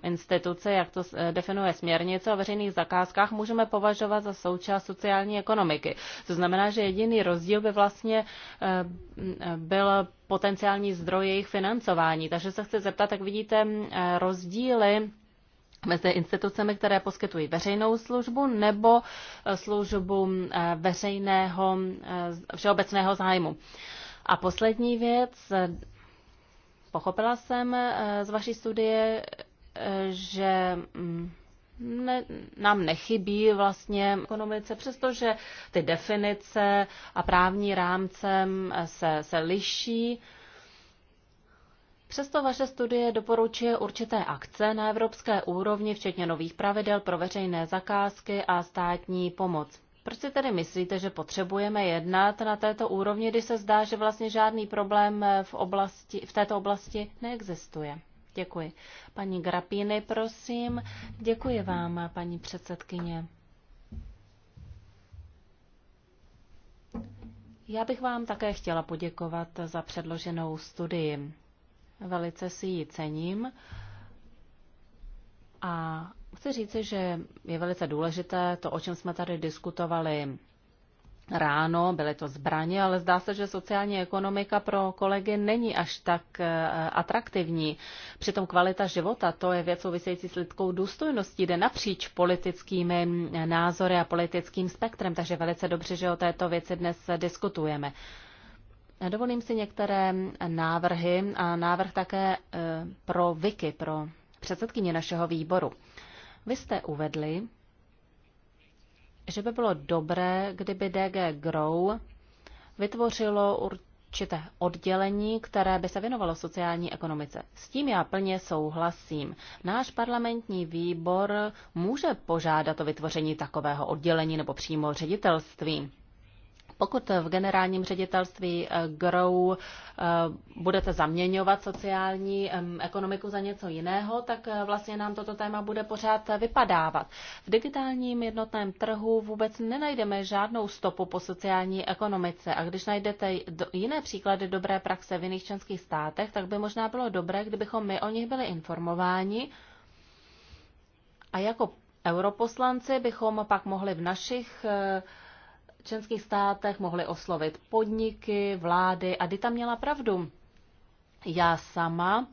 instituce, jak to eh, definuje směrnice o veřejných zakázkách, můžeme považovat za součást sociální ekonomiky. To znamená, že jediný rozdíl by vlastně eh, eh, byl potenciální zdroj jejich financování. Takže se chci zeptat, jak vidíte eh, rozdíly mezi institucemi, které poskytují veřejnou službu nebo eh, službu eh, veřejného všeobecného zájmu. A poslední věc, pochopila jsem z vaší studie, že ne, nám nechybí vlastně ekonomice, přestože ty definice a právní rámce se, se liší. Přesto vaše studie doporučuje určité akce na evropské úrovni, včetně nových pravidel pro veřejné zakázky a státní pomoc. Proč si tedy myslíte, že potřebujeme jednat na této úrovni, když se zdá, že vlastně žádný problém v, oblasti, v této oblasti neexistuje? Děkuji. Paní Grapíny, prosím. Děkuji vám, paní předsedkyně. Já bych vám také chtěla poděkovat za předloženou studii. Velice si ji cením a chci říci, že je velice důležité to, o čem jsme tady diskutovali ráno, byly to zbraně, ale zdá se, že sociální ekonomika pro kolegy není až tak eh, atraktivní. Přitom kvalita života, to je věc související s lidskou důstojností, jde napříč politickými eh, názory a politickým spektrem, takže velice dobře, že o této věci dnes diskutujeme. Eh, dovolím si některé návrhy a návrh také pro Vicky, pro předsedkyně našeho výboru. Vy jste uvedli, že by bylo dobré, kdyby DG Grow vytvořilo určité oddělení, které by se věnovalo sociální ekonomice. S tím já plně souhlasím. Náš parlamentní výbor může požádat o vytvoření takového oddělení nebo přímo ředitelství. Pokud v generálním ředitelství eh, GROW eh, budete zaměňovat sociální ekonomiku za něco jiného, tak eh, vlastně nám toto téma bude pořád vypadávat. V digitálním jednotném trhu vůbec nenajdeme žádnou stopu po sociální ekonomice a když najdete jiné příklady dobré praxe v jiných členských státech, tak by možná bylo dobré, kdybychom my o nich byli informováni a jako europoslanci bychom pak mohli v našich členských státech mohli oslovit podniky, vlády a Dita měla pravdu. Já sama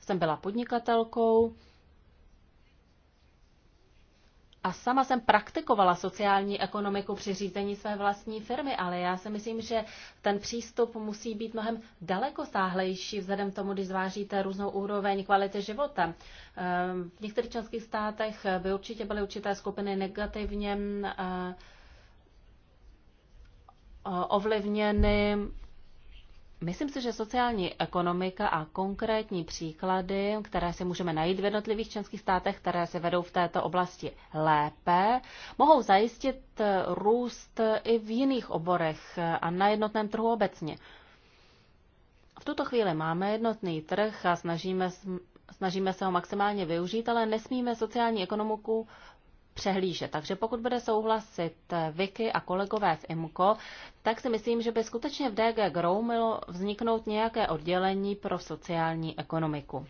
jsem byla podnikatelkou a sama jsem praktikovala sociální ekonomiku při řízení své vlastní firmy, ale já si myslím, že ten přístup musí být mnohem sáhlejší vzhledem tomu, když zvážíte různou úroveň kvality života. Ehm, v některých členských státech by určitě byly určité skupiny negativně eh, ovlivněny. Myslím si, že sociální ekonomika a konkrétní příklady, které si můžeme najít v jednotlivých členských státech, které se vedou v této oblasti lépe, mohou zajistit růst i v jiných oborech a na jednotném trhu obecně. V tuto chvíli máme jednotný trh a snažíme, snažíme se ho maximálně využít, ale nesmíme sociální ekonomiku přehlížet. Takže pokud bude souhlasit eh, Vicky a kolegové v IMCO, tak si myslím, že by skutečně v DG Grow mělo vzniknout nějaké oddělení pro sociální ekonomiku.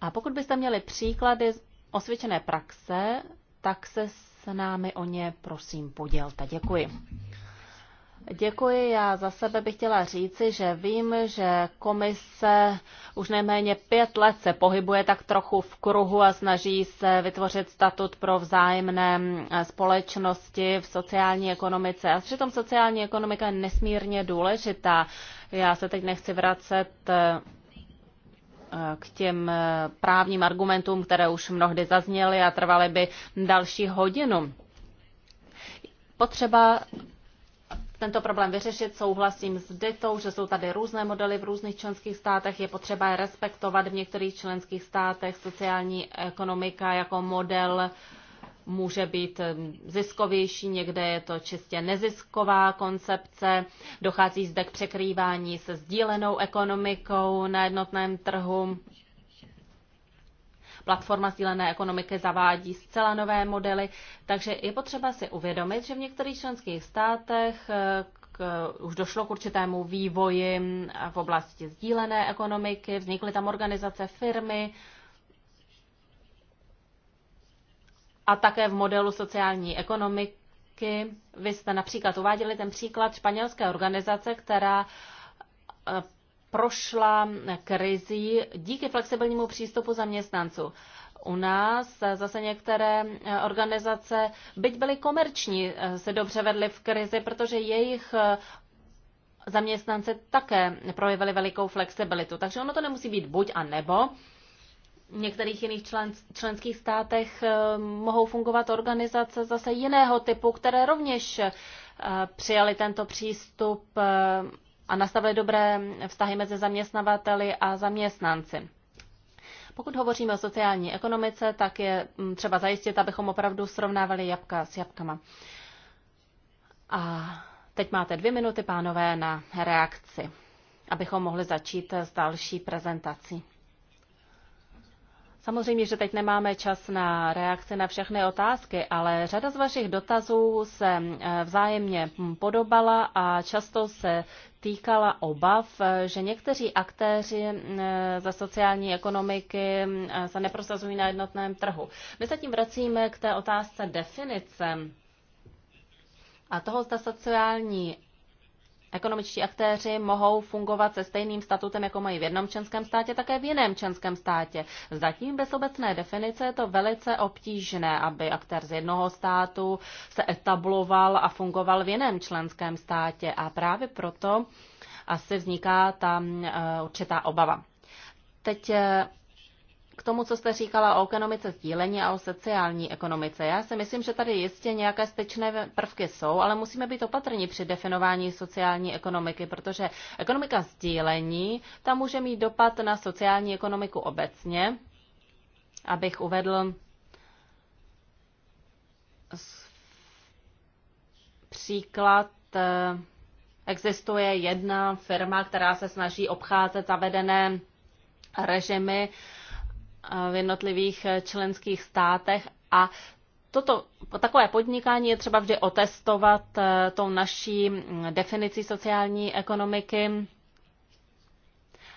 A pokud byste měli příklady osvědčené praxe, tak se s námi o ně prosím podělte. Děkuji. Děkuji. Já za sebe bych chtěla říci, že vím, že komise už nejméně pět let se pohybuje tak trochu v kruhu a snaží se vytvořit statut pro vzájemné společnosti v sociální ekonomice. A přitom sociální ekonomika je nesmírně důležitá. Já se teď nechci vracet e, k těm e, právním argumentům, které už mnohdy zazněly a trvaly by další hodinu. Potřeba tento problém vyřešit. Souhlasím s Ditou, že jsou tady různé modely v různých členských státech. Je potřeba je respektovat v některých členských státech. Sociální ekonomika jako model může být eh, ziskovější, někde je to čistě nezisková koncepce, dochází zde k překrývání se sdílenou ekonomikou na jednotném trhu platforma sdílené ekonomiky zavádí zcela nové modely, takže je potřeba si uvědomit, že v některých členských státech eh, k, už došlo k určitému vývoji mm, v oblasti sdílené ekonomiky, vznikly tam organizace firmy, a také v modelu sociální ekonomiky. Vy jste například uváděli ten příklad španělské organizace, která eh, prošla krizi díky flexibilnímu přístupu zaměstnanců. U nás zase některé organizace, byť byly komerční, se dobře vedly v krizi, protože jejich zaměstnance také projevili velikou flexibilitu. Takže ono to nemusí být buď a nebo. V některých jiných člen, členských státech eh, mohou fungovat organizace zase jiného typu, které rovněž eh, přijali tento přístup eh, a nastavili dobré vztahy mezi zaměstnavateli a zaměstnanci. Pokud hovoříme o sociální ekonomice, tak je mm, třeba zajistit, abychom opravdu srovnávali jabka s jabkama. A teď máte dvě minuty, pánové, na reakci, abychom mohli začít s další prezentací. Samozřejmě, že teď nemáme čas na reakce na všechny otázky, ale řada z vašich dotazů se eh, vzájemně podobala a často se týkala obav, eh, že někteří aktéři eh, za sociální ekonomiky se neprosazují na jednotném trhu. My se tím vracíme k té otázce definice a toho, zda sociální ekonomičtí aktéři mohou fungovat se stejným statutem, jako mají v jednom členském státě, také v jiném členském státě. Zatím bez obecné definice je to velice obtížné, aby aktér z jednoho státu se etabloval a fungoval v jiném členském státě. A právě proto asi vzniká tam eh, určitá obava. Teď eh, k tomu, co jste říkala o ekonomice sdílení a o sociální ekonomice. Já si myslím, že tady jistě nějaké stečné prvky jsou, ale musíme být opatrní při definování sociální ekonomiky, protože ekonomika sdílení, ta může mít dopad na sociální ekonomiku obecně. Abych uvedl příklad eh, Existuje jedna firma, která se snaží obcházet zavedené režimy Eh, v jednotlivých eh, členských státech a toto, takové podnikání je třeba vždy otestovat eh, tou naší mm, definicí sociální ekonomiky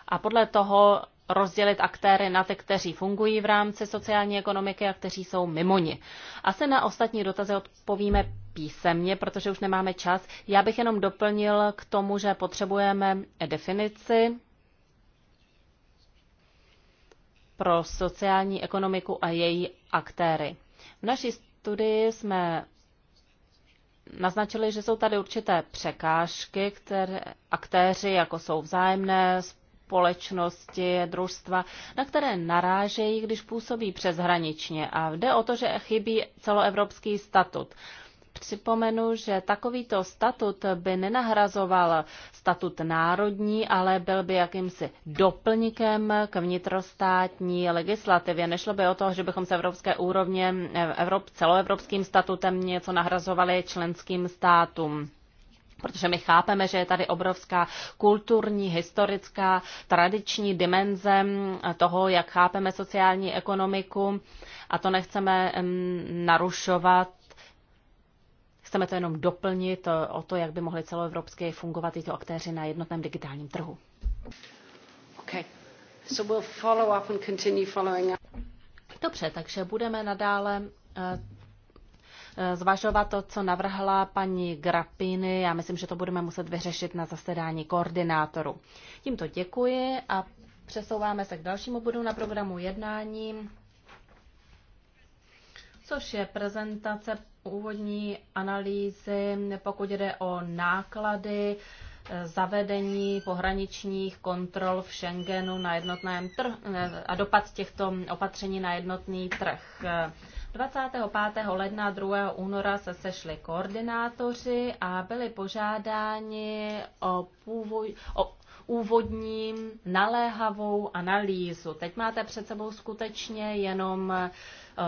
a podle toho rozdělit aktéry na ty, kteří fungují v rámci sociální ekonomiky a kteří jsou mimo ní. Asi na ostatní dotazy odpovíme písemně, protože už nemáme čas. Já bych jenom doplnil k tomu, že potřebujeme definici pro sociální ekonomiku a její aktéry. V naší studii jsme naznačili, že jsou tady určité překážky, které aktéři, jako jsou vzájemné společnosti, družstva, na které narážejí, když působí přeshraničně. A jde o to, že chybí celoevropský statut připomenu, že takovýto statut by nenahrazoval statut národní, ale byl by jakýmsi doplňkem k vnitrostátní legislativě. Nešlo by o to, že bychom se evropské úrovně Evrop, celoevropským statutem něco nahrazovali členským státům protože my chápeme, že je tady obrovská kulturní, historická, tradiční dimenze toho, jak chápeme sociální ekonomiku a to nechceme mm, narušovat Chceme to jenom doplnit eh, o to, jak by mohly celoevropsky fungovat tyto aktéři na jednotném digitálním trhu. Okay. So we'll follow up and continue following up. Dobře, takže budeme nadále eh, eh, zvažovat to, co navrhla paní Grapiny. Já myslím, že to budeme muset vyřešit na zasedání koordinátoru. Tímto děkuji a přesouváme se k dalšímu bodu na programu jednání což je prezentace úvodní analýzy, pokud jde o náklady e, zavedení pohraničních kontrol v Schengenu na jednotném trh e, a dopad těchto opatření na jednotný trh. 25. E, ledna 2. února se sešli koordinátoři a byli požádáni o, původ, o úvodní naléhavou analýzu. Teď máte před sebou skutečně jenom uh,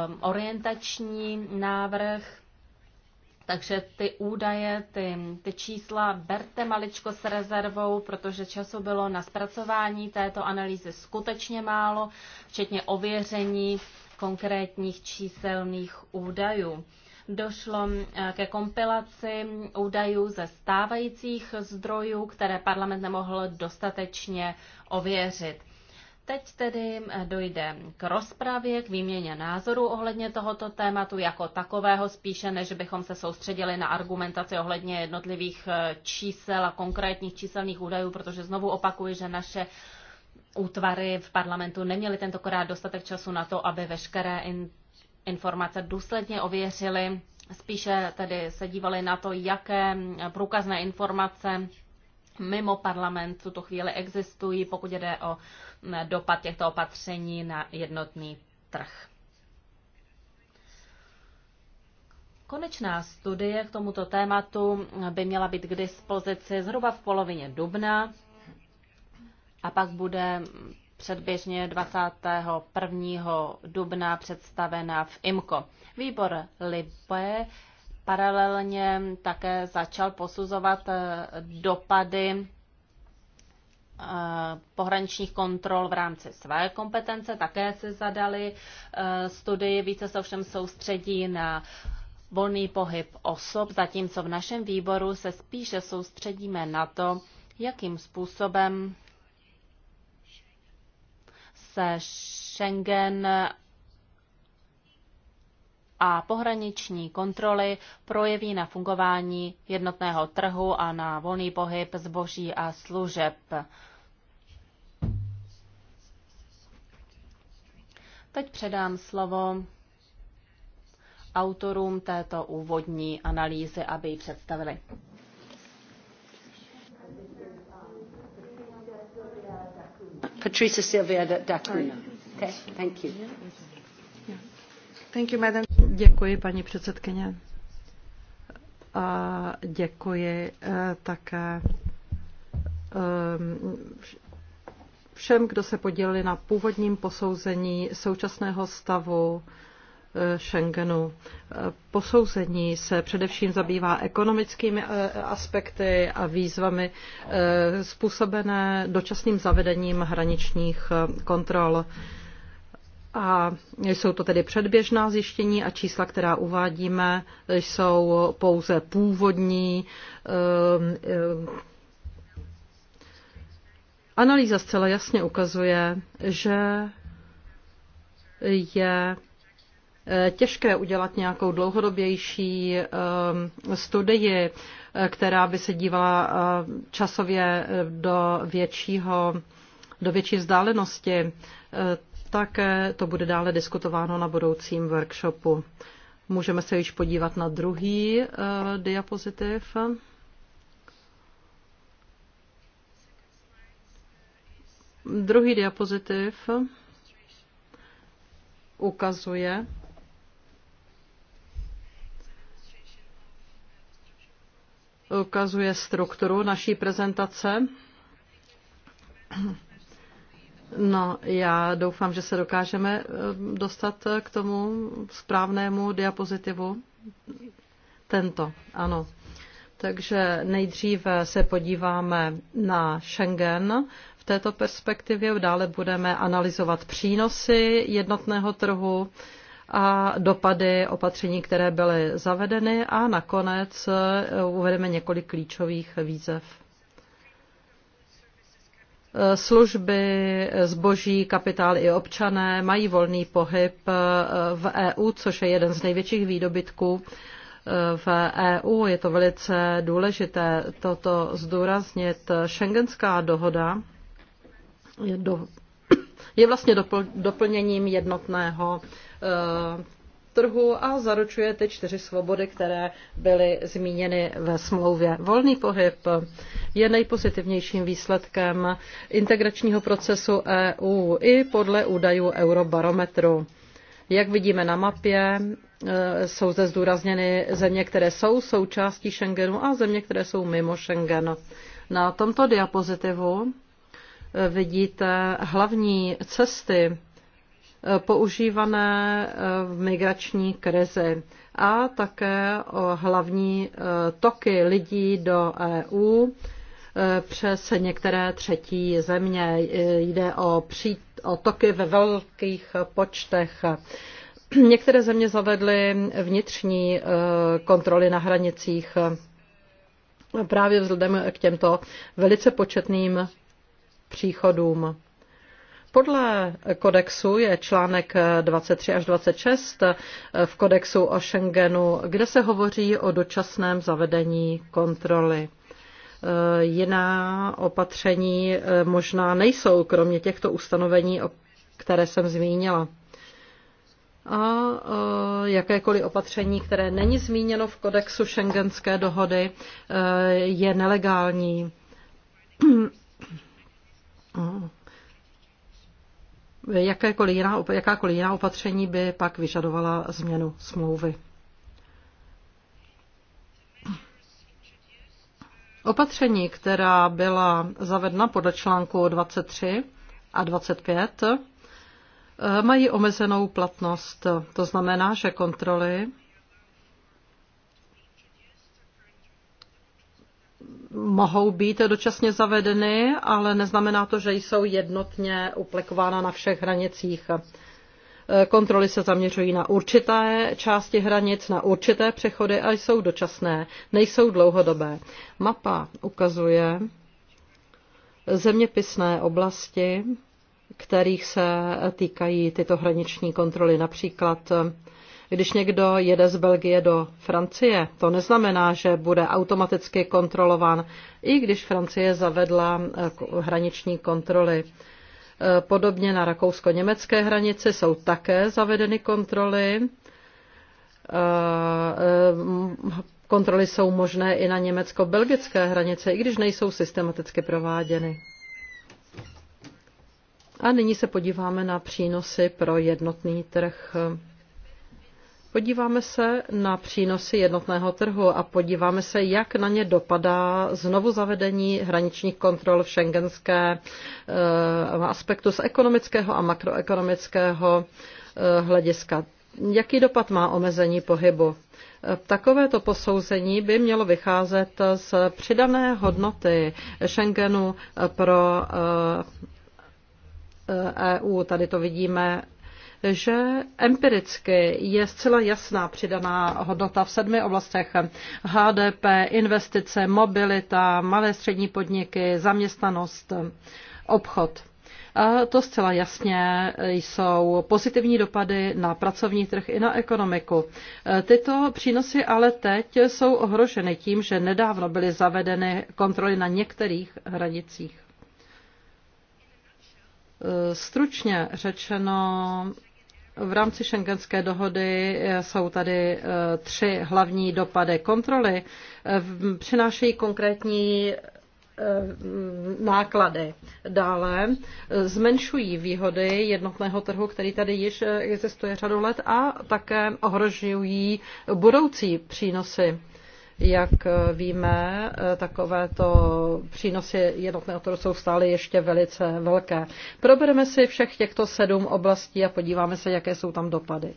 Um, orientační návrh, takže ty údaje, ty, ty čísla berte maličko s rezervou, protože času bylo na zpracování této analýzy skutečně málo, včetně ověření konkrétních číselných údajů. Došlo uh, ke kompilaci údajů ze stávajících zdrojů, které parlament nemohl dostatečně ověřit. Teď tedy eh, dojde k rozpravě, k výměně názoru ohledně tohoto tématu jako takového, spíše než bychom se soustředili na argumentaci ohledně jednotlivých eh, čísel a konkrétních číselných údajů, protože znovu opakuji, že naše útvary v parlamentu neměly tentokrát dostatek času na to, aby veškeré in, informace důsledně ověřili. Spíše tedy se dívali na to, jaké průkazné informace mimo parlament v tuto chvíli existují, pokud jde o dopad těchto opatření na jednotný trh. Konečná studie k tomuto tématu by měla být k dispozici zhruba v polovině dubna a pak bude předběžně 21. dubna představena v IMCO. Výbor Libe paralelně také začal posuzovat dopady Eh, pohraničních kontrol v rámci své kompetence, také se zadali eh, studii, více se ovšem soustředí na volný pohyb osob, zatímco v našem výboru se spíše soustředíme na to, jakým způsobem se Schengen a pohraniční kontroly projeví na fungování jednotného trhu a na volný pohyb zboží a služeb. Teď předám slovo autorům této úvodní analýzy, aby ji představili. Patricia Silvia Dacuna. Okay, thank you. Thank you, madam. Děkuji, paní předsedkyně. A děkuji eh, také eh, všem, kdo se podělili na původním posouzení současného stavu eh, Schengenu. Posouzení se především zabývá ekonomickými aspekty a výzvami způsobené dočasným zavedením hraničních kontrol. A jsou to tedy předběžná zjištění a čísla, která uvádíme, jsou pouze původní. Ehm, ehm, analýza zcela jasně ukazuje, že je eh, těžké udělat nějakou dlouhodobější ehm, studii, eh, která by se dívala eh, časově do většího do větší vzdálenosti. Tak to bude dále diskutováno na budoucím workshopu. Můžeme se již podívat na druhý uh, diapozitiv. Druhý diapozitiv ukazuje ukazuje strukturu naší prezentace. No, já doufám, že se dokážeme eh, dostat eh, k tomu správnému diapozitivu. Tento, ano. Takže nejdříve se podíváme na Schengen v této perspektivě, dále budeme analyzovat přínosy jednotného trhu a dopady opatření, které byly zavedeny a nakonec eh, uvedeme několik klíčových výzev. Služby, zboží, kapitál i občané mají volný pohyb eh, v EU, což je jeden z největších výdobytků eh, v EU. Je to velice důležité toto zdůraznit. Schengenská dohoda je, do, je vlastně doplněním jednotného eh, trhu a zaručuje ty čtyři svobody, které byly zmíněny ve smlouvě. Volný pohyb je nejpozitivnějším výsledkem integračního procesu EU i podle údajů Eurobarometru. Jak vidíme na mapě, eh, jsou zde zdůrazněny země, které jsou součástí Schengenu a země, které jsou mimo Schengen. Na tomto diapozitivu eh, vidíte hlavní cesty používané eh, v migrační krizi a také o hlavní eh, toky lidí do EU eh, přes některé třetí země. Jde o, pří, o toky ve velkých počtech. Některé země zavedly vnitřní kontroly na hranicích právě vzhledem k těmto velice početným příchodům. Podle kodexu je článek 23 až 26 v kodexu o Schengenu, kde se hovoří o dočasném zavedení kontroly. Jiná opatření možná nejsou, kromě těchto ustanovení, o které jsem zmínila. A e, jakékoliv opatření, které není zmíněno v kodexu Schengenské dohody, e, je nelegální. Mm jiná, jakákoliv jiná opatření by pak vyžadovala změnu smlouvy. Opatření, která byla zavedena podle článku 23 a 25, eh, mají omezenou platnost. To znamená, že kontroly mohou být dočasně zavedeny, ale neznamená to, že jsou jednotně uplekována na všech hranicích. Eh, kontroly se zaměřují na určité části hranic, na určité přechody a jsou dočasné, nejsou dlouhodobé. Mapa ukazuje zeměpisné oblasti, kterých se týkají tyto hraniční kontroly, například eh, když někdo jede z Belgie do Francie, to neznamená, že bude automaticky kontrolován, i když Francie zavedla eh, hraniční kontroly. Eh, podobně na rakousko-německé hranici jsou také zavedeny kontroly. Eh, kontroly jsou možné i na německo-belgické hranice, i když nejsou systematicky prováděny. A nyní se podíváme na přínosy pro jednotný trh. Podíváme se na přínosy jednotného trhu a podíváme se, jak na ně dopadá znovu zavedení hraničních kontrol v šengenské eh, aspektu z ekonomického a makroekonomického eh, hlediska. Jaký dopad má omezení pohybu? Eh, takovéto posouzení by mělo vycházet z přidané hodnoty Schengenu pro EU. E Tady to vidíme že empiricky je zcela jasná přidaná hodnota v sedmi oblastech. HDP, investice, mobilita, malé střední podniky, zaměstnanost, obchod. A to zcela jasně jsou pozitivní dopady na pracovní trh i na ekonomiku. Tyto přínosy ale teď jsou ohroženy tím, že nedávno byly zavedeny kontroly na některých hranicích. Stručně řečeno, v rámci šengenské dohody eh, jsou tady eh, tři hlavní dopady kontroly. Eh, přinášejí konkrétní náklady. Dále zmenšují výhody jednotného trhu, který tady již existuje řadu let a také ohrožují budoucí přínosy. Jak eh, víme, eh, takovéto přínosy jednotného trhu jsou stále ještě velice velké. Probereme si všech těchto sedm oblastí a podíváme se, jaké jsou tam dopady.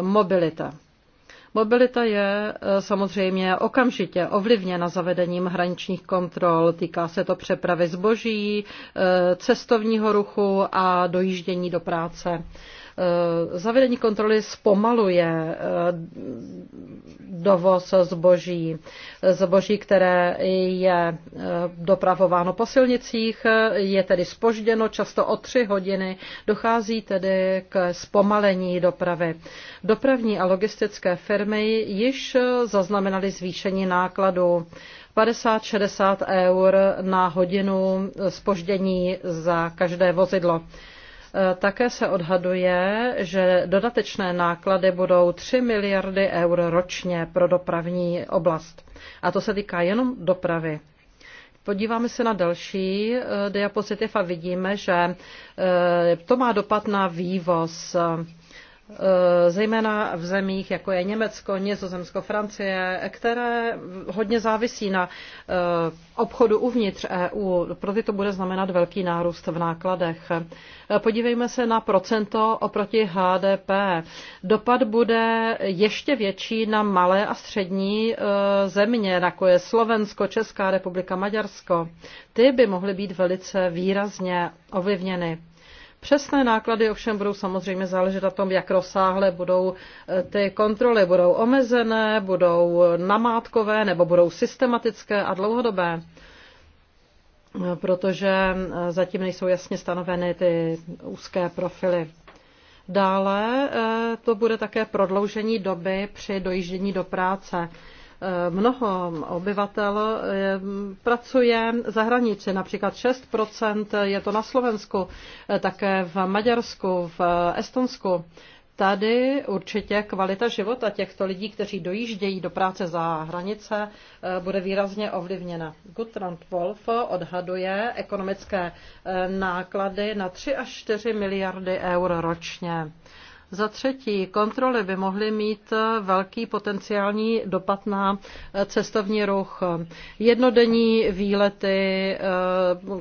Mobilita. Mobilita je eh, samozřejmě okamžitě ovlivněna zavedením hraničních kontrol. Týká se to přepravy zboží, cestovního ruchu a dojíždění do práce. Eh, zavedení kontroly zpomaluje eh, dovoz zboží. Zboží, které je eh, dopravováno po silnicích, je tedy spožděno často o tři hodiny. Dochází tedy k zpomalení dopravy. Dopravní a logistické firmy již zaznamenaly zvýšení nákladů. 50-60 eur na hodinu spoždění za každé vozidlo. Eh, také se odhaduje, že dodatečné náklady budou 3 miliardy eur ročně pro dopravní oblast. A to se týká jenom dopravy. Podíváme se na další eh, diapozitiv a vidíme, že eh, to má dopad na vývoz. Eh, zejména v zemích, jako je Německo, Nizozemsko, Francie, které hodně závisí na eh, obchodu uvnitř EU. Pro ty to bude znamenat velký nárůst v nákladech. Eh, podívejme se na procento oproti HDP. Dopad bude ještě větší na malé a střední země, jako je Slovensko, Česká republika, Maďarsko. Ty by mohly být velice výrazně ovlivněny. Přesné náklady ovšem budou samozřejmě záležet na tom, jak rozsáhlé budou eh, ty kontroly. Budou omezené, budou namátkové nebo budou systematické a dlouhodobé eh, protože eh, zatím nejsou jasně stanoveny ty úzké profily. Dále to bude také prodloužení doby při dojíždění do práce. Mnoho obyvatel eh, pracuje za hranici, například 6% je to na Slovensku, eh, také v Maďarsku, v Estonsku. Tady určitě kvalita života těchto lidí, kteří dojíždějí do práce za hranice, eh, bude výrazně ovlivněna. Gutrand Wolf odhaduje ekonomické náklady na 3 až 4 miliardy eur ročně. Za třetí, kontroly by mohly mít velký potenciální dopad na eh, cestovní ruch. Jednodenní výlety eh,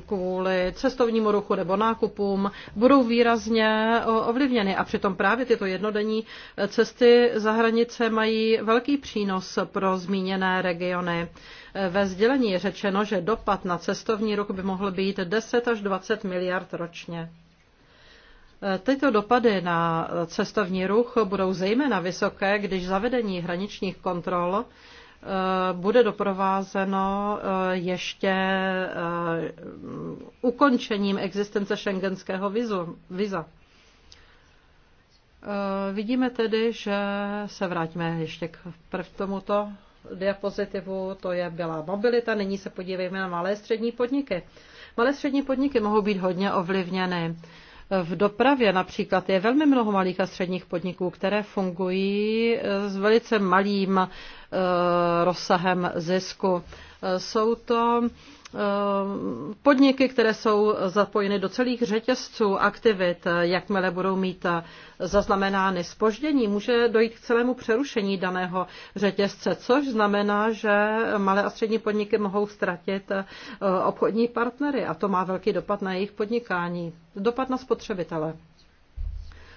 kvůli cestovnímu ruchu nebo nákupům budou výrazně eh, ovlivněny a přitom právě tyto jednodenní cesty za hranice mají velký přínos pro zmíněné regiony. Ve sdělení je řečeno, že dopad na cestovní ruch by mohl být 10 až 20 miliard ročně. Tyto dopady na cestovní ruch budou zejména vysoké, když zavedení hraničních kontrol eh, bude doprovázeno eh, ještě eh, ukončením existence šengenského vizu, viza. Vidíme tedy, že se vrátíme ještě k prv tomuto diapozitivu, to je byla mobilita, nyní se podívejme na malé střední podniky. Malé střední podniky mohou být hodně ovlivněny v dopravě například je velmi mnoho malých a středních podniků, které fungují eh, s velice malým eh, rozsahem zisku. Eh, jsou to Ehm, podniky, které jsou zapojeny do celých řetězců aktivit, jakmile budou mít zaznamenány spoždění, může dojít k celému přerušení daného řetězce, což znamená, že malé a střední podniky mohou ztratit eh, obchodní partnery a to má velký dopad na jejich podnikání, dopad na spotřebitele.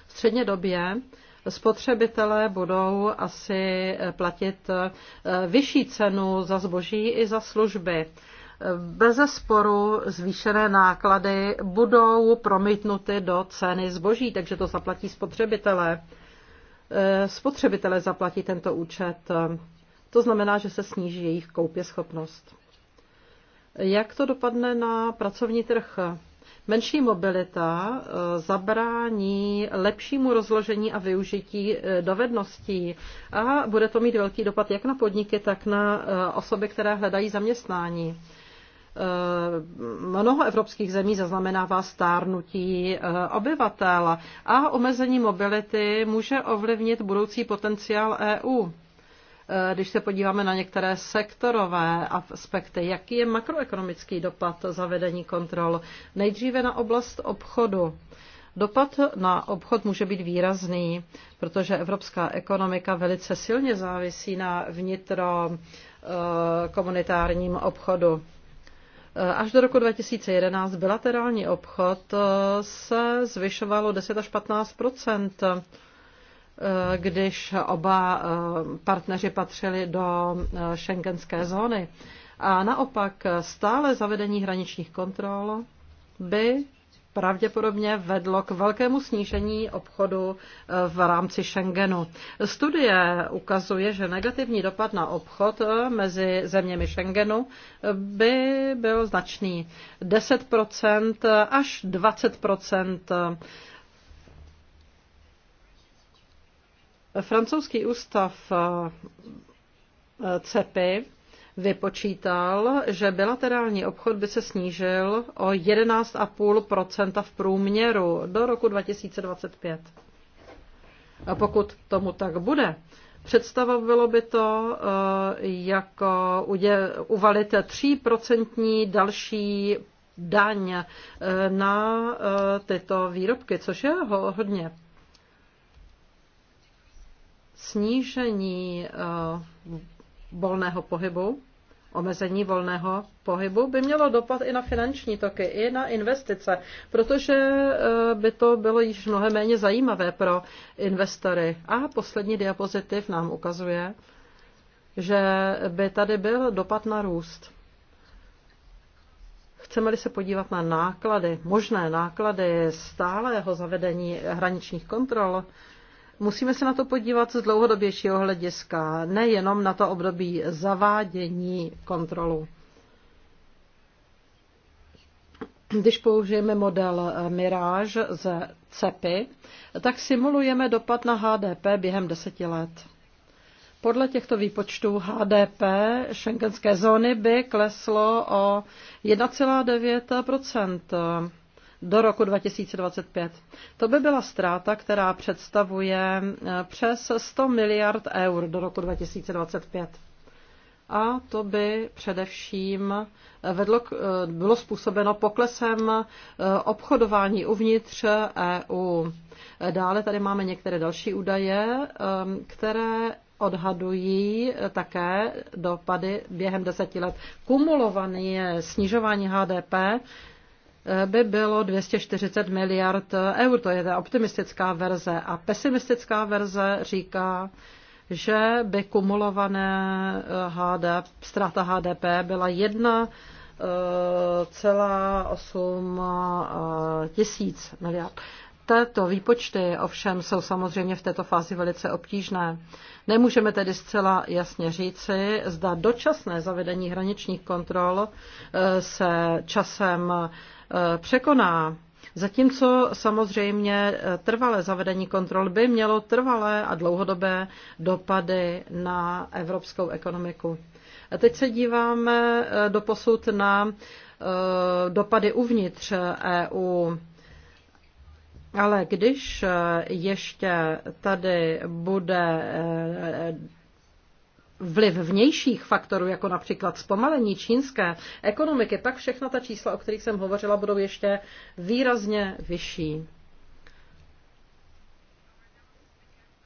V středně době spotřebitelé budou asi platit eh, vyšší cenu za zboží i za služby. Beze sporu zvýšené náklady budou promítnuty do ceny zboží, takže to zaplatí spotřebitelé. Eh, spotřebitelé zaplatí tento účet. To znamená, že se sníží jejich koupěschopnost. Jak to dopadne na pracovní trh? Menší mobilita eh, zabrání lepšímu rozložení a využití eh, dovedností a bude to mít velký dopad jak na podniky, tak na osoby, které hledají zaměstnání. Eh, mnoho evropských zemí zaznamenává stárnutí eh, obyvatel a omezení mobility může ovlivnit budoucí potenciál EU. Eh, když se podíváme na některé sektorové aspekty, jaký je makroekonomický dopad zavedení kontrol? Nejdříve na oblast obchodu. Dopad na obchod může být výrazný, protože evropská ekonomika velice silně závisí na vnitro komunitárním obchodu. Eh, až do roku 2011 bilaterální obchod eh, se zvyšovalo 10 až 15 eh, když oba partneři patřili do šengenské zóny. A naopak stále zavedení hraničních kontrol by pravděpodobně vedlo k velkému snížení obchodu eh, v rámci Schengenu. Studie ukazuje, že negativní dopad na obchod eh, mezi zeměmi Schengenu eh, by byl značný. 10% až 20% Francouzský ústav CEPI vypočítal, že bilaterální obchod by se snížil o 11,5 v průměru do roku 2025. A pokud tomu tak bude, představovalo by to eh, jako uvalit 3 další daň eh, na eh, tyto výrobky, což je hodně. Snížení volného pohybu Omezení volného pohybu by mělo dopad i na finanční toky, i na investice, protože eh, by to bylo již mnohem méně zajímavé pro investory. A poslední diapozitiv nám ukazuje, že by tady byl dopad na růst. Chceme-li se podívat na náklady, možné náklady stálého zavedení hraničních kontrol, Musíme se na to podívat z dlouhodobějšího hlediska, nejenom na to období zavádění kontrolu. Když použijeme model Mirage ze CEPy, tak simulujeme dopad na HDP během deseti let. Podle těchto výpočtů HDP šengenské zóny by kleslo o 1,9 do roku 2025. To by byla ztráta, která představuje eh, přes 100 miliard eur do roku 2025. A to by především eh, vedlo, eh, bylo způsobeno poklesem obchodování uvnitř EU. Dále tady máme některé další údaje, které odhadují také dopady během deseti let. Kumulované snižování HDP by bylo 240 miliard eur. To je ta optimistická verze. A pesimistická verze říká, že by kumulované HDP, eh, ztráta HDP byla 1,8 eh, celá eh, tisíc miliard. Této výpočty ovšem jsou samozřejmě v této fázi velice obtížné. Nemůžeme tedy zcela jasně říci, zda dočasné zavedení hraničních kontrol se časem Eh, překoná. Zatímco samozřejmě eh, trvalé zavedení kontrol by mělo trvalé a dlouhodobé dopady na evropskou ekonomiku. A teď se díváme eh, do posud na dopady uvnitř EU. Ale když ještě tady bude vliv vnějších faktorů, jako například zpomalení čínské ekonomiky, tak všechna ta čísla, o kterých jsem hovořila, budou ještě výrazně vyšší.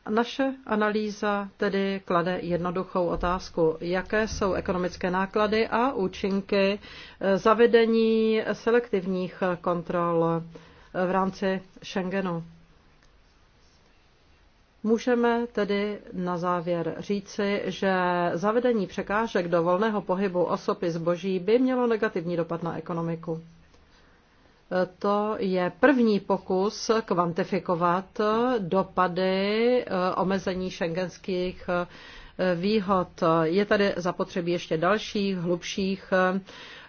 Naše analýza tedy klade jednoduchou otázku, jaké jsou ekonomické náklady a účinky eh, zavedení selektivních kontrol eh, v rámci Schengenu. Můžeme tedy na závěr říci, že zavedení překážek do volného pohybu osoby zboží by mělo negativní dopad na ekonomiku. To je první pokus kvantifikovat dopady eh, omezení šengenských eh, výhod. Je tady zapotřebí ještě dalších, hlubších eh,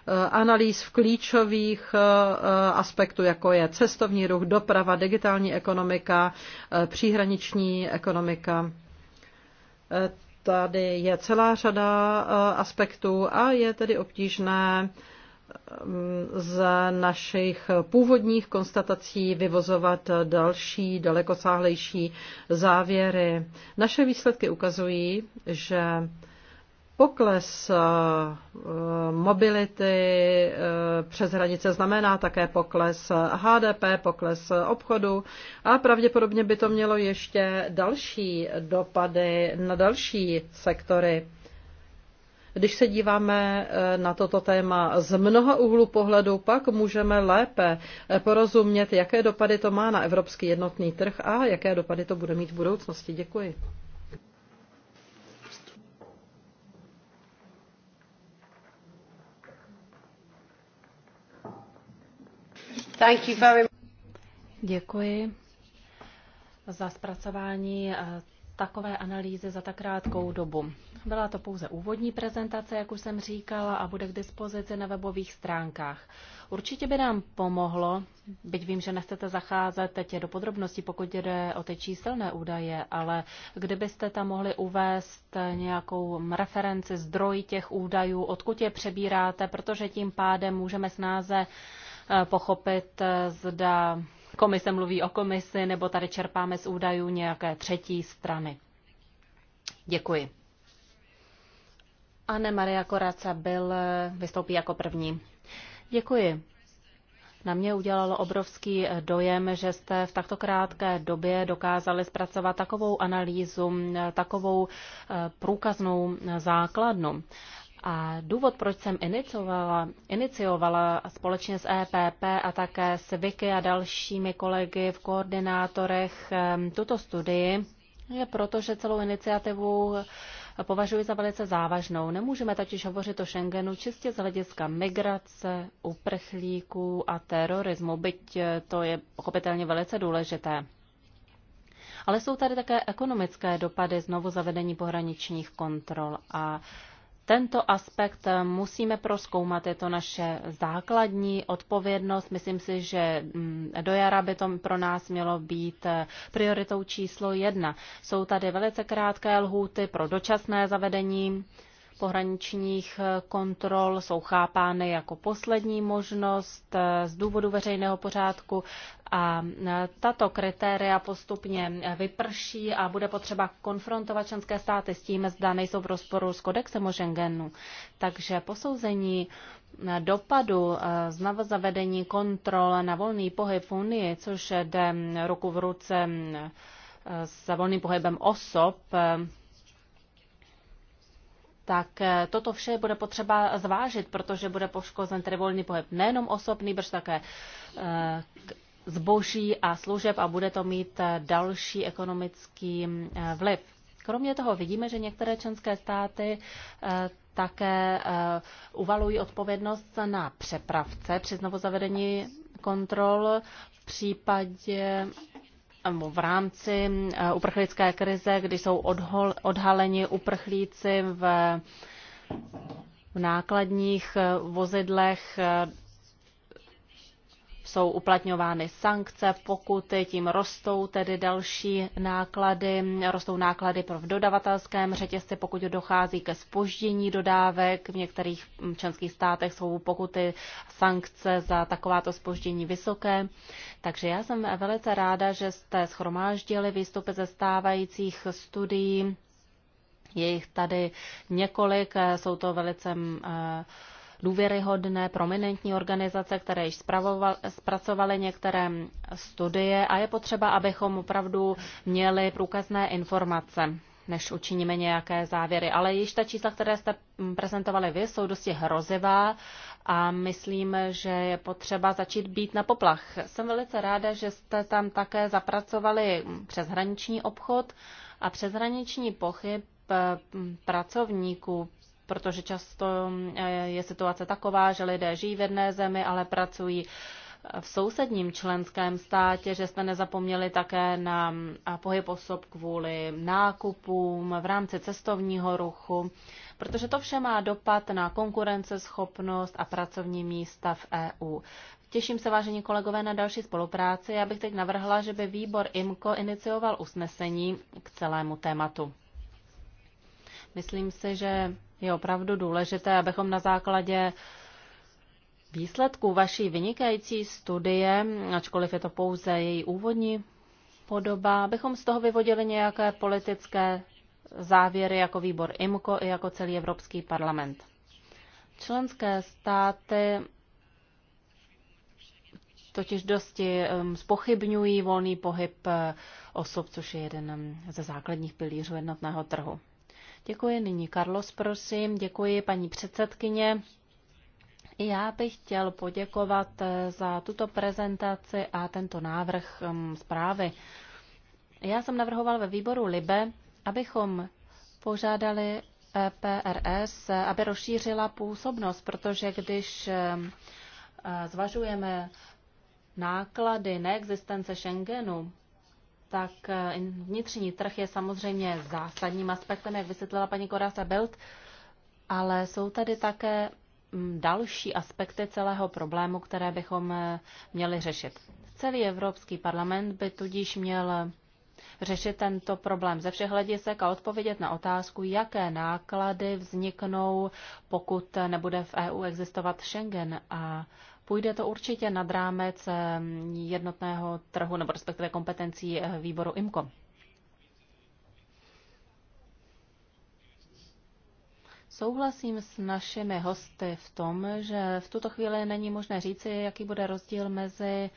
Eh, analýz v klíčových eh, eh, aspektů, jako je cestovní ruch, doprava, digitální ekonomika, příhraniční ekonomika. Tady je celá řada aspektů a je tedy obtížné mm, z našich původních konstatací vyvozovat další, dalekosáhlejší závěry. Naše výsledky ukazují, že Pokles eh, eh, mobility eh, přes hranice znamená také pokles HDP, pokles obchodu a pravděpodobně by to mělo ještě další dopady na další sektory. Když se díváme na toto téma z mnoha úhlu pohledu, pak můžeme lépe porozumět, jaké dopady to má na evropský jednotný trh a jaké dopady to bude mít v budoucnosti. Děkuji. Děkuji za zpracování eh, takové analýzy za tak krátkou dobu. Byla to pouze úvodní prezentace, jak už jsem říkala, a bude k dispozici na webových stránkách. Určitě by nám pomohlo, byť vím, že nechcete zacházet teď do podrobností, pokud jde o ty číselné údaje, ale kdybyste tam mohli uvést nějakou referenci, zdroj těch údajů, odkud je přebíráte, protože tím pádem můžeme snáze Eh, pochopit, eh, zda komise mluví o komisi, nebo tady čerpáme z údajů nějaké třetí strany. Děkuji. Anne Maria Koraca byl, eh, vystoupí jako první. Děkuji. Na mě udělalo obrovský dojem, že jste v takto krátké době dokázali zpracovat takovou analýzu, takovou průkaznou základnu. A důvod, proč jsem iniciovala, iniciovala společně s EPP a také s Vicky a dalšími kolegy v koordinátorech tuto studii, je proto, že celou iniciativu považuji za velice závažnou. Nemůžeme totiž hovořit o Schengenu čistě z hlediska migrace, uprchlíků a terorismu, byť eh, to je pochopitelně velice důležité. Ale jsou tady také ekonomické dopady znovu zavedení pohraničních kontrol a tento aspekt eh, musíme proskoumat. Je to naše základní odpovědnost. Myslím si, že mm, do jara by to pro nás mělo být eh, prioritou číslo jedna. Jsou tady velice krátké lhůty pro dočasné zavedení pohraničních eh, kontrol jsou chápány jako poslední možnost eh, z důvodu veřejného pořádku a eh, tato kritéria postupně vyprší a bude potřeba konfrontovat členské státy s tím, zda nejsou v rozporu s kodexem o Schengenu. Takže posouzení dopadu znovu zavedení kontrol na volný pohyb v Unii, což jde mm, ruku v ruce s mm, volným pohybem osob, tak eh, toto vše bude potřeba zvážit, protože bude poškozen tedy volný pohyb nejenom osobný, brž také eh, zboží a služeb a bude to mít eh, další ekonomický vliv. Kromě toho vidíme, že některé členské státy také uvalují odpovědnost na přepravce při znovuzavedení kontrol v případě v rámci eh, uprchlické krize, kdy jsou odhol, odhaleni uprchlíci v, v nákladních eh, vozidlech eh, jsou uplatňovány sankce, pokuty, tím rostou tedy další náklady, rostou náklady pro v dodavatelském řetězci, pokud dochází ke spoždění dodávek. V některých členských státech jsou pokuty, sankce za takováto spoždění vysoké. Takže já jsem velice ráda, že jste schromáždili výstupy ze stávajících studií. Je jich tady několik, jsou to velice eh, důvěryhodné, prominentní organizace, které již zpracovaly některé studie a je potřeba, abychom opravdu měli průkazné informace než učiníme nějaké závěry. Ale již ta čísla, které jste prezentovali vy, jsou dosti hrozivá a myslím, že je potřeba začít být na poplach. Jsem velice ráda, že jste tam také zapracovali přeshraniční obchod a přeshraniční pochyb eh, pracovníků, protože často eh, je situace taková, že lidé žijí v jedné zemi, ale pracují eh, v sousedním členském státě, že jste nezapomněli také na pohyb osob kvůli nákupům v rámci cestovního ruchu, protože to vše má dopad na konkurenceschopnost a pracovní místa v EU. Těším se, vážení kolegové, na další spolupráci. Já bych teď navrhla, že by výbor IMCO inicioval usnesení k celému tématu. Myslím si, že je opravdu důležité, abychom na základě výsledků vaší vynikající studie, ačkoliv je to pouze její úvodní podoba, abychom z toho vyvodili nějaké politické závěry jako výbor IMCO i jako celý Evropský parlament. Členské státy totiž dosti um, spochybňují volný pohyb eh, osob, což je jeden um, ze základních pilířů jednotného trhu. Děkuji nyní Carlos, prosím. Děkuji paní předsedkyně. Já bych chtěl poděkovat eh, za tuto prezentaci a tento návrh mm, zprávy. Já jsem navrhoval ve výboru LIBE, abychom požádali eh, PRS, eh, aby rozšířila působnost, protože když zvažujeme náklady neexistence Schengenu, tak eh, vnitřní trh je samozřejmě zásadním aspektem, jak vysvětlila paní Korasa Belt, ale jsou tady také mm, další aspekty celého problému, které bychom eh, měli řešit. Celý Evropský parlament by tudíž měl řešit tento problém ze všech hledisek a odpovědět na otázku, jaké náklady vzniknou, pokud nebude v EU existovat Schengen a Půjde to určitě nad rámec eh, jednotného trhu nebo respektive kompetencí eh, výboru IMCO. Souhlasím s našimi hosty v tom, že v tuto chvíli není možné říci, jaký bude rozdíl mezi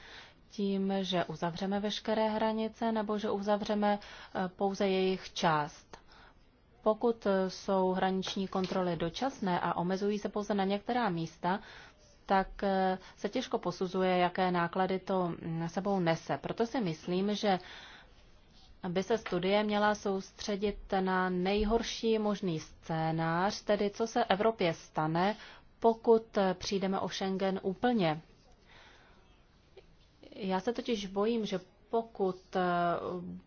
tím, že uzavřeme veškeré hranice nebo že uzavřeme eh, pouze jejich část. Pokud jsou hraniční kontroly dočasné a omezují se pouze na některá místa, tak eh, se těžko posuzuje, jaké náklady to sebou nese. Proto si myslím, že by se studie měla soustředit na nejhorší možný scénář, tedy co se Evropě stane, pokud eh, přijdeme o Schengen úplně. Já se totiž bojím, že pokud eh,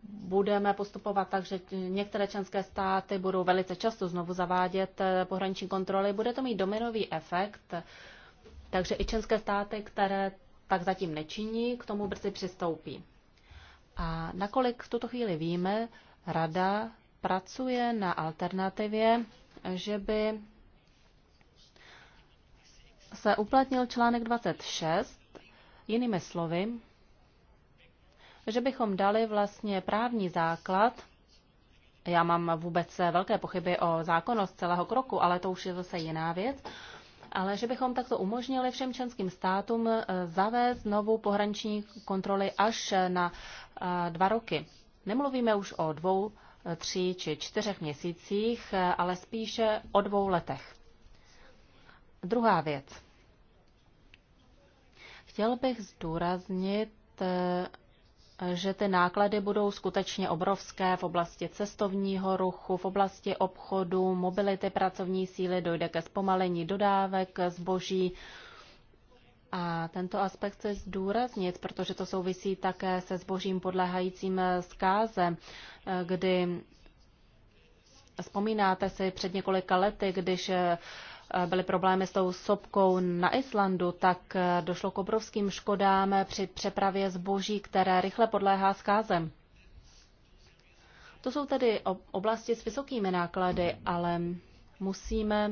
budeme postupovat tak, že některé členské státy budou velice často znovu zavádět pohraniční kontroly, bude to mít dominový efekt, takže i české státy, které tak zatím nečiní, k tomu brzy přistoupí. A nakolik v tuto chvíli víme, Rada pracuje na alternativě, že by se uplatnil článek 26, jinými slovy, že bychom dali vlastně právní základ. Já mám vůbec velké pochyby o zákonnost celého kroku, ale to už je zase jiná věc ale že bychom takto umožnili všem členským státům eh, zavést novou pohraniční kontroly až eh, na eh, dva roky. Nemluvíme už o dvou, tří či čtyřech měsících, ale spíše o dvou letech. Druhá věc. Chtěl bych zdůraznit že ty náklady budou skutečně obrovské v oblasti cestovního ruchu, v oblasti obchodu, mobility pracovní síly, dojde ke zpomalení dodávek zboží. A tento aspekt chci zdůraznit, protože to souvisí také se zbožím podlehajícím zkáze, kdy Vzpomínáte si před několika lety, když byly problémy s tou sopkou na Islandu, tak došlo k obrovským škodám při přepravě zboží, které rychle podléhá zkázem. To jsou tedy oblasti s vysokými náklady, ale musíme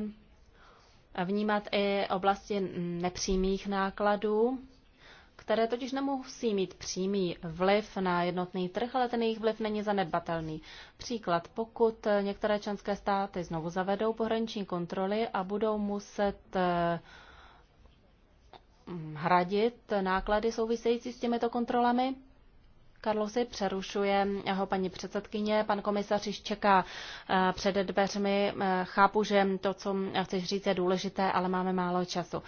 vnímat i oblasti nepřímých nákladů, které totiž nemusí mít přímý vliv na jednotný trh, ale ten jejich vliv není zanedbatelný. Příklad, pokud některé členské státy znovu zavedou pohraniční kontroly a budou muset eh, mm, hradit náklady související s těmito kontrolami, Karlosi přerušuje eh, ho paní předsedkyně. Pan komisař již čeká eh, před dveřmi. Chápu, že to, co chceš říct, je důležité, ale máme málo času.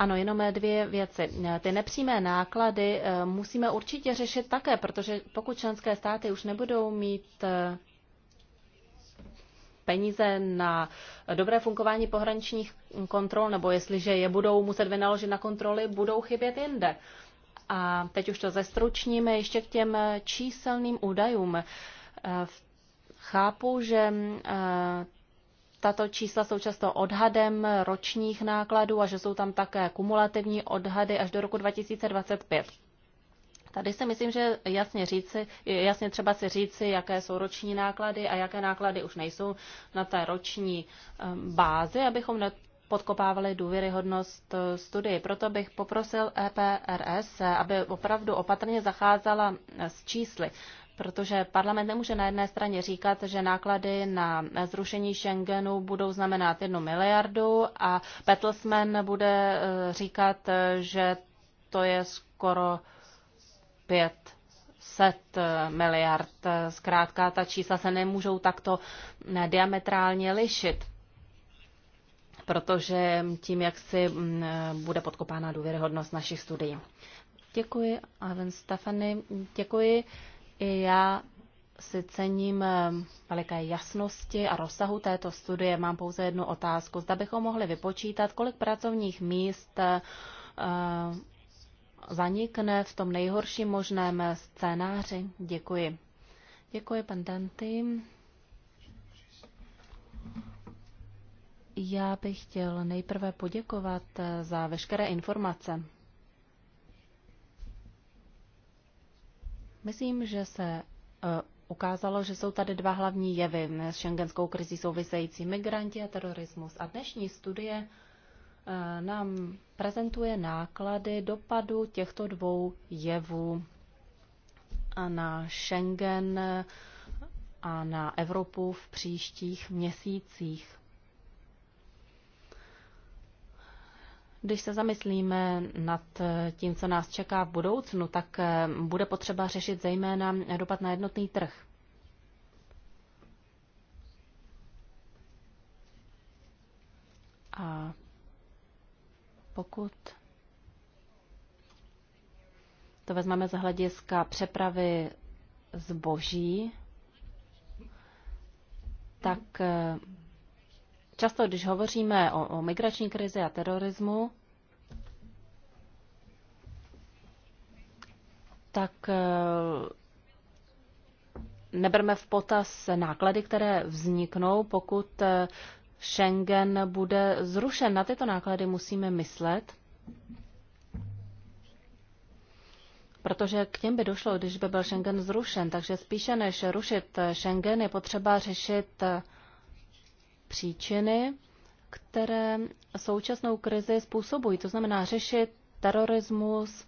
Ano, jenom eh, dvě věci. Eh, ty nepřímé náklady eh, musíme určitě řešit také, protože pokud členské státy už nebudou mít peníze na dobré fungování pohraničních kontrol, nebo jestliže je budou muset vynaložit na kontroly, budou chybět jinde. A teď už to zestručníme ještě k těm číselným údajům. Chápu, že tato čísla jsou často odhadem ročních nákladů a že jsou tam také kumulativní odhady až do roku 2025. Tady si myslím, že jasně, říci, jasně třeba si říci, jaké jsou roční náklady a jaké náklady už nejsou na té roční ehm, bázi, abychom podkopávali důvěryhodnost eh, studii. Proto bych poprosil EPRS, aby opravdu opatrně zacházela eh, s čísly protože parlament nemůže na jedné straně říkat, že náklady na zrušení Schengenu budou znamenat jednu miliardu a Petlsman bude eh, říkat, že to je skoro 500 eh, miliard. Zkrátka ta čísla se nemůžou takto eh, diametrálně lišit protože tím, jak si mm, bude podkopána důvěryhodnost našich studií. Děkuji, Aven Stefany, děkuji. I já si cením eh, veliké jasnosti a rozsahu této studie. Mám pouze jednu otázku. Zda bychom mohli vypočítat, kolik pracovních míst eh, zanikne v tom nejhorším možném scénáři. Děkuji. Děkuji, pan Danty. Já bych chtěl nejprve poděkovat eh, za veškeré informace. Myslím, že se eh, ukázalo, že jsou tady dva hlavní jevy s šengenskou krizí související migranti a terorismus. A dnešní studie eh, nám prezentuje náklady dopadu těchto dvou jevů a na Schengen a na Evropu v příštích měsících. Když se zamyslíme nad tím, co nás čeká v budoucnu, tak eh, bude potřeba řešit zejména dopad na jednotný trh. A pokud to vezmeme z hlediska přepravy zboží, tak eh, Často, když hovoříme o, o migrační krizi a terorismu, tak e, neberme v potaz náklady, které vzniknou, pokud e, Schengen bude zrušen. Na tyto náklady musíme myslet, protože k těm by došlo, když by byl Schengen zrušen. Takže spíše než rušit Schengen je potřeba řešit příčiny, které současnou krizi způsobují. To znamená řešit terorismus,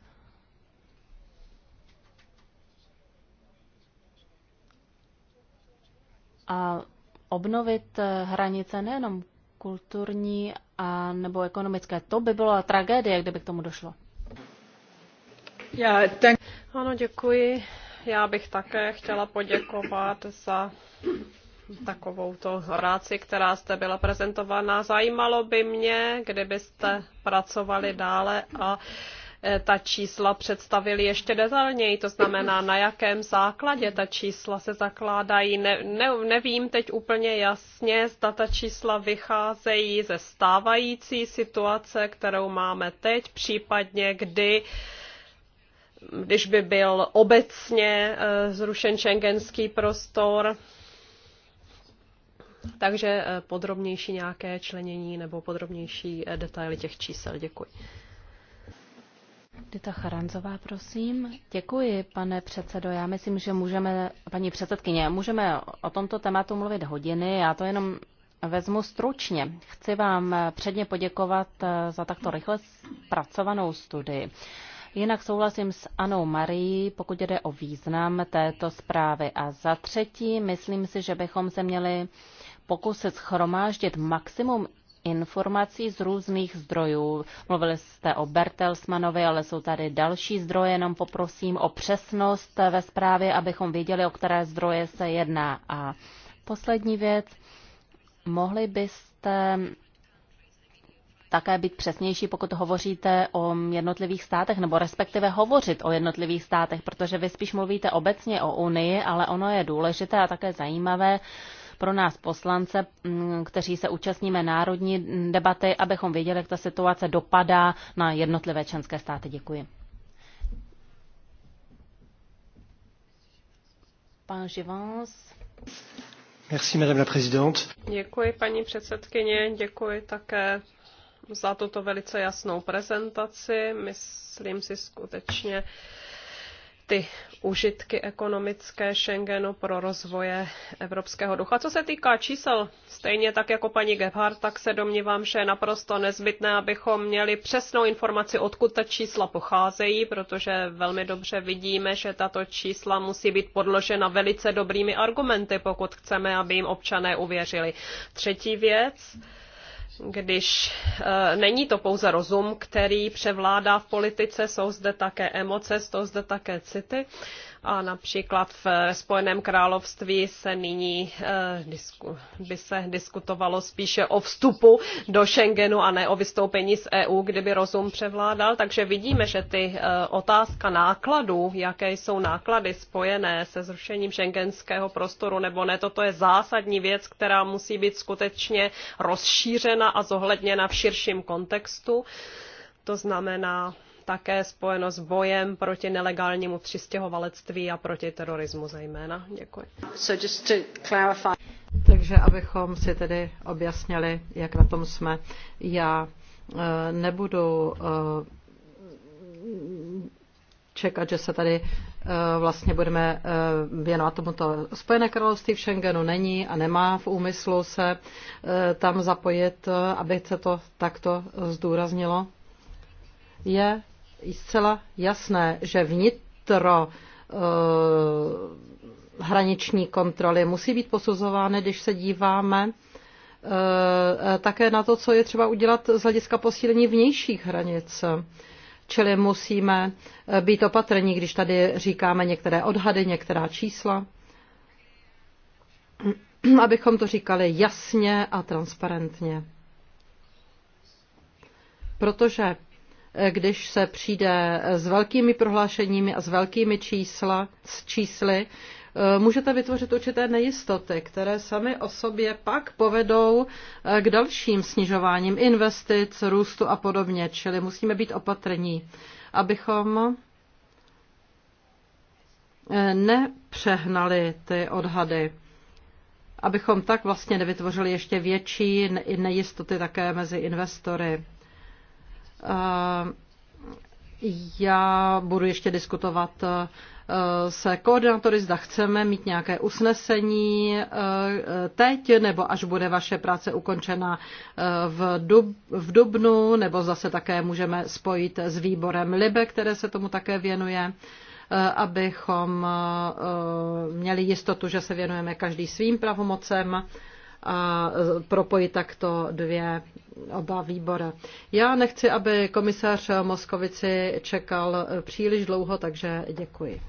a obnovit eh, hranice nejenom kulturní a nebo ekonomické. To by byla tragédie, kdyby k tomu došlo. Já, ten... Ano, děkuji. Já bych také chtěla poděkovat za takovouto práci, která jste byla prezentována. Zajímalo by mě, kdybyste pracovali dále a e, ta čísla představili ještě detailněji, to znamená, na jakém základě ta čísla se zakládají. Ne, ne, nevím teď úplně jasně, zda ta čísla vycházejí ze stávající situace, kterou máme teď, případně kdy když by byl obecně e, zrušen šengenský prostor, takže eh, podrobnější nějaké členění nebo podrobnější eh, detaily těch čísel. Děkuji. Dita Charanzová, prosím. Děkuji, pane předsedo. Já myslím, že můžeme, paní předsedkyně, můžeme o tomto tématu mluvit hodiny. Já to jenom vezmu stručně. Chci vám eh, předně poděkovat za takto rychle zpracovanou studii. Jinak souhlasím s Anou Marií, pokud jde o význam této zprávy. A za třetí, myslím si, že bychom se měli pokusit schromáždit maximum informací z různých zdrojů. Mluvili jste o Bertelsmanovi, ale jsou tady další zdroje, jenom poprosím o přesnost ve zprávě, abychom věděli, o které zdroje se jedná. A poslední věc, mohli byste také být přesnější, pokud hovoříte o jednotlivých státech, nebo respektive hovořit o jednotlivých státech, protože vy spíš mluvíte obecně o Unii, ale ono je důležité a také zajímavé pro nás poslance, mm, kteří se účastníme národní debaty, abychom věděli, jak ta situace dopadá na jednotlivé členské státy. Děkuji. Pan Živans. Merci, madame la présidente. Děkuji, paní předsedkyně, děkuji také za tuto velice jasnou prezentaci. Myslím si skutečně, ty užitky ekonomické Schengenu pro rozvoje evropského ducha. Co se týká čísel, stejně tak jako paní Gebhardt, tak se domnívám, že je naprosto nezbytné, abychom měli přesnou informaci, odkud ta čísla pocházejí, protože velmi dobře vidíme, že tato čísla musí být podložena velice dobrými argumenty, pokud chceme, aby jim občané uvěřili. Třetí věc, když e, není to pouze rozum, který převládá v politice, jsou zde také emoce, jsou zde také city. A například v Spojeném království se nyní eh, by se diskutovalo spíše o vstupu do Schengenu a ne o vystoupení z EU, kdyby rozum převládal. Takže vidíme, že ty eh, otázka nákladů, jaké jsou náklady spojené se zrušením šengenského prostoru nebo ne, toto je zásadní věc, která musí být skutečně rozšířena a zohledněna v širším kontextu. To znamená, také spojeno s bojem proti nelegálnímu přistěhovalectví a proti terorismu zejména. Děkuji. So just to clarify. Takže abychom si tedy objasnili, jak na tom jsme. Já eh, nebudu eh, čekat, že se tady eh, vlastně budeme věnovat tomuto. Spojené království v Schengenu není a nemá v úmyslu se tam zapojit, aby se to takto zdůraznilo. Je zcela jasné, že vnitro eh, hraniční kontroly musí být posuzovány, když se díváme eh, také na to, co je třeba udělat z hlediska posílení vnějších hranic. Čili musíme eh, být opatrní, když tady říkáme některé odhady, některá čísla, abychom to říkali jasně a transparentně. Protože když se přijde s velkými prohlášeními a s velkými čísla, s čísly, eh, můžete vytvořit určité nejistoty, které sami o sobě pak povedou eh, k dalším snižováním investic, růstu a podobně. Čili musíme být opatrní, abychom eh, nepřehnali ty odhady, abychom tak vlastně nevytvořili ještě větší nejistoty také mezi investory. Eh, já budu ještě diskutovat eh, se koordinátory, zda chceme mít nějaké usnesení eh, teď, nebo až bude vaše práce ukončena v, dub, v Dubnu, nebo zase také můžeme spojit s výborem LIBE, které se tomu také věnuje, abychom měli jistotu, že se věnujeme každý svým pravomocem a propojit takto dvě oba výbory. Já nechci, aby komisař Moskovici čekal příliš dlouho, takže děkuji.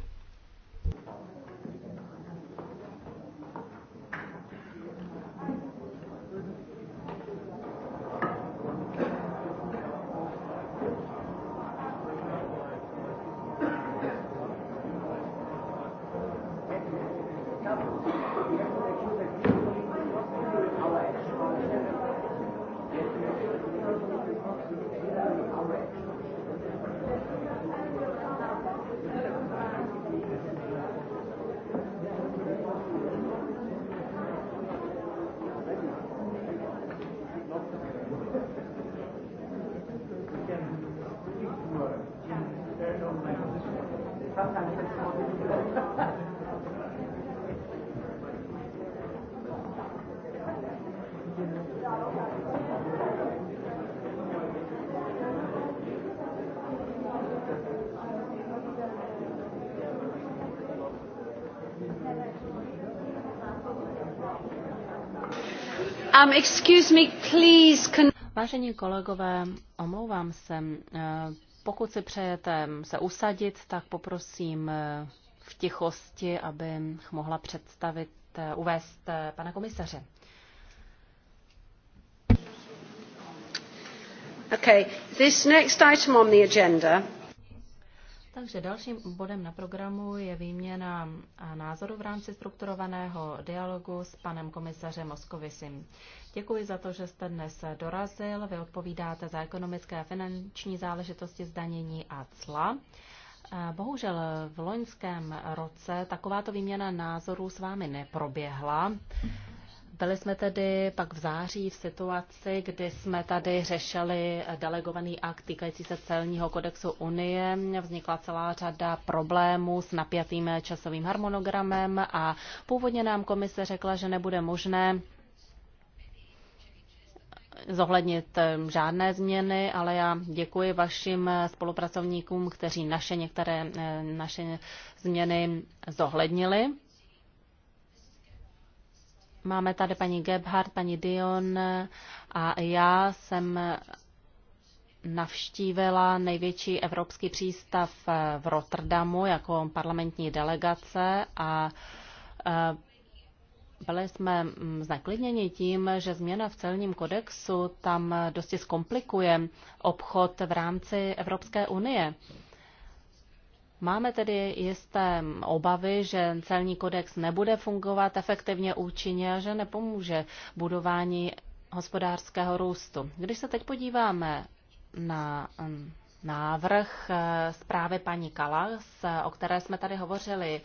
Vážení kolegové, omlouvám se. Eh, pokud si přejete se usadit, tak poprosím eh, v tichosti, abych mohla představit, eh, uvést pana komisaře. Okay. This next item on the agenda. Takže dalším bodem na programu je výměna názoru v rámci strukturovaného dialogu s panem komisařem Moskovisem. Děkuji za to, že jste dnes dorazil. Vy odpovídáte za ekonomické a finanční záležitosti zdanění a cla. Eh, bohužel v loňském roce takováto výměna názorů s vámi neproběhla. Byli jsme tedy pak v září v situaci, kdy jsme tady řešili delegovaný akt týkající se celního kodexu Unie. Vznikla celá řada problémů s napjatým časovým harmonogramem a původně nám komise řekla, že nebude možné zohlednit ehm, žádné změny, ale já děkuji vašim eh, spolupracovníkům, kteří naše některé eh, naše změny zohlednili. Máme tady paní Gebhardt, paní Dion eh, a já jsem navštívila největší evropský přístav v Rotterdamu jako parlamentní delegace a byli jsme mm, zneklidněni tím, že změna v celním kodexu tam dosti zkomplikuje obchod v rámci Evropské unie. Máme tedy jisté mm, obavy, že celní kodex nebude fungovat efektivně účinně a že nepomůže budování hospodářského růstu. Když se teď podíváme na mm, návrh eh, zprávy paní Kalas, eh, o které jsme tady hovořili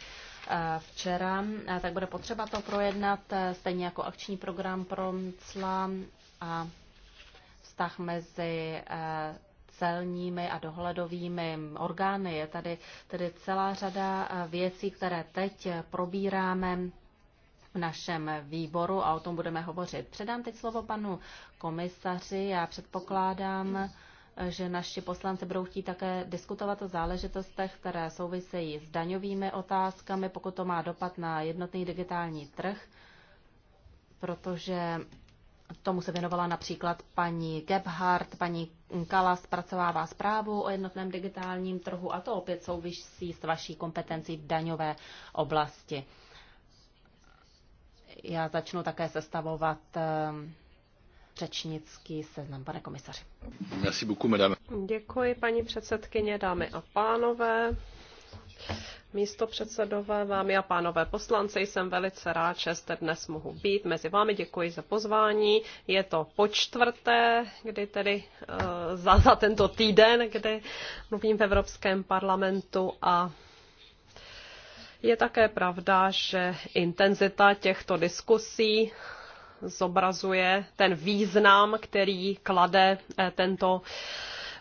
Eh, včera, eh, tak bude potřeba to projednat, eh, stejně jako akční program pro cla a vztah mezi celními a dohledovými orgány. Je tady tedy celá řada věcí, které teď probíráme v našem výboru a o tom budeme hovořit. Předám teď slovo panu komisaři. Já předpokládám, že naši poslanci budou chtít také diskutovat o záležitostech, které souvisejí s daňovými otázkami, pokud to má dopad na jednotný digitální trh, protože tomu se věnovala například paní Gebhardt, paní Kala zpracovává zprávu o jednotném digitálním trhu a to opět souvisí s vaší kompetencí v daňové oblasti. Já začnu také sestavovat eh, řečnický seznam. Pane komisaři. Merci beaucoup, madame. Děkuji, paní předsedkyně, dámy a pánové. Místo předsedové, vámi a pánové poslanci, jsem velice rád, že zde dnes mohu být mezi vámi. Děkuji za pozvání. Je to po čtvrté, kdy tedy eh, za, za tento týden, kdy mluvím v Evropském parlamentu a je také pravda, že intenzita těchto diskusí zobrazuje ten význam, který klade eh, tento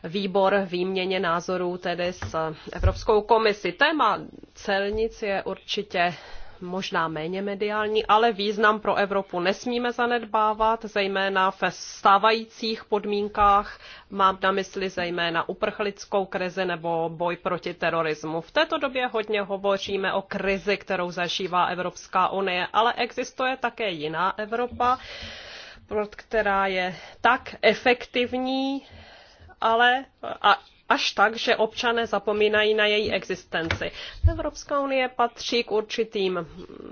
výbor výměně názorů tedy s Evropskou komisi. Téma celnic je určitě možná méně mediální, ale význam pro Evropu nesmíme zanedbávat, zejména ve stávajících podmínkách. Mám na mysli zejména uprchlickou krizi nebo boj proti terorismu. V této době hodně hovoříme o krizi, kterou zažívá Evropská unie, ale existuje také jiná Evropa, která je tak efektivní, ale a až tak, že občané zapomínají na její existenci. Evropská unie patří k určitým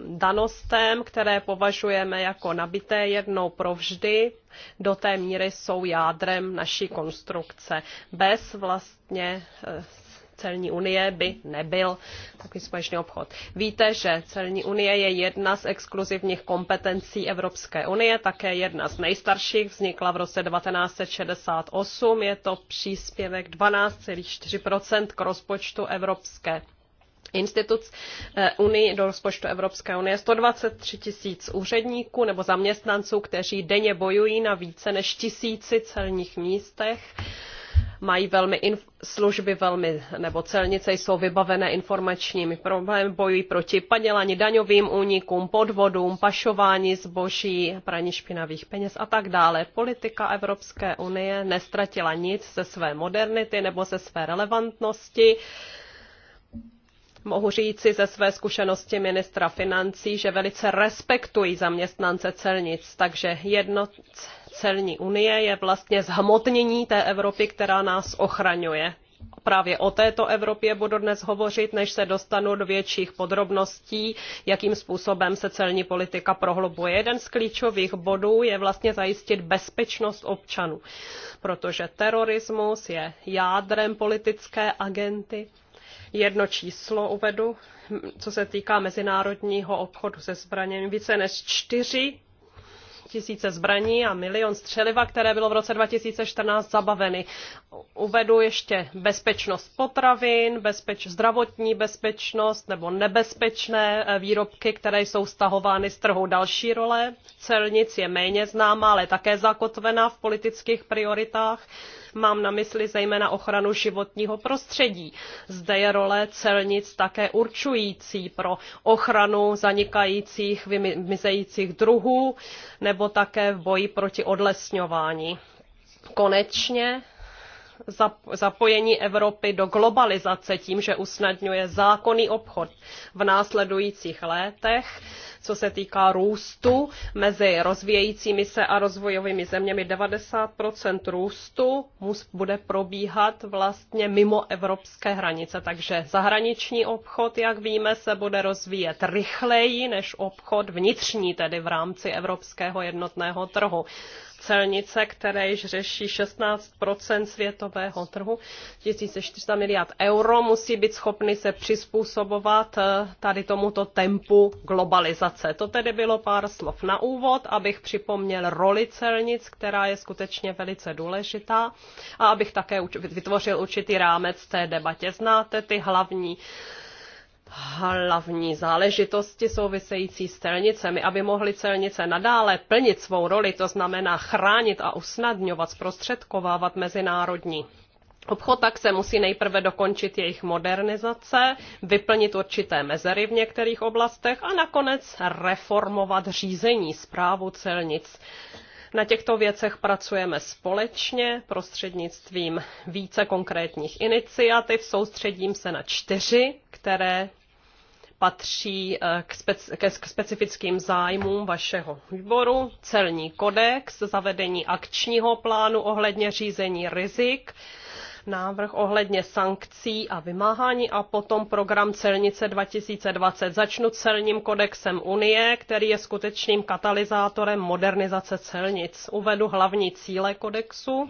danostem, které považujeme jako nabité jednou provždy. Do té míry jsou jádrem naší konstrukce. Bez vlastně eh, celní unie by nebyl takový společný obchod. Víte, že celní unie je jedna z exkluzivních kompetencí Evropské unie, také jedna z nejstarších, vznikla v roce 1968, je to příspěvek 12,4 k rozpočtu Evropské instituc eh, Unii do rozpočtu Evropské unie 123 tisíc úředníků nebo zaměstnanců, kteří denně bojují na více než tisíci celních místech mají velmi inf- služby velmi, nebo celnice jsou vybavené informačními problémy, bojují proti padělání daňovým únikům, podvodům, pašování zboží, praní špinavých peněz a tak dále. Politika Evropské unie nestratila nic ze své modernity nebo ze své relevantnosti mohu říci ze své zkušenosti ministra financí, že velice respektují zaměstnance celnic, takže jednot, celní unie je vlastně zhmotnění té Evropy, která nás ochraňuje. Právě o této Evropě budu dnes hovořit, než se dostanu do větších podrobností, jakým způsobem se celní politika prohlubuje. Jeden z klíčových bodů je vlastně zajistit bezpečnost občanů, protože terorismus je jádrem politické agenty. Jedno číslo uvedu, co se týká mezinárodního obchodu se zbraněmi. Více než 4 tisíce zbraní a milion střeliva, které bylo v roce 2014 zabaveny. Uvedu ještě bezpečnost potravin, bezpeč, zdravotní bezpečnost nebo nebezpečné eh, výrobky, které jsou stahovány z trhu. Další role celnic je méně známá, ale také zakotvená v politických prioritách. Mám na mysli zejména ochranu životního prostředí. Zde je role celnic také určující pro ochranu zanikajících, vymizejících druhů nebo také v boji proti odlesňování. Konečně zapojení Evropy do globalizace tím, že usnadňuje zákonný obchod v následujících letech co se týká růstu mezi rozvíjejícími se a rozvojovými zeměmi. 90% růstu bude probíhat vlastně mimo evropské hranice, takže zahraniční obchod, jak víme, se bude rozvíjet rychleji než obchod vnitřní, tedy v rámci evropského jednotného trhu celnice, které již řeší 16 světového trhu, 1400 miliard euro, musí být schopny se přizpůsobovat eh, tady tomuto tempu globalizace migrace. To tedy bylo pár slov na úvod, abych připomněl roli celnic, která je skutečně velice důležitá a abych také vytvořil určitý rámec té debatě. Znáte ty hlavní hlavní záležitosti související s celnicemi, aby mohly celnice nadále plnit svou roli, to znamená chránit a usnadňovat, zprostředkovávat mezinárodní obchod, tak se musí nejprve dokončit jejich modernizace, vyplnit určité mezery v některých oblastech a nakonec reformovat řízení zprávu celnic. Na těchto věcech pracujeme společně prostřednictvím více konkrétních iniciativ. Soustředím se na čtyři, které patří eh, k, speci- k specifickým zájmům vašeho výboru. Celní kodex, zavedení akčního plánu ohledně řízení rizik, návrh ohledně sankcí a vymáhání a potom program Celnice 2020. Začnu celním kodexem Unie, který je skutečným katalyzátorem modernizace celnic. Uvedu hlavní cíle kodexu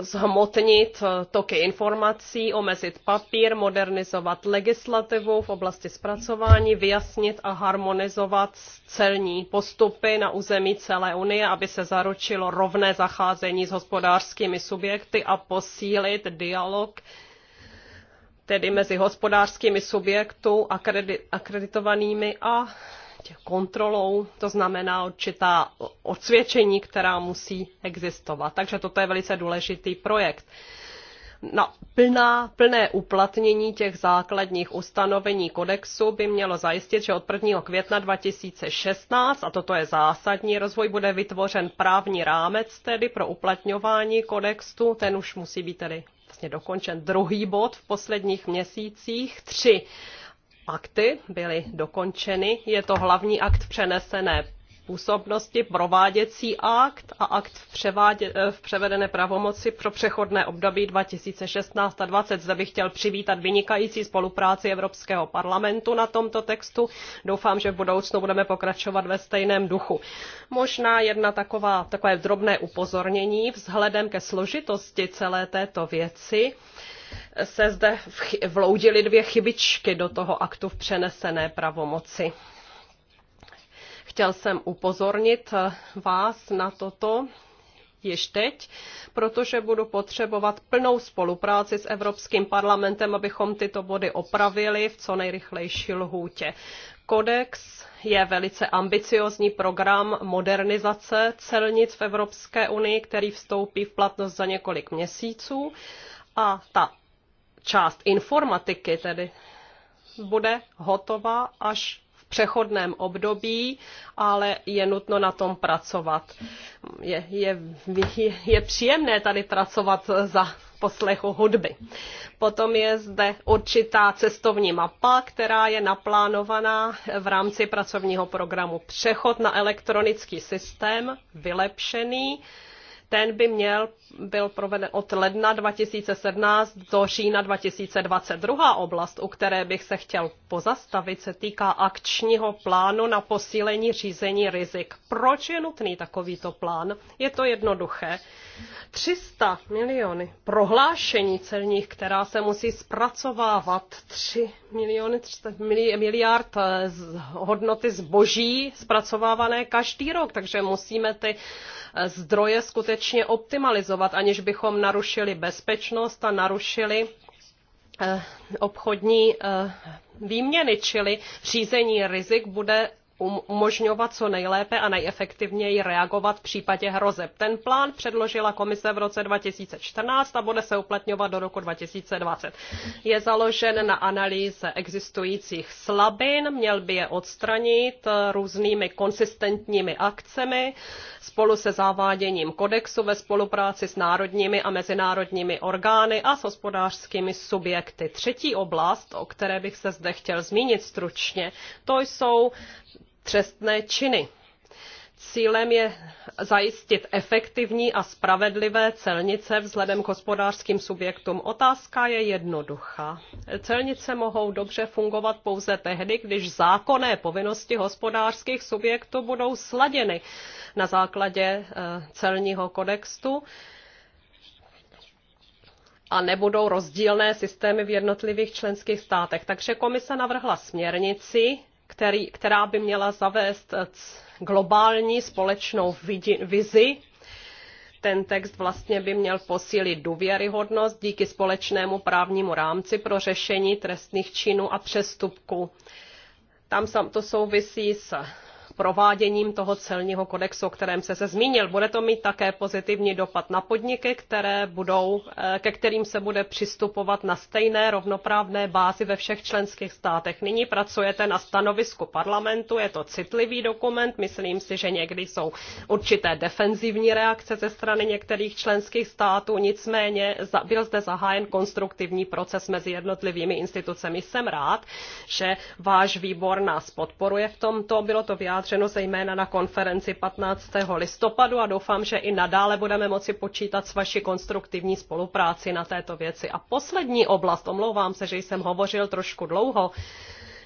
zhmotnit eh, toky informací, omezit papír, modernizovat legislativu v oblasti zpracování, vyjasnit a harmonizovat celní postupy na území celé Unie, aby se zaručilo rovné zacházení s hospodářskými subjekty a posílit dialog tedy mezi hospodářskými subjekty akreditovanými a kontrolou, to znamená určitá odsvědčení, která musí existovat. Takže toto je velice důležitý projekt na no, plná, plné uplatnění těch základních ustanovení kodexu by mělo zajistit, že od 1. května 2016, a toto je zásadní rozvoj, bude vytvořen právní rámec tedy pro uplatňování kodexu. Ten už musí být tedy vlastně dokončen. Druhý bod v posledních měsících. Tři akty byly dokončeny. Je to hlavní akt přenesené působnosti, prováděcí akt a akt v, převádě, eh, v převedené pravomoci pro přechodné období 2016 a 2020. Zde bych chtěl přivítat vynikající spolupráci Evropského parlamentu na tomto textu. Doufám, že v budoucnu budeme pokračovat ve stejném duchu. Možná jedna taková, takové drobné upozornění vzhledem ke složitosti celé této věci se zde vloudily dvě chybičky do toho aktu v přenesené pravomoci. Chtěl jsem upozornit eh, vás na toto, již teď, protože budu potřebovat plnou spolupráci s Evropským parlamentem, abychom tyto body opravili v co nejrychlejší lhůtě. Kodex je velice ambiciozní program modernizace celnic v Evropské unii, který vstoupí v platnost za několik měsíců a ta část informatiky tedy bude hotová až v přechodném období, ale je nutno na tom pracovat. Je, je, je, je příjemné tady pracovat za poslechu hudby. Potom je zde určitá cestovní mapa, která je naplánovaná v rámci pracovního programu Přechod na elektronický systém, vylepšený ten by měl, byl proveden od ledna 2017 do října 2020. Druhá oblast, u které bych se chtěl pozastavit, se týká akčního plánu na posílení řízení rizik. Proč je nutný takovýto plán? Je to jednoduché. 300 miliony prohlášení celních, která se musí zpracovávat, 3 miliony 300 miliard z hodnoty zboží zpracovávané každý rok, takže musíme ty zdroje skutečně skutečně optimalizovat, aniž bychom narušili bezpečnost a narušili eh, obchodní eh, výměny, čili řízení rizik bude Um-, umožňovat co nejlépe a nejefektivněji reagovat v případě hrozeb. Ten plán předložila komise v roce 2014 a bude se uplatňovat do roku 2020. Je založen na analýze existujících slabin, měl by je odstranit eh, různými konsistentními akcemi spolu se zaváděním kodexu ve spolupráci s národními a mezinárodními orgány a s hospodářskými subjekty. Třetí oblast, o které bych se zde chtěl zmínit stručně, to jsou trestné činy. Cílem je zajistit efektivní a spravedlivé celnice vzhledem k hospodářským subjektům. Otázka je jednoduchá. Celnice mohou dobře fungovat pouze tehdy, když zákonné povinnosti hospodářských subjektů budou sladěny na základě eh, celního kodextu a nebudou rozdílné systémy v jednotlivých členských státech. Takže komise navrhla směrnici, který, která by měla zavést eh, globální společnou vizi ten text vlastně by měl posílit důvěryhodnost díky společnému právnímu rámci pro řešení trestných činů a přestupků. Tam to souvisí s prováděním toho celního kodexu, o kterém se se zmínil. Bude to mít také pozitivní dopad na podniky, které budou, eh, ke kterým se bude přistupovat na stejné rovnoprávné bázi ve všech členských státech. Nyní pracujete na stanovisku parlamentu, je to citlivý dokument, myslím si, že někdy jsou určité defenzivní reakce ze strany některých členských států, nicméně byl zde zahájen konstruktivní proces mezi jednotlivými institucemi. Jsem rád, že váš výbor nás podporuje v tomto, bylo to vyjádřeno vyjádřeno zejména na konferenci 15. listopadu a doufám, že i nadále budeme moci počítat s vaší konstruktivní spolupráci na této věci. A poslední oblast, omlouvám se, že jsem hovořil trošku dlouho,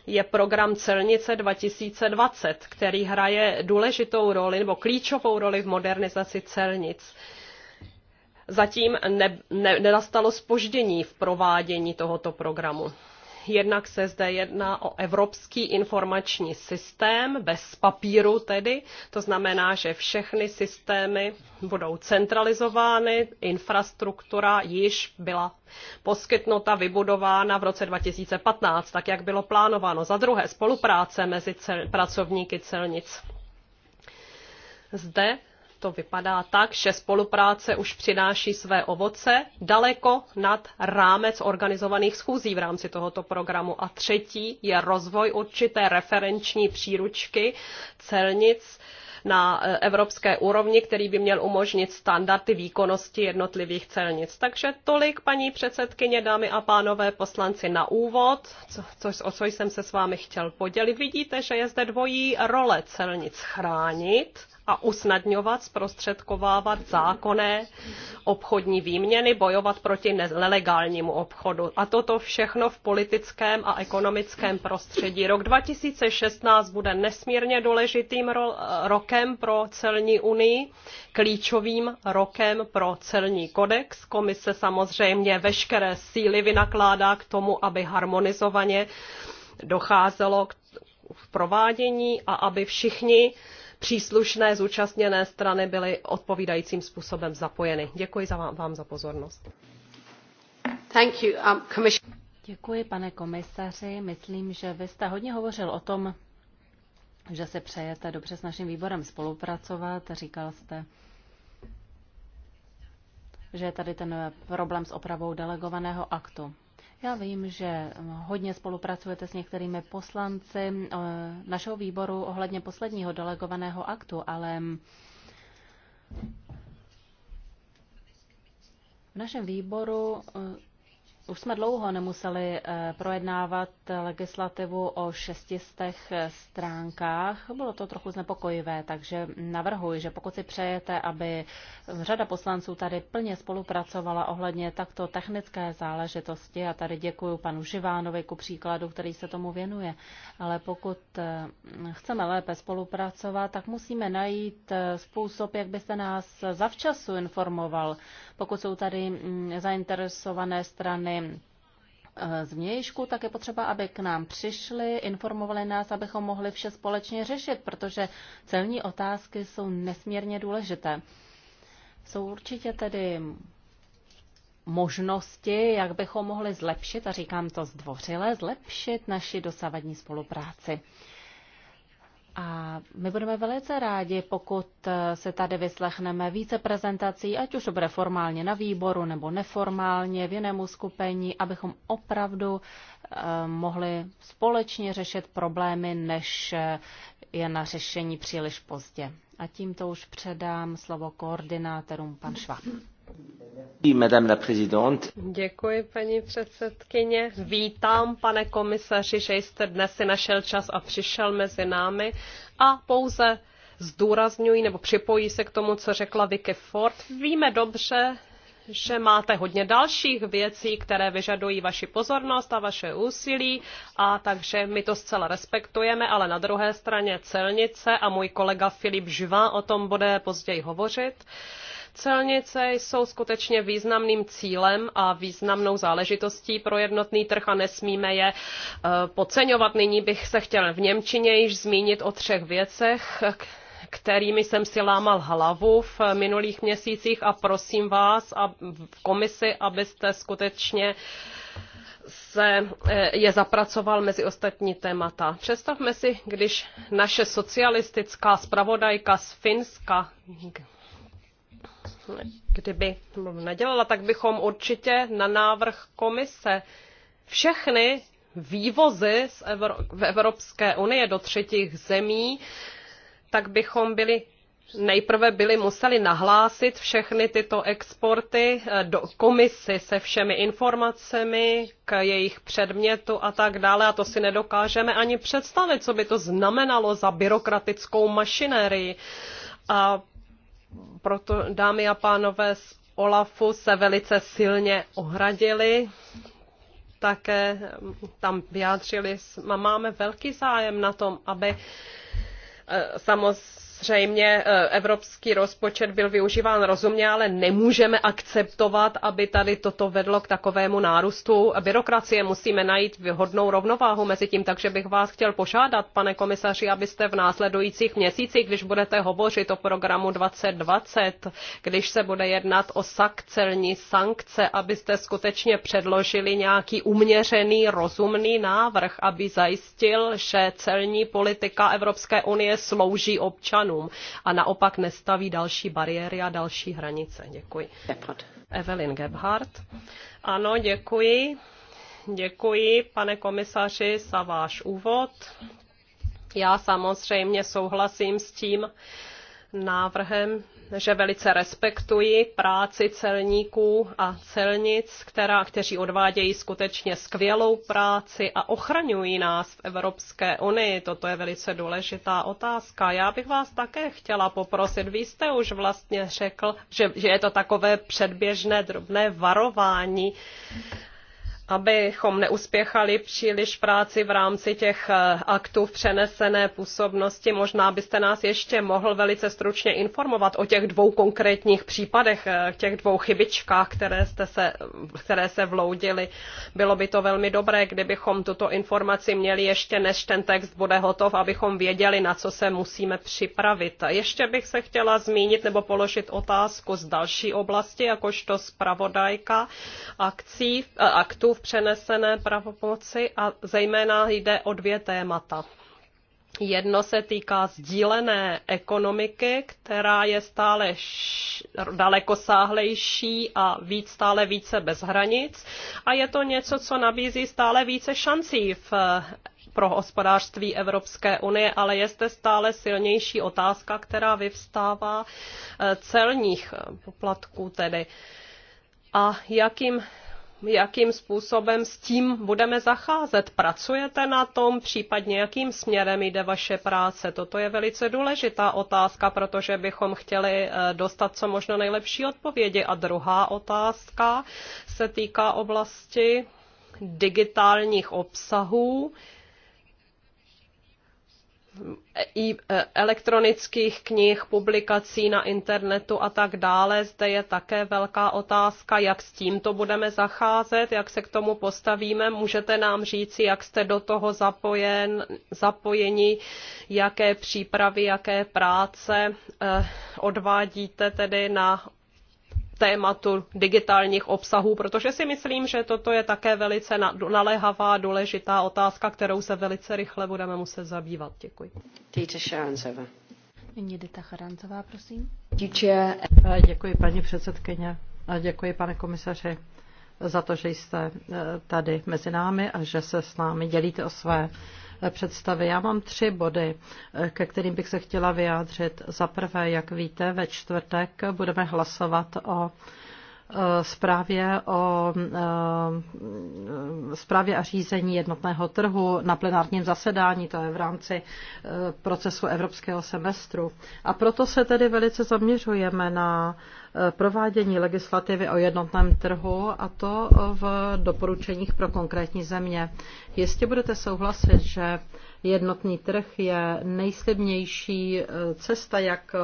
je program Celnice 2020, který hraje důležitou roli nebo klíčovou roli v modernizaci celnic zatím ne, ne, nenastalo zpoždění v provádění tohoto programu. Jednak se zde jedná o evropský informační systém, bez papíru tedy. To znamená, že všechny systémy budou centralizovány. Infrastruktura již byla poskytnuta, vybudována v roce 2015, tak jak bylo plánováno. Za druhé, spolupráce mezi cel- pracovníky celnic. Zde to vypadá tak, že spolupráce už přináší své ovoce daleko nad rámec organizovaných schůzí v rámci tohoto programu. A třetí je rozvoj určité referenční příručky celnic na eh, evropské úrovni, který by měl umožnit standardy výkonnosti jednotlivých celnic. Takže tolik, paní předsedkyně, dámy a pánové poslanci, na úvod, co, co, o co jsem se s vámi chtěl podělit. Vidíte, že je zde dvojí role celnic chránit a usnadňovat, zprostředkovávat zákonné obchodní výměny, bojovat proti nelegálnímu obchodu. A toto všechno v politickém a ekonomickém prostředí. Rok 2016 bude nesmírně důležitým rokem pro celní unii, klíčovým rokem pro celní kodex. Komise samozřejmě veškeré síly vynakládá k tomu, aby harmonizovaně docházelo k v provádění a aby všichni příslušné zúčastněné strany byly odpovídajícím způsobem zapojeny. Děkuji za vám, vám za pozornost. Thank you, um, Děkuji, pane komisaři. Myslím, že vy jste hodně hovořil o tom, že se přejete dobře s naším výborem spolupracovat. Říkal jste, že je tady ten eh, problém s opravou delegovaného aktu. Já vím, že hodně spolupracujete s některými poslanci eh, našeho výboru ohledně posledního delegovaného aktu, ale v našem výboru eh, už jsme dlouho nemuseli eh, projednávat legislativu o šestistech stránkách. Bylo to trochu znepokojivé, takže navrhuji, že pokud si přejete, aby řada poslanců tady plně spolupracovala ohledně takto technické záležitosti, a tady děkuji panu Živánovi ku příkladu, který se tomu věnuje, ale pokud eh, chceme lépe spolupracovat, tak musíme najít eh, způsob, jak byste nás zavčasu informoval pokud jsou tady mm, zainteresované strany eh, zvnějšku, tak je potřeba, aby k nám přišli, informovali nás, abychom mohli vše společně řešit, protože celní otázky jsou nesmírně důležité. Jsou určitě tedy možnosti, jak bychom mohli zlepšit, a říkám to zdvořile, zlepšit naši dosavadní spolupráci. A my budeme velice rádi, pokud eh, se tady vyslechneme více prezentací, ať už to bude formálně na výboru nebo neformálně v jiném skupení, abychom opravdu eh, mohli společně řešit problémy, než eh, je na řešení příliš pozdě. A tímto už předám slovo koordinátorům pan Švab. Děkuji, paní předsedkyně. Vítám, pane komisaři, že jste dnes si našel čas a přišel mezi námi. A pouze zdůrazňuji nebo připojí se k tomu, co řekla Vicky Ford. Víme dobře, že máte hodně dalších věcí, které vyžadují vaši pozornost a vaše úsilí, a takže my to zcela respektujeme, ale na druhé straně celnice a můj kolega Filip Živá o tom bude později hovořit. Uh, Celnice jsou skutečně významným cílem a významnou záležitostí pro jednotný trh a nesmíme je eh, podceňovat. Nyní bych se chtěl v Němčině již zmínit o třech věcech, kterými jsem si lámal hlavu v minulých měsících a prosím vás a v komisi, abyste skutečně se eh, je zapracoval mezi ostatní témata. Představme si, když naše socialistická spravodajka z Finska kdyby nedělala, tak bychom určitě na návrh komise všechny vývozy z Evro- Evropské unie do třetích zemí, tak bychom byli nejprve byli museli nahlásit všechny tyto exporty eh, do komisy se všemi informacemi k jejich předmětu a tak dále. A to si nedokážeme ani představit, co by to znamenalo za byrokratickou mašinérii. A proto, dámy a pánové z OLAFu se velice silně ohradili, také mm, tam vyjádřili, máme velký zájem na tom, aby eh, samozřejmě Zřejmě eh, evropský rozpočet byl využíván rozumně, ale nemůžeme akceptovat, aby tady toto vedlo k takovému nárůstu byrokracie. Musíme najít vhodnou rovnováhu mezi tím, takže bych vás chtěl požádat, pane komisaři, abyste v následujících měsících, když budete hovořit o programu 2020, když se bude jednat o sakcelní sankce, abyste skutečně předložili nějaký uměřený, rozumný návrh, aby zajistil, že celní politika Evropské unie slouží občanům občanům a naopak nestaví další bariéry a další hranice. Děkuji. Evelyn Gebhardt. Ano, děkuji. Děkuji, pane komisaři, za váš úvod. Já samozřejmě souhlasím s tím, návrhem, že velice respektuji práci celníků a celnic, která, kteří odvádějí skutečně skvělou práci a ochraňují nás v Evropské unii. Toto je velice důležitá otázka. Já bych vás také chtěla poprosit, vy jste už vlastně řekl, že, že je to takové předběžné drobné varování abychom neuspěchali příliš práci v rámci těch eh, aktů v přenesené působnosti. Možná byste nás ještě mohl velice stručně informovat o těch dvou konkrétních případech, eh, těch dvou chybičkách, které, jste se, které se vloudily. Bylo by to velmi dobré, kdybychom tuto informaci měli ještě než ten text bude hotov, abychom věděli, na co se musíme připravit. Ještě bych se chtěla zmínit nebo položit otázku z další oblasti, jakožto zpravodajka akcí, eh, aktů v přenesené pravomoci a zejména jde o dvě témata. Jedno se týká sdílené ekonomiky, která je stále daleko sáhlejší a víc, stále více bez hranic. A je to něco, co nabízí stále více šancí v pro hospodářství Evropské unie, ale je zde stále silnější otázka, která vyvstává eh, celních eh, poplatků tedy. A jakým jakým způsobem s tím budeme zacházet. Pracujete na tom, případně jakým směrem jde vaše práce? Toto je velice důležitá otázka, protože bychom chtěli eh, dostat co možno nejlepší odpovědi. A druhá otázka se týká oblasti digitálních obsahů i e, elektronických knih, publikací na internetu a tak dále. Zde je také velká otázka, jak s tím to budeme zacházet, jak se k tomu postavíme. Můžete nám říci, jak jste do toho zapojen, zapojeni, jaké přípravy, jaké práce e, odvádíte tedy na tématu digitálních obsahů, protože si myslím, že toto je také velice naléhavá, důležitá otázka, kterou se velice rychle budeme muset zabývat. Děkuji. Nyní Dita Charancová, prosím. Eh, děkuji, paní předsedkyně. A děkuji, pane komisaři, za to, že jste eh, tady mezi námi a že se s námi dělíte o své představy. Já mám tři body, ke kterým bych se chtěla vyjádřit. Za prvé, jak víte, ve čtvrtek budeme hlasovat o Eh, zprávě o eh, zprávě a řízení jednotného trhu na plenárním zasedání, to je v rámci eh, procesu evropského semestru. A proto se tedy velice zaměřujeme na provádění legislativy o jednotném trhu a to v doporučeních pro konkrétní země. Jistě budete souhlasit, že jednotný trh je nejslibnější cesta, jak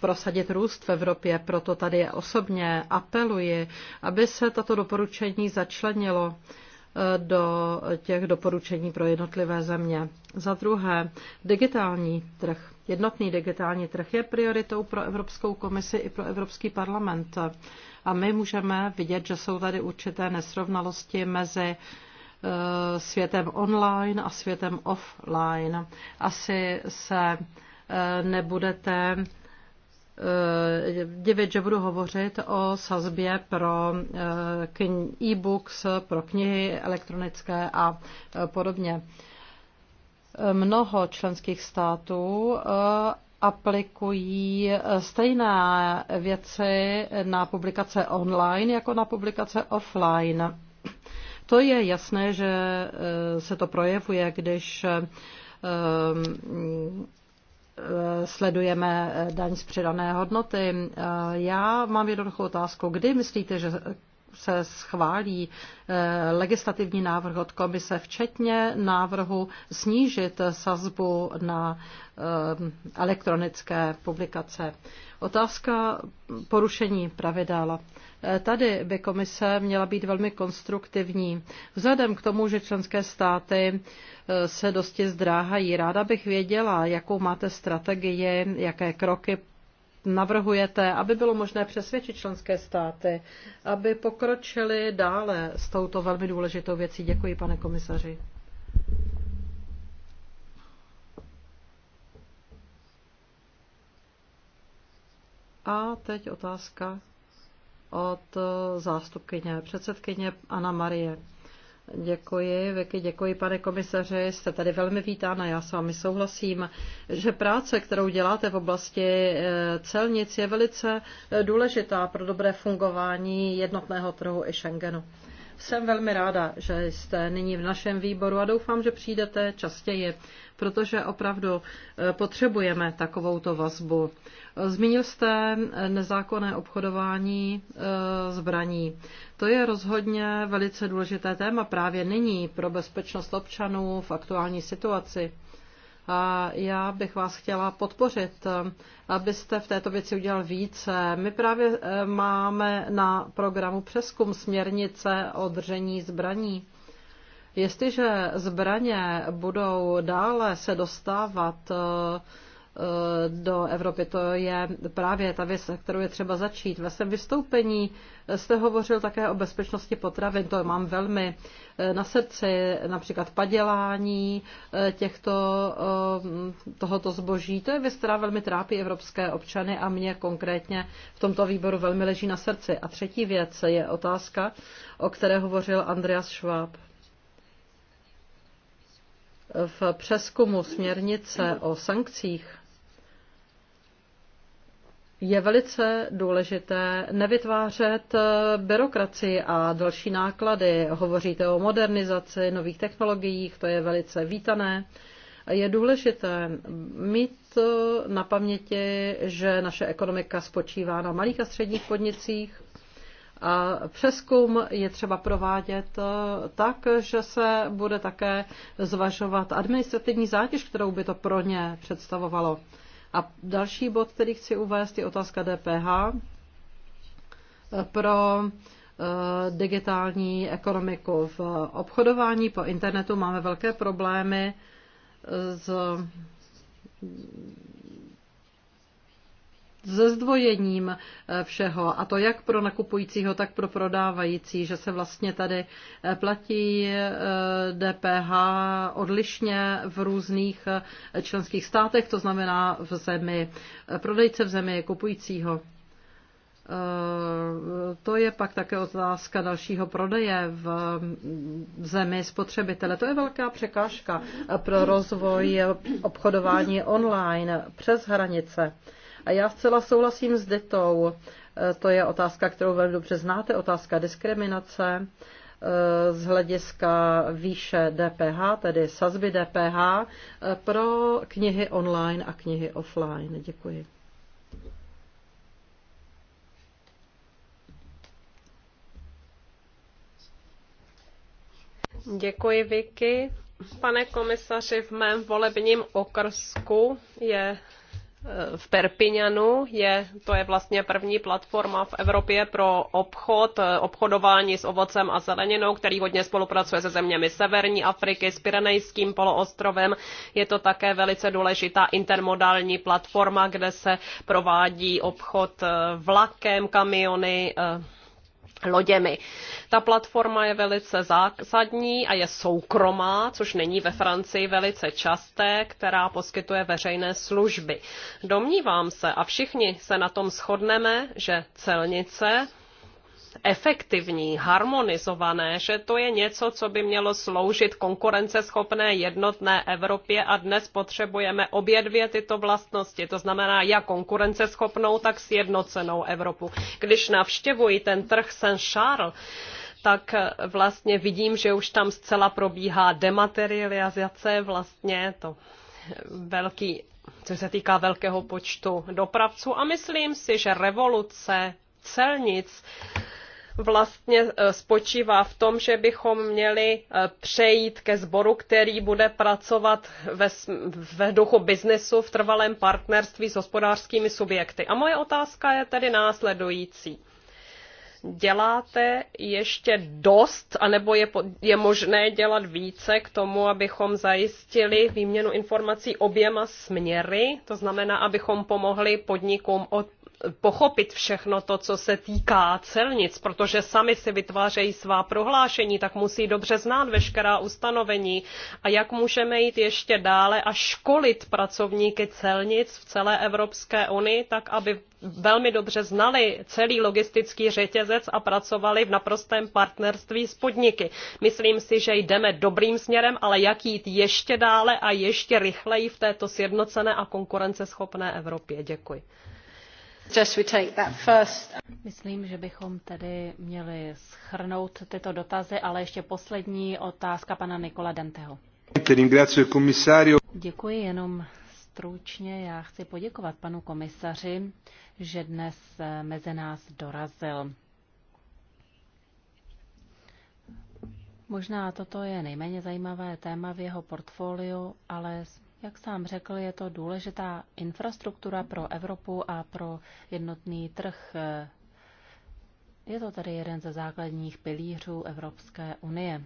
prosadit růst v Evropě. Proto tady osobně apeluji, aby se tato doporučení začlenilo eh, do těch doporučení pro jednotlivé země. Za druhé, digitální trh. Jednotný digitální trh je prioritou pro Evropskou komisi i pro Evropský parlament. A my můžeme vidět, že jsou tady určité nesrovnalosti mezi eh, světem online a světem offline. Asi se eh, nebudete Eh, divit, že budu hovořit o sazbě pro eh, e-books, pro knihy elektronické a eh, podobně. Mnoho členských států aplikují stejné věci na publikace online jako na publikace offline. To je jasné, že se to projevuje, když Eh, sledujeme eh, daň z přidané hodnoty. Eh, já mám jednoduchou otázku. Kdy myslíte, že se schválí eh, legislativní návrh od komise, včetně návrhu snížit sazbu na eh, elektronické publikace. Otázka porušení pravidel. Eh, tady by komise měla být velmi konstruktivní. Vzhledem k tomu, že členské státy se dosti zdráhají, ráda bych věděla, jakou máte strategii, jaké kroky navrhujete, aby bylo možné přesvědčit členské státy, aby pokročili dále s touto velmi důležitou věcí? Děkuji, pane komisaři. A teď otázka od zástupkyně, předsedkyně Ana Marie. Děkuji, Vicky, děkuji, pane komisaře. jste tady velmi vítána, já s vámi souhlasím, že práce, kterou děláte v oblasti eh, celnic, je velice eh, důležitá pro dobré fungování jednotného trhu i Schengenu. Jsem velmi ráda, že jste nyní v našem výboru a doufám, že přijdete častěji, protože opravdu eh, potřebujeme takovouto vazbu. Zmínil jste nezákonné obchodování eh, zbraní. To je rozhodně velice důležité téma právě nyní pro bezpečnost občanů v aktuální situaci. A já bych vás chtěla podpořit, abyste v této věci udělal více. My právě eh, máme na programu přeskum směrnice o držení zbraní. Jestliže zbraně budou dále se dostávat eh, Eh, do Evropy. To je právě ta věc, kterou je třeba začít. Ve svém vystoupení jste hovořil také o bezpečnosti potravin. To mám velmi eh, na srdci, například padělání eh, těchto, tohoto zboží. To je věc, která velmi trápí evropské občany a mě konkrétně v tomto výboru velmi leží na srdci. A třetí věc je otázka, o které hovořil Andreas Schwab v přeskumu směrnice o sankcích je velice důležité nevytvářet eh, byrokracii a další náklady. Hovoříte o modernizaci, nových technologiích, to je velice vítané. Je důležité mít eh, na paměti, že naše ekonomika spočívá na malých a středních podnicích a přeskum je třeba provádět eh, tak, že se bude také zvažovat administrativní zátěž, kterou by to pro ně představovalo. A další bod, který chci uvést, je otázka DPH pro eh, digitální ekonomiku. V obchodování po internetu máme velké problémy s se zdvojením eh, všeho, a to jak pro nakupujícího, tak pro prodávající, že se vlastně tady eh, platí DPH eh, odlišně v různých členských státech, to znamená v zemi prodejce, v zemi kupujícího. To je pak také otázka dalšího prodeje v mm, zemi spotřebitele. To je velká překážka pro rozvoj obchodování online přes hranice. A já zcela souhlasím s Detou. E, to je otázka, kterou velmi dobře znáte, otázka diskriminace e, z hlediska výše DPH, tedy sazby DPH, e, pro knihy online a knihy offline. Děkuji. Děkuji, Vicky. Pane komisaři, v mém volebním okrsku je v Perpignanu je, to je vlastně první platforma v Evropě pro obchod, eh, obchodování s ovocem a zeleninou, který hodně spolupracuje se zeměmi Severní Afriky, s Pirenejským poloostrovem. Je to také velice důležitá intermodální platforma, kde se provádí obchod eh, vlakem, kamiony, eh, loděmi. Ta platforma je velice zásadní a je soukromá, což není ve Francii velice časté, která poskytuje veřejné služby. Domnívám se a všichni se na tom shodneme, že celnice efektivní, harmonizované, že to je něco, co by mělo sloužit konkurenceschopné jednotné Evropě a dnes potřebujeme obě dvě tyto vlastnosti, to znamená jak konkurenceschopnou, tak sjednocenou Evropu. Když navštěvuji ten trh Saint-Charles, tak eh, vlastně vidím, že už tam zcela probíhá dematerializace, vlastně to eh, velký, co se týká velkého počtu dopravců a myslím si, že revoluce celnic vlastně e, spočívá v tom, že bychom měli e, přejít ke sboru, který bude pracovat ve, ve duchu biznesu v trvalém partnerství s hospodářskými subjekty. A moje otázka je tedy následující děláte ještě dost, anebo je, je možné dělat více k tomu, abychom zajistili výměnu informací oběma směry, to znamená, abychom pomohli podnikům od, pochopit všechno to, co se týká celnic, protože sami si vytvářejí svá prohlášení, tak musí dobře znát veškerá ustanovení a jak můžeme jít ještě dále a školit pracovníky celnic v celé Evropské unii, tak aby velmi dobře znali celý logistický řetězec a pracovali v naprostém partnerství s podniky. Myslím si, že jdeme dobrým směrem, ale jak jít ještě dále a ještě rychleji v této sjednocené a konkurenceschopné Evropě. Děkuji. Myslím, že bychom tedy měli schrnout tyto dotazy, ale ještě poslední otázka pana Nikola Danteho. Děkuji jenom stručně. Já chci poděkovat panu komisaři, že dnes eh, mezi nás dorazil. Možná toto je nejméně zajímavé téma v jeho portfoliu, ale jak sám řekl, je to důležitá infrastruktura pro Evropu a pro jednotný trh. Je to tedy jeden ze základních pilířů Evropské unie.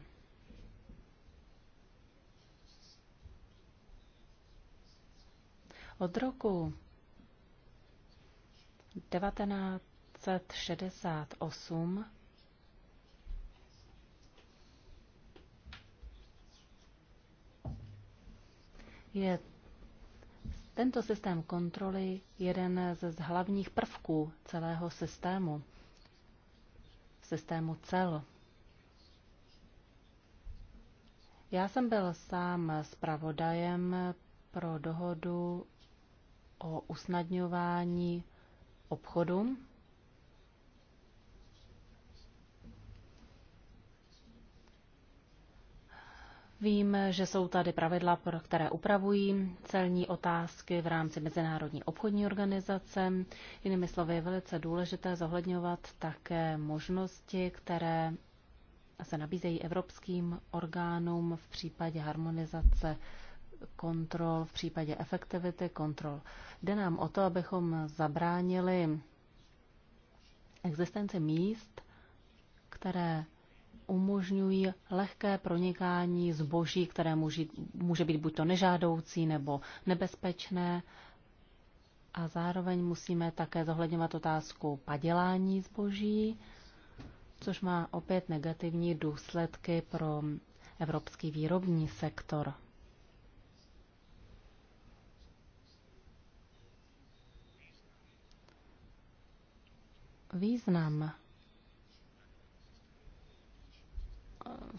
Od roku 1968 je tento systém kontroly jeden z hlavních prvků celého systému, systému cel. Já jsem byl sám zpravodajem pro dohodu o usnadňování obchodu Vím, že jsou tady pravidla, pro které upravují celní otázky v rámci Mezinárodní obchodní organizace. Jinými slovy je velice důležité zohledňovat také možnosti, které se nabízejí evropským orgánům v případě harmonizace kontrol, v případě efektivity kontrol. Jde nám o to, abychom zabránili existenci míst, které umožňují lehké pronikání zboží, které může, může být buď to nežádoucí nebo nebezpečné. A zároveň musíme také zohledňovat otázku padělání zboží, což má opět negativní důsledky pro evropský výrobní sektor. Význam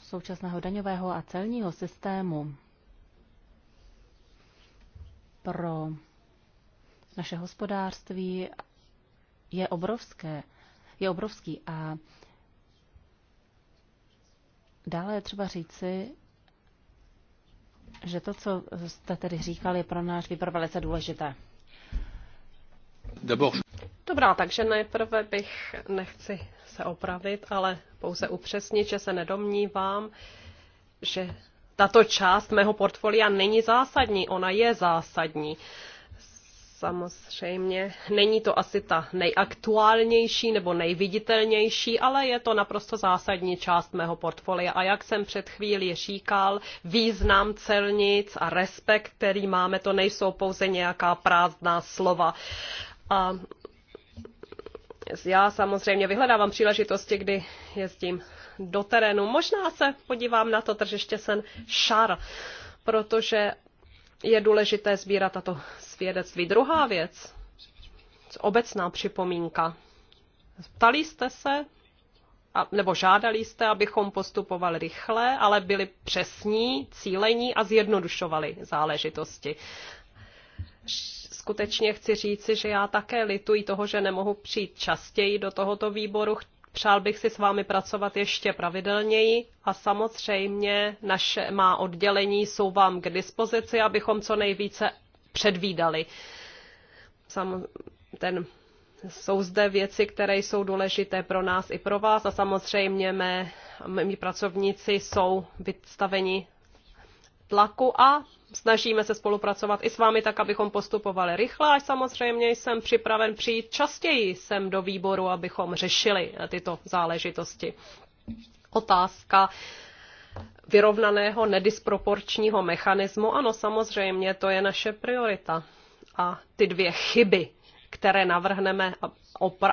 současného daňového a celního systému pro naše hospodářství je obrovské, je obrovský a dále je třeba říci, že to, co jste tedy říkali, je pro náš výbor velice důležité. Dobrá, takže nejprve bych, nechci se opravit, ale pouze upřesnit, že se nedomnívám, že tato část mého portfolia není zásadní, ona je zásadní. Samozřejmě není to asi ta nejaktuálnější nebo nejviditelnější, ale je to naprosto zásadní část mého portfolia. A jak jsem před chvílí říkal, význam celnic a respekt, který máme, to nejsou pouze nějaká prázdná slova a já samozřejmě vyhledávám příležitosti, kdy jezdím do terénu. Možná se podívám na to tržiště Sen Šar, protože je důležité sbírat tato svědectví. Druhá věc, obecná připomínka. Ptali jste se, a, nebo žádali jste, abychom postupovali rychle, ale byli přesní, cílení a zjednodušovali záležitosti skutečně chci říci, že já také lituji toho, že nemohu přijít častěji do tohoto výboru. Přál bych si s vámi pracovat ještě pravidelněji a samozřejmě naše má oddělení jsou vám k dispozici, abychom co nejvíce předvídali. Sam, ten jsou zde věci, které jsou důležité pro nás i pro vás a samozřejmě mé, mý pracovníci jsou vystaveni tlaku a snažíme se spolupracovat i s vámi tak, abychom postupovali rychle a samozřejmě jsem připraven přijít častěji sem do výboru, abychom řešili eh, tyto záležitosti. Otázka vyrovnaného nedisproporčního mechanismu, ano, samozřejmě, to je naše priorita. A ty dvě chyby, které navrhneme,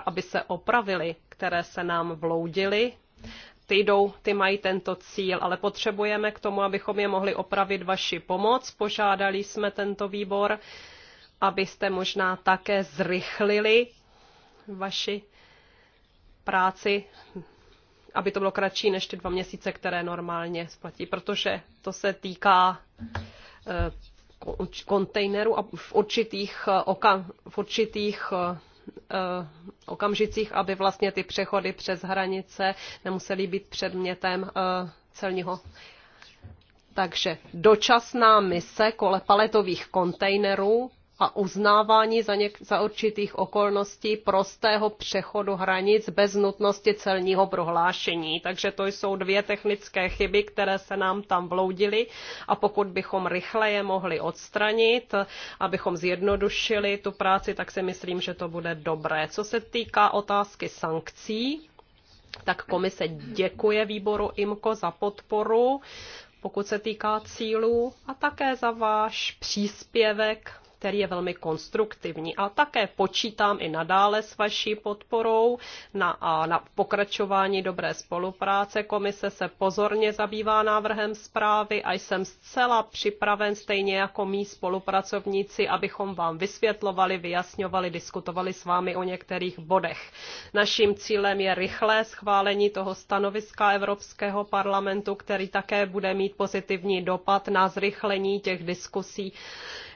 aby se opravily, které se nám vloudily, ty jdou, ty mají tento cíl, ale potřebujeme k tomu, abychom je mohli opravit vaši pomoc. Požádali jsme tento výbor, abyste možná také zrychlili vaši práci, aby to bylo kratší než ty dva měsíce, které normálně splatí, protože to se týká eh, kontejneru a v určitých, eh, oka, v určitých eh, Eh, okamžicích, aby vlastně ty přechody přes hranice nemusely být předmětem eh, celního. Takže dočasná mise kole paletových kontejnerů a uznávání za, něk- za určitých okolností prostého přechodu hranic bez nutnosti celního prohlášení. Takže to jsou dvě technické chyby, které se nám tam vloudily a pokud bychom rychle je mohli odstranit, abychom zjednodušili tu práci, tak si myslím, že to bude dobré. Co se týká otázky sankcí, tak komise děkuje výboru IMKO za podporu, pokud se týká cílů a také za váš příspěvek který je velmi konstruktivní. A také počítám i nadále s vaší podporou na, a na pokračování dobré spolupráce. Komise se pozorně zabývá návrhem zprávy a jsem zcela připraven, stejně jako mý spolupracovníci, abychom vám vysvětlovali, vyjasňovali, diskutovali s vámi o některých bodech. Naším cílem je rychlé schválení toho stanoviska Evropského parlamentu, který také bude mít pozitivní dopad na zrychlení těch diskusí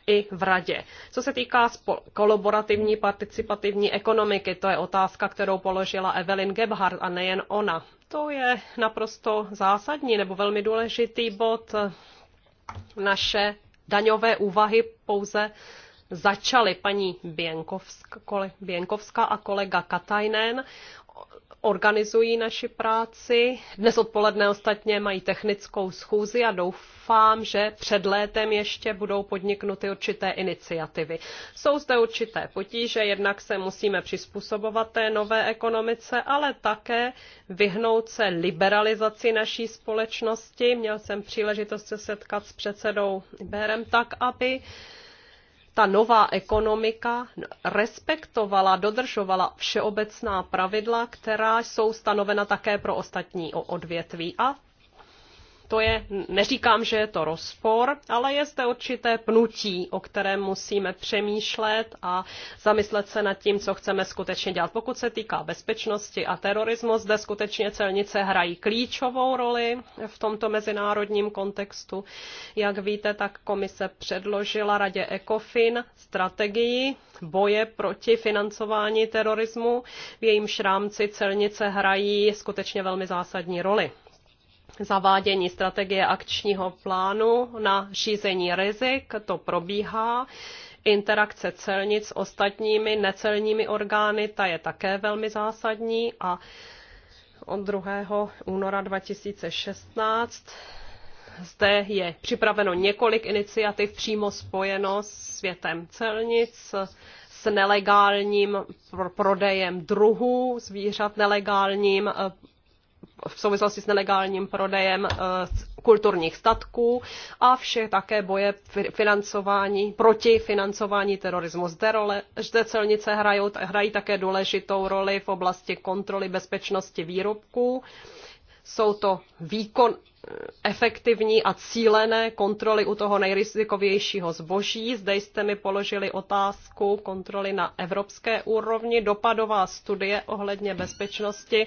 i v radě. Co se týká kolaborativní participativní ekonomiky, to je otázka, kterou položila Evelyn Gebhardt a nejen ona. To je naprosto zásadní nebo velmi důležitý bod. Naše daňové úvahy pouze začaly paní Běnkovská, kole, a kolega Katajnen organizují naši práci. Dnes odpoledne ostatně mají technickou schůzi a doufám, že před létem ještě budou podniknuty určité iniciativy. Jsou zde určité potíže, jednak se musíme přizpůsobovat té nové ekonomice, ale také vyhnout se liberalizaci naší společnosti. Měl jsem příležitost se setkat s předsedou Berem tak, aby ta nová ekonomika respektovala, dodržovala všeobecná pravidla, která jsou stanovena také pro ostatní odvětví. A to je, neříkám, že je to rozpor, ale je zde určité pnutí, o kterém musíme přemýšlet a zamyslet se nad tím, co chceme skutečně dělat. Pokud se týká bezpečnosti a terorismu, zde skutečně celnice hrají klíčovou roli v tomto mezinárodním kontextu. Jak víte, tak komise předložila radě ECOFIN strategii boje proti financování terorismu. V jejím rámci celnice hrají skutečně velmi zásadní roli zavádění strategie akčního plánu na řízení rizik, to probíhá. Interakce celnic s ostatními necelními orgány, ta je také velmi zásadní a od 2. února 2016 zde je připraveno několik iniciativ přímo spojeno s světem celnic, s nelegálním prodejem druhů zvířat, nelegálním eh, v souvislosti s nelegálním prodejem eh, kulturních statků a vše také boje financování, proti financování terorismu. Zde, role, zde celnice hrají, hrají také důležitou roli v oblasti kontroly bezpečnosti výrobků jsou to výkon, eh, efektivní a cílené kontroly u toho nejrizikovějšího zboží. Zde jste mi položili otázku kontroly na evropské úrovni. Dopadová studie ohledně bezpečnosti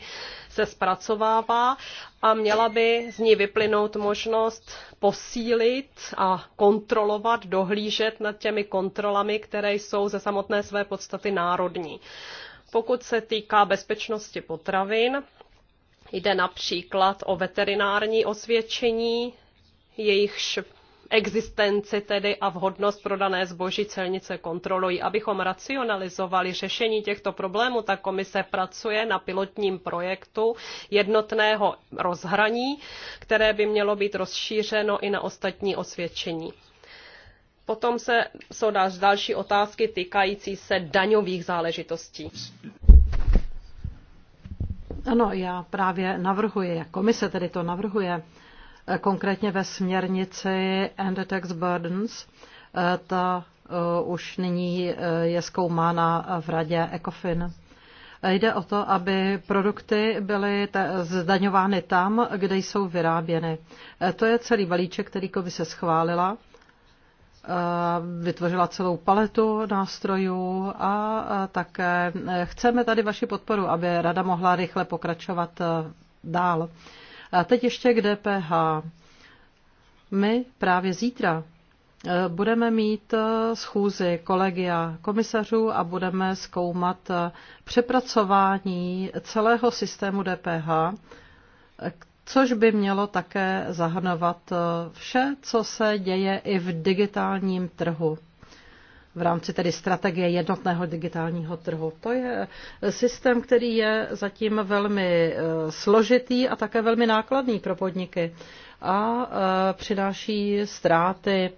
se zpracovává a měla by z ní vyplynout možnost posílit a kontrolovat, dohlížet nad těmi kontrolami, které jsou ze samotné své podstaty národní. Pokud se týká bezpečnosti potravin, Jde například o veterinární osvědčení, jejichž existenci tedy a vhodnost pro dané zboží celnice kontrolují. Abychom racionalizovali řešení těchto problémů, ta komise pracuje na pilotním projektu jednotného rozhraní, které by mělo být rozšířeno i na ostatní osvědčení. Potom se jsou další otázky týkající se daňových záležitostí. Ano, já právě navrhuji, komise tedy to navrhuje, eh, konkrétně ve směrnici End Tax Burdens, eh, ta eh, už nyní je zkoumána v radě ECOFIN. Jde o to, aby produkty byly zdaňovány tam, kde jsou vyráběny. To je celý balíček, který komise schválila Eh, vytvořila celou paletu nástrojů a eh, také eh, chceme tady vaši podporu, aby rada mohla rychle pokračovat dál. A teď ještě k DPH. My právě zítra budeme mít schůzi kolegia komisařů a budeme zkoumat přepracování celého systému DPH, což by mělo také zahrnovat eh, vše, co se děje i v digitálním trhu v rámci tedy strategie jednotného digitálního trhu. To je eh, systém, který je zatím velmi eh, složitý a také velmi nákladný pro podniky a přináší ztráty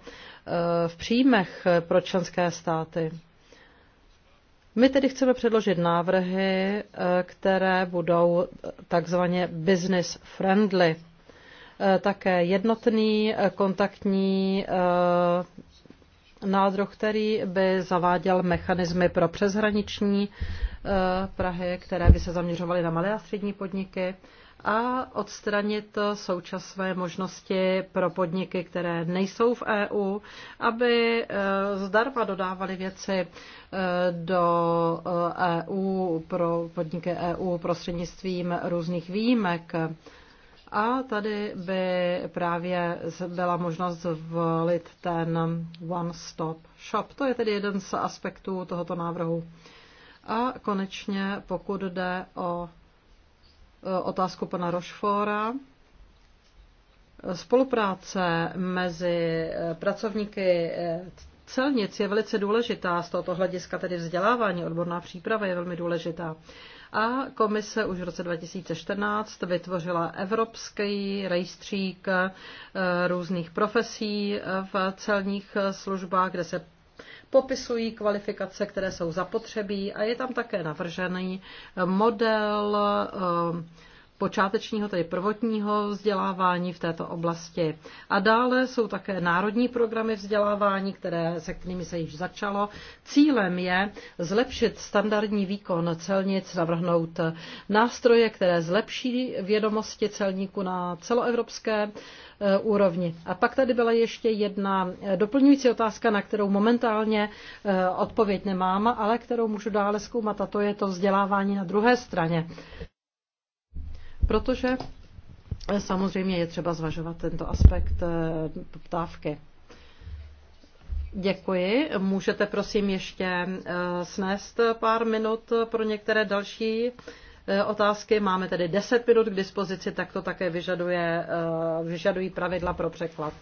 v příjmech pro členské státy. My tedy chceme předložit návrhy, eh, které budou eh, takzvaně business friendly. Eh, také jednotný kontaktní nádroch, který by zaváděl mechanismy pro přeshraniční Prahy, které by se zaměřovaly na malé a střední podniky a odstranit současné možnosti pro podniky, které nejsou v EU, aby eh, zdarma dodávali věci eh, do EU eh, e pro podniky EU prostřednictvím různých výjimek. A tady by právě byla možnost zvolit ten one-stop shop. To je tedy jeden z aspektů tohoto návrhu. A konečně, pokud jde o Eh, otázku pana Rošfora. Spolupráce mezi eh, pracovníky eh, celnic je velice důležitá, z tohoto hlediska tedy vzdělávání, odborná příprava je velmi důležitá. A komise už v roce 2014 vytvořila evropský rejstřík různých profesí v celních službách, kde se popisují kvalifikace, které jsou zapotřebí a je tam také navržený model eh, počátečního, tedy prvotního vzdělávání v této oblasti. A dále jsou také národní programy vzdělávání, které, se kterými se již začalo. Cílem je zlepšit standardní výkon celnic, navrhnout nástroje, které zlepší vědomosti celníku na celoevropské e, úrovni. A pak tady byla ještě jedna doplňující otázka, na kterou momentálně e, odpověď nemám, ale kterou můžu dále zkoumat, a to je to vzdělávání na druhé straně protože eh, samozřejmě je třeba zvažovat tento aspekt eh, poptávky. Děkuji. Můžete prosím ještě eh, snést pár minut pro některé další otázky. Máme tedy 10 minut k dispozici, tak to také vyžaduje, vyžadují pravidla pro překlad.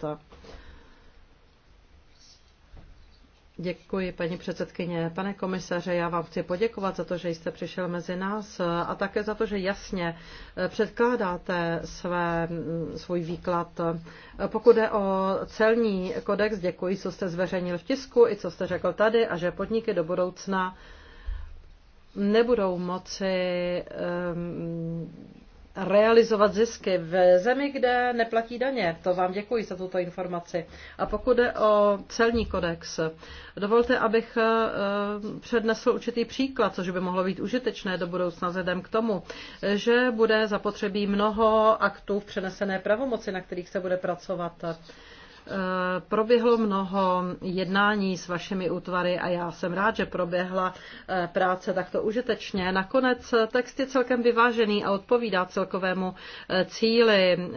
Děkuji, paní předsedkyně. Pane komisaře, já vám chci poděkovat za to, že jste přišel mezi nás a také za to, že jasně eh, předkládáte své, mm, svůj výklad. Eh, pokud je o celní kodex, děkuji, co jste zveřejnil v tisku i co jste řekl tady a že podniky do budoucna nebudou moci um, realizovat zisky v zemi, kde neplatí daně. To vám děkuji za tuto informaci. A pokud jde o celní kodex, dovolte, abych eh, přednesl určitý příklad, což by mohlo být užitečné do budoucna vzhledem k tomu, že bude zapotřebí mnoho aktů v přenesené pravomoci, na kterých se bude pracovat. Eh, proběhlo mnoho jednání s vašimi útvary a já jsem rád, že proběhla eh, práce takto užitečně. Nakonec eh, text je celkem vyvážený a odpovídá celkovému cíli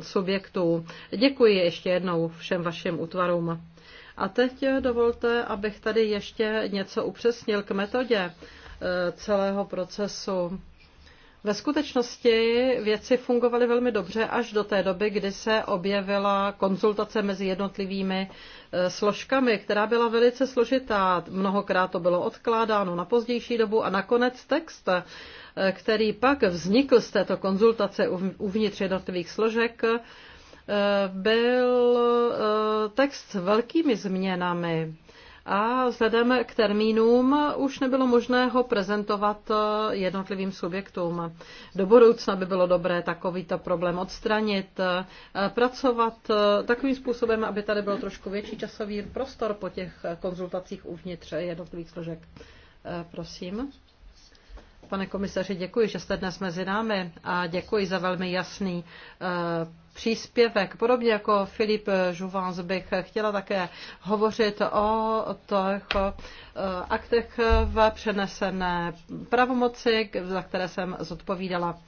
subjektů. Děkuji ještě jednou všem vašim útvarům. A teď dovolte, abych tady ještě něco upřesnil k metodě celého procesu ve skutečnosti věci fungovaly velmi dobře až do té doby, kdy se objevila konzultace mezi jednotlivými eh, složkami, která byla velice složitá. Mnohokrát to bylo odkládáno na pozdější dobu a nakonec text, eh, který pak vznikl z této konzultace uvnitř jednotlivých složek, eh, byl text s velkými změnami a vzhledem k termínům už nebylo možné ho prezentovat eh, jednotlivým subjektům. Do budoucna by bylo dobré takovýto problém odstranit, eh, pracovat eh, takovým způsobem, aby tady byl trošku větší časový prostor po těch konzultacích uvnitř jednotlivých složek. Prosím. Pane komisaři, děkuji, že jste dnes mezi námi a děkuji za velmi jasný příspěvek. Podobně jako Filip Žuvans bych chtěla také hovořit o těch eh, aktech v přenesené pravomoci, za které jsem zodpovídala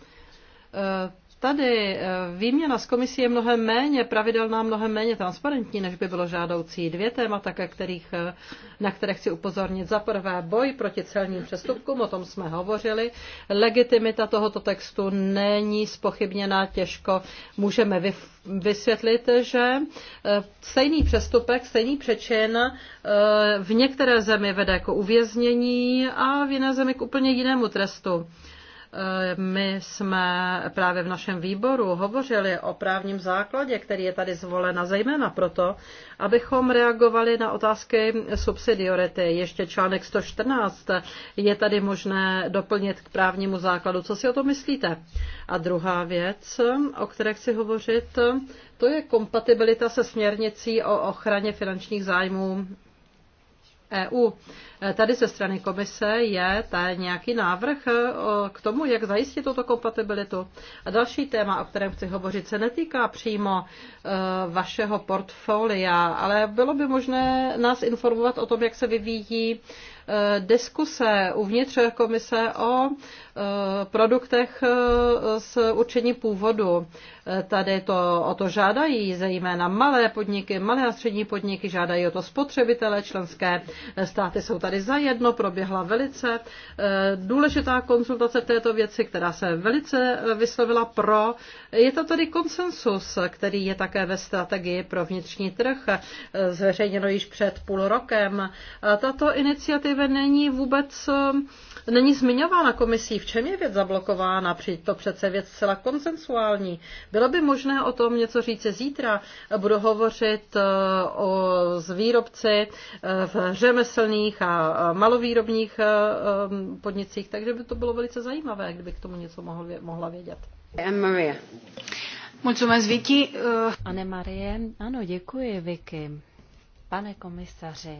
eh, Tady eh, výměna s komisí je mnohem méně pravidelná, mnohem méně transparentní, než by bylo žádoucí. Dvě témata, kterých, eh, na které chci upozornit. Za prvé boj proti celním přestupkům, o tom jsme hovořili. Legitimita tohoto textu není spochybněná těžko. Můžeme vysvětlit, že eh, stejný přestupek, stejný přečin v některé zemi vede k uvěznění a v jiné zemi k úplně jinému trestu. My jsme právě v našem výboru hovořili o právním základě, který je tady zvolen a zejména proto, abychom reagovali na otázky subsidiority. Ještě článek 114 je tady možné doplnit k právnímu základu. Co si o to myslíte? A druhá věc, o které chci hovořit, to je kompatibilita se směrnicí o ochraně finančních zájmů EU. Tady ze strany komise je ta nějaký návrh eh, k tomu, jak zajistit tuto kompatibilitu. A další téma, o kterém chci hovořit, se netýká přímo eh, vašeho portfolia, ale bylo by možné nás informovat o tom, jak se vyvíjí Eh, diskuse uvnitř komise o eh, produktech s eh, určení původu. Tady to, o to žádají zejména malé podniky, malé a střední podniky, žádají o to spotřebitelé, členské státy jsou tady zajedno, proběhla velice důležitá konzultace v této věci, která se velice vyslovila pro. Je to tady konsensus, který je také ve strategii pro vnitřní trh, zveřejněno již před půl rokem. Tato iniciativa legislativy není vůbec eh, není zmiňována komisí. V čem je věc zablokována? Přijď to přece věc zcela konsensuální. Bylo by možné o tom něco říct zítra. Budu hovořit eh, o, z výrobci eh, v řemeslných a malovýrobních podnicích, takže by to bylo velice zajímavé, kdyby k tomu něco mohl, mohla vědět. Maria. Mulțumesc, Vicky. Anne Marie, ano, děkuji, Vicky. Pane komisaři,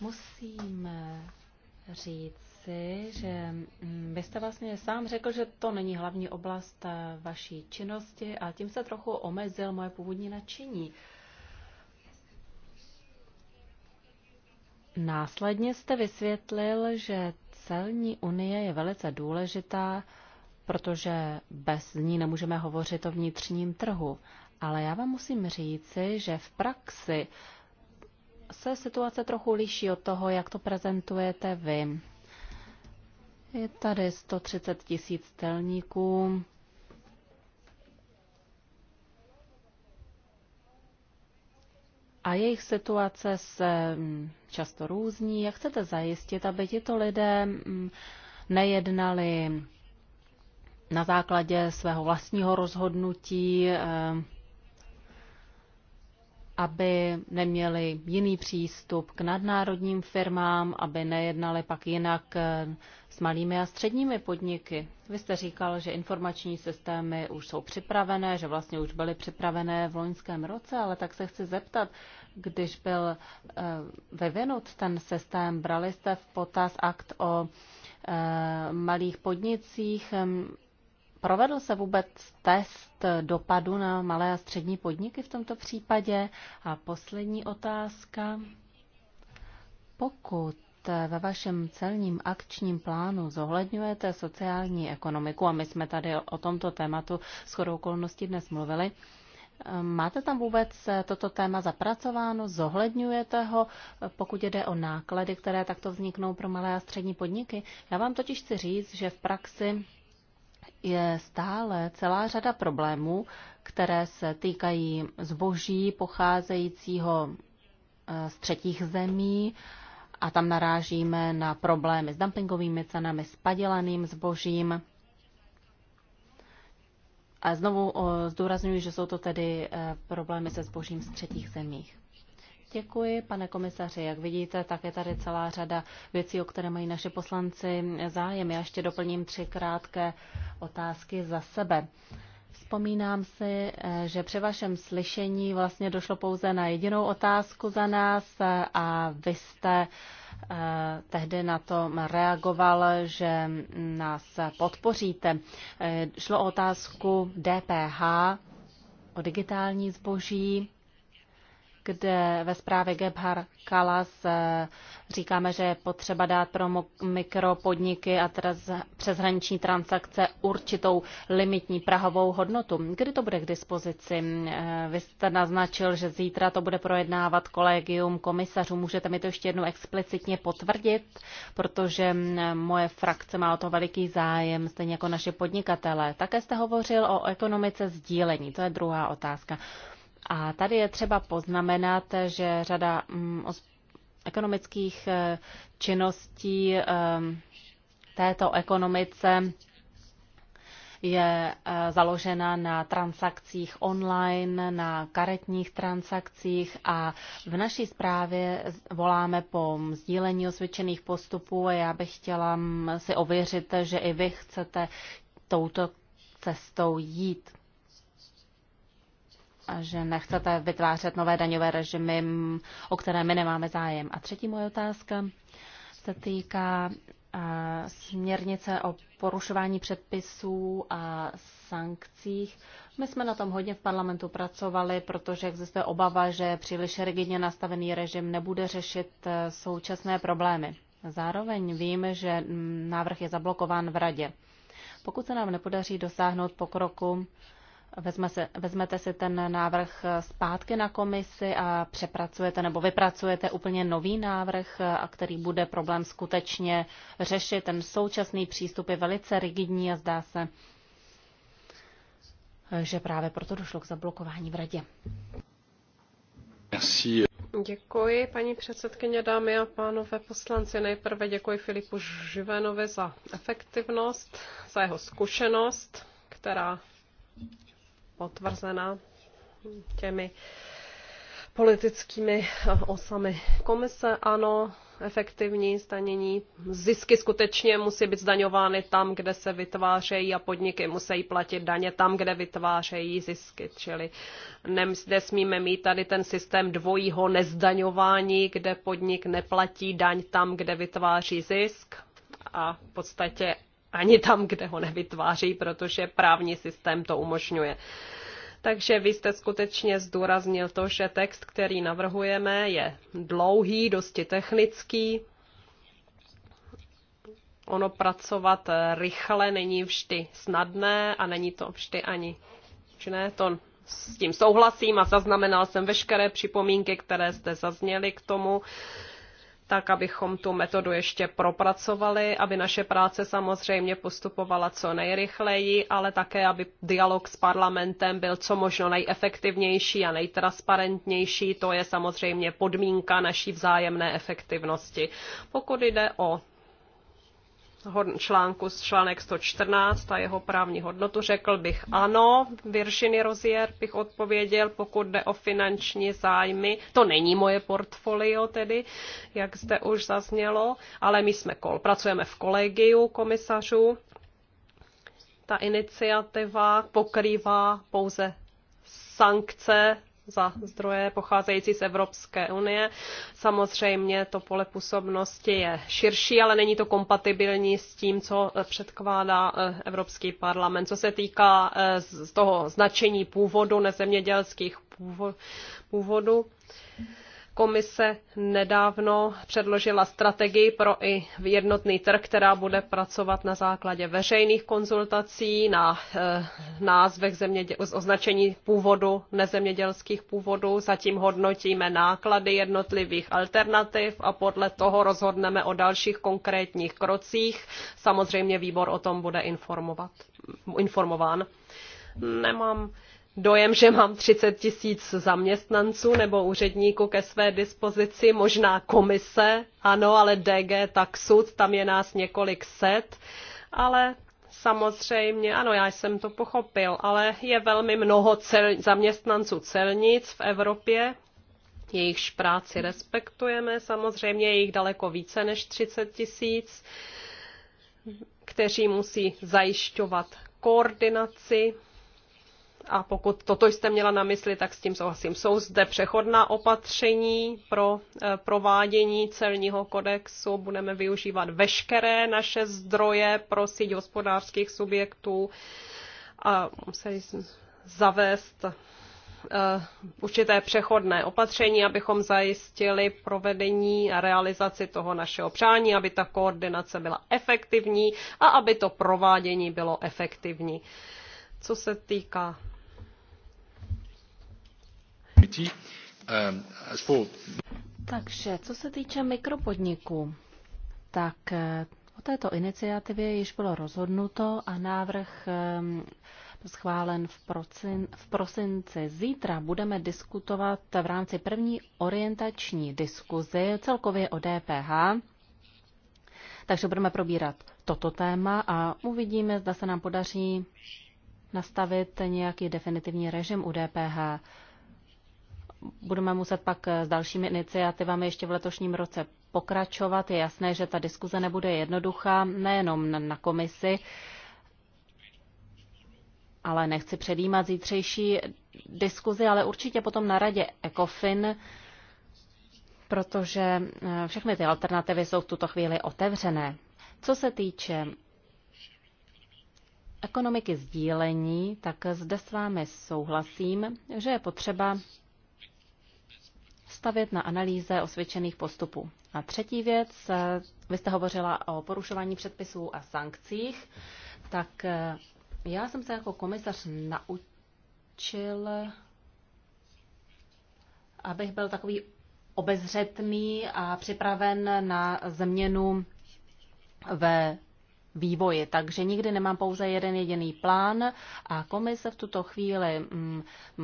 Musím říci, že mm, vy jste vlastně sám řekl, že to není hlavní oblast eh, vaší činnosti a tím se trochu omezil moje původní nadšení. Následně jste vysvětlil, že celní unie je velice důležitá, protože bez ní nemůžeme hovořit o vnitřním trhu. Ale já vám musím říci, že v praxi se situace trochu liší od toho, jak to prezentujete vy. Je tady 130 tisíc stelníků A jejich situace se mm, často různí. Jak chcete zajistit, aby tito lidé mm, nejednali na základě svého vlastního rozhodnutí, eh, aby neměli jiný přístup k nadnárodním firmám, aby nejednali pak jinak eh, s malými a středními podniky. Vy jste říkal, že informační systémy už jsou připravené, že vlastně už byly připravené v loňském roce, ale tak se chci zeptat, když byl eh, vyvinut ten systém, brali jste v potaz akt o eh, malých podnicích, Provedl se vůbec test dopadu na malé a střední podniky v tomto případě? A poslední otázka. Pokud ve vašem celním akčním plánu zohledňujete sociální ekonomiku, a my jsme tady o tomto tématu s chodou okolností dnes mluvili, Máte tam vůbec toto téma zapracováno? Zohledňujete ho, pokud jde o náklady, které takto vzniknou pro malé a střední podniky? Já vám totiž chci říct, že v praxi je stále celá řada problémů, které se týkají zboží pocházejícího eh, z třetích zemí a tam narážíme na problémy s dumpingovými cenami, s padělaným zbožím. A znovu zdůraznuju, že jsou to tedy eh, problémy se zbožím z třetích zemích. Děkuji, pane komisaři. Jak vidíte, tak je tady celá řada věcí, o které mají naše poslanci zájem. Já ještě doplním tři krátké otázky za sebe. Vzpomínám si, eh, že při vašem slyšení vlastně došlo pouze na jedinou otázku za nás eh, a vy jste eh, tehdy na to reagoval, že nás podpoříte. Šlo o otázku DPH, o digitální zboží kde ve zprávě Gebhar Kalas eh, říkáme, že je potřeba dát pro mikropodniky a přeshraniční transakce určitou limitní prahovou hodnotu. Kdy to bude k dispozici? Eh, vy jste naznačil, že zítra to bude projednávat kolegium komisařů. Můžete mi to ještě jednou explicitně potvrdit, protože mm, moje frakce má o to veliký zájem, stejně jako naše podnikatele. Také jste hovořil o ekonomice sdílení. To je druhá otázka. A tady je třeba poznamenat, že řada mm, ekonomických eh, činností eh, této ekonomice je eh, založena na transakcích online, na karetních transakcích a v naší zprávě voláme po sdílení osvědčených postupů a já bych chtěla mm, si ověřit, že i vy chcete touto cestou jít že nechcete vytvářet nové daňové režimy, o které my nemáme zájem. A třetí moje otázka se týká směrnice o porušování předpisů a sankcích. My jsme na tom hodně v parlamentu pracovali, protože existuje obava, že příliš rigidně nastavený režim nebude řešit e, současné problémy. Zároveň víme, že návrh je zablokován v radě. Pokud se nám nepodaří dosáhnout pokroku, Vezme se, vezmete si ten návrh zpátky na komisi a přepracujete nebo vypracujete úplně nový návrh, a který bude problém skutečně řešit. Ten současný přístup je velice rigidní a zdá se, že právě proto došlo k zablokování v radě. Merci. Děkuji, paní předsedkyně, dámy a pánové poslanci. Nejprve děkuji Filipu Živenovi za efektivnost, za jeho zkušenost, která potvrzena těmi politickými osami komise. Ano, efektivní zdanění. Zisky skutečně musí být zdaňovány tam, kde se vytvářejí a podniky musí platit daně tam, kde vytvářejí zisky. Čili nesmíme mít tady ten systém dvojího nezdaňování, kde podnik neplatí daň tam, kde vytváří zisk a v podstatě ani tam, kde ho nevytváří, protože právní systém to umožňuje. Takže vy jste skutečně zdůraznil to, že text, který navrhujeme, je dlouhý, dosti technický. Ono pracovat rychle není vždy snadné a není to vždy ani ne, To s tím souhlasím a zaznamenal jsem veškeré připomínky, které zde zazněli k tomu. Uh, tak abychom tu metodu ještě propracovali, aby naše práce samozřejmě postupovala co nejrychleji, ale také, aby dialog s parlamentem byl co možno nejefektivnější a nejtransparentnější. To je samozřejmě podmínka naší vzájemné efektivnosti. Pokud jde o článku z článek 114 a jeho právní hodnotu, řekl bych ano, Virginie Rozier bych odpověděl, pokud jde o finanční zájmy, to není moje portfolio tedy, jak zde už zaznělo, ale my jsme kol, pracujeme v kolegiu komisařů. Ta iniciativa pokrývá pouze sankce za zdroje pocházející z Evropské unie. Samozřejmě to pole působnosti je širší, ale není to kompatibilní s tím, co eh, předkládá eh, Evropský parlament. Co se týká eh, z toho značení původu, nezemědělských původů, Komise nedávno předložila strategii pro i jednotný trh, která bude pracovat na základě veřejných konzultací, na e, názvech zemědě- označení původu, nezemědělských původů. Zatím hodnotíme náklady jednotlivých alternativ a podle toho rozhodneme o dalších konkrétních krocích. Samozřejmě výbor o tom bude informovat, informován. Nemám dojem, že mám 30 tisíc zaměstnanců nebo úředníků ke své dispozici, možná komise, ano, ale DG Taxud, tam je nás několik set, ale samozřejmě, ano, já jsem to pochopil, ale je velmi mnoho cel, zaměstnanců celnic v Evropě, jejichž práci respektujeme, samozřejmě je jich daleko více než 30 tisíc, kteří musí zajišťovat koordinaci a pokud toto jste měla na mysli, tak s tím souhlasím. Jsou zde přechodná opatření pro eh, provádění celního kodexu. Budeme využívat veškeré naše zdroje pro síť hospodářských subjektů a museli jsme zavést eh, určité přechodné opatření, abychom zajistili provedení a realizaci toho našeho přání, aby ta koordinace byla efektivní a aby to provádění bylo efektivní. Co se týká Eh, Takže co se týče mikropodniků, tak eh, o této iniciativě již bylo rozhodnuto a návrh ehm, schválen v, procin, v prosinci. Zítra budeme diskutovat v rámci první orientační diskuzi celkově o DPH. Takže budeme probírat toto téma a uvidíme, zda se nám podaří nastavit nějaký definitivní režim u DPH budeme muset pak s dalšími iniciativami ještě v letošním roce pokračovat. Je jasné, že ta diskuze nebude jednoduchá, nejenom na komisi, ale nechci předjímat zítřejší diskuzi, ale určitě potom na radě ECOFIN, protože eh, všechny ty alternativy jsou v tuto chvíli otevřené. Co se týče ekonomiky sdílení, tak zde s vámi souhlasím, že je potřeba stavět na analýze osvědčených postupů. A třetí věc, eh, vy jste hovořila o porušování předpisů a sankcích, tak eh, já jsem se jako komisař naučil, abych byl takový obezřetný a připraven na změnu ve vývoji. Takže nikdy nemám pouze jeden jediný plán a komise v tuto chvíli mm,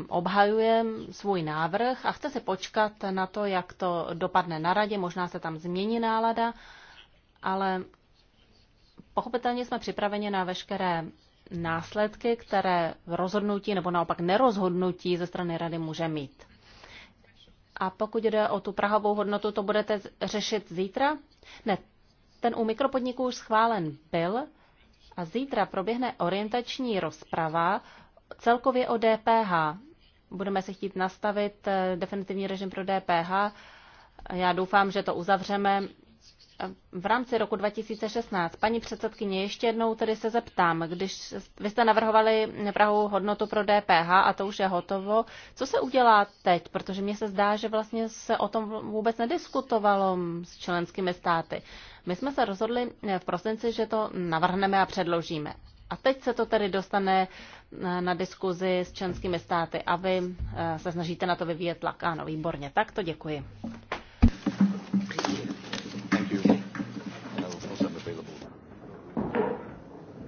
obhajuje svůj návrh a chce se počkat na to, jak to dopadne na radě. Možná se tam změní nálada, ale pochopitelně jsme připraveni na veškeré následky, které rozhodnutí nebo naopak nerozhodnutí ze strany rady může mít. A pokud jde o tu prahovou hodnotu, to budete řešit zítra? Ne, ten u mikropodniků už schválen byl a zítra proběhne orientační rozprava celkově o DPH. Budeme se chtít nastavit eh, definitivní režim pro DPH. Já doufám, že to uzavřeme v rámci roku 2016. Paní předsedkyně, ještě jednou tedy se zeptám, když vy jste navrhovali Prahu hodnotu pro DPH a to už je hotovo, co se udělá teď? Protože mně se zdá, že vlastně se o tom vůbec nediskutovalo s členskými státy. My jsme se rozhodli v prosinci, že to navrhneme a předložíme. A teď se to tedy dostane na diskuzi s členskými státy a vy eh, se snažíte na to vyvíjet tlak. Ano, výborně, tak to děkuji.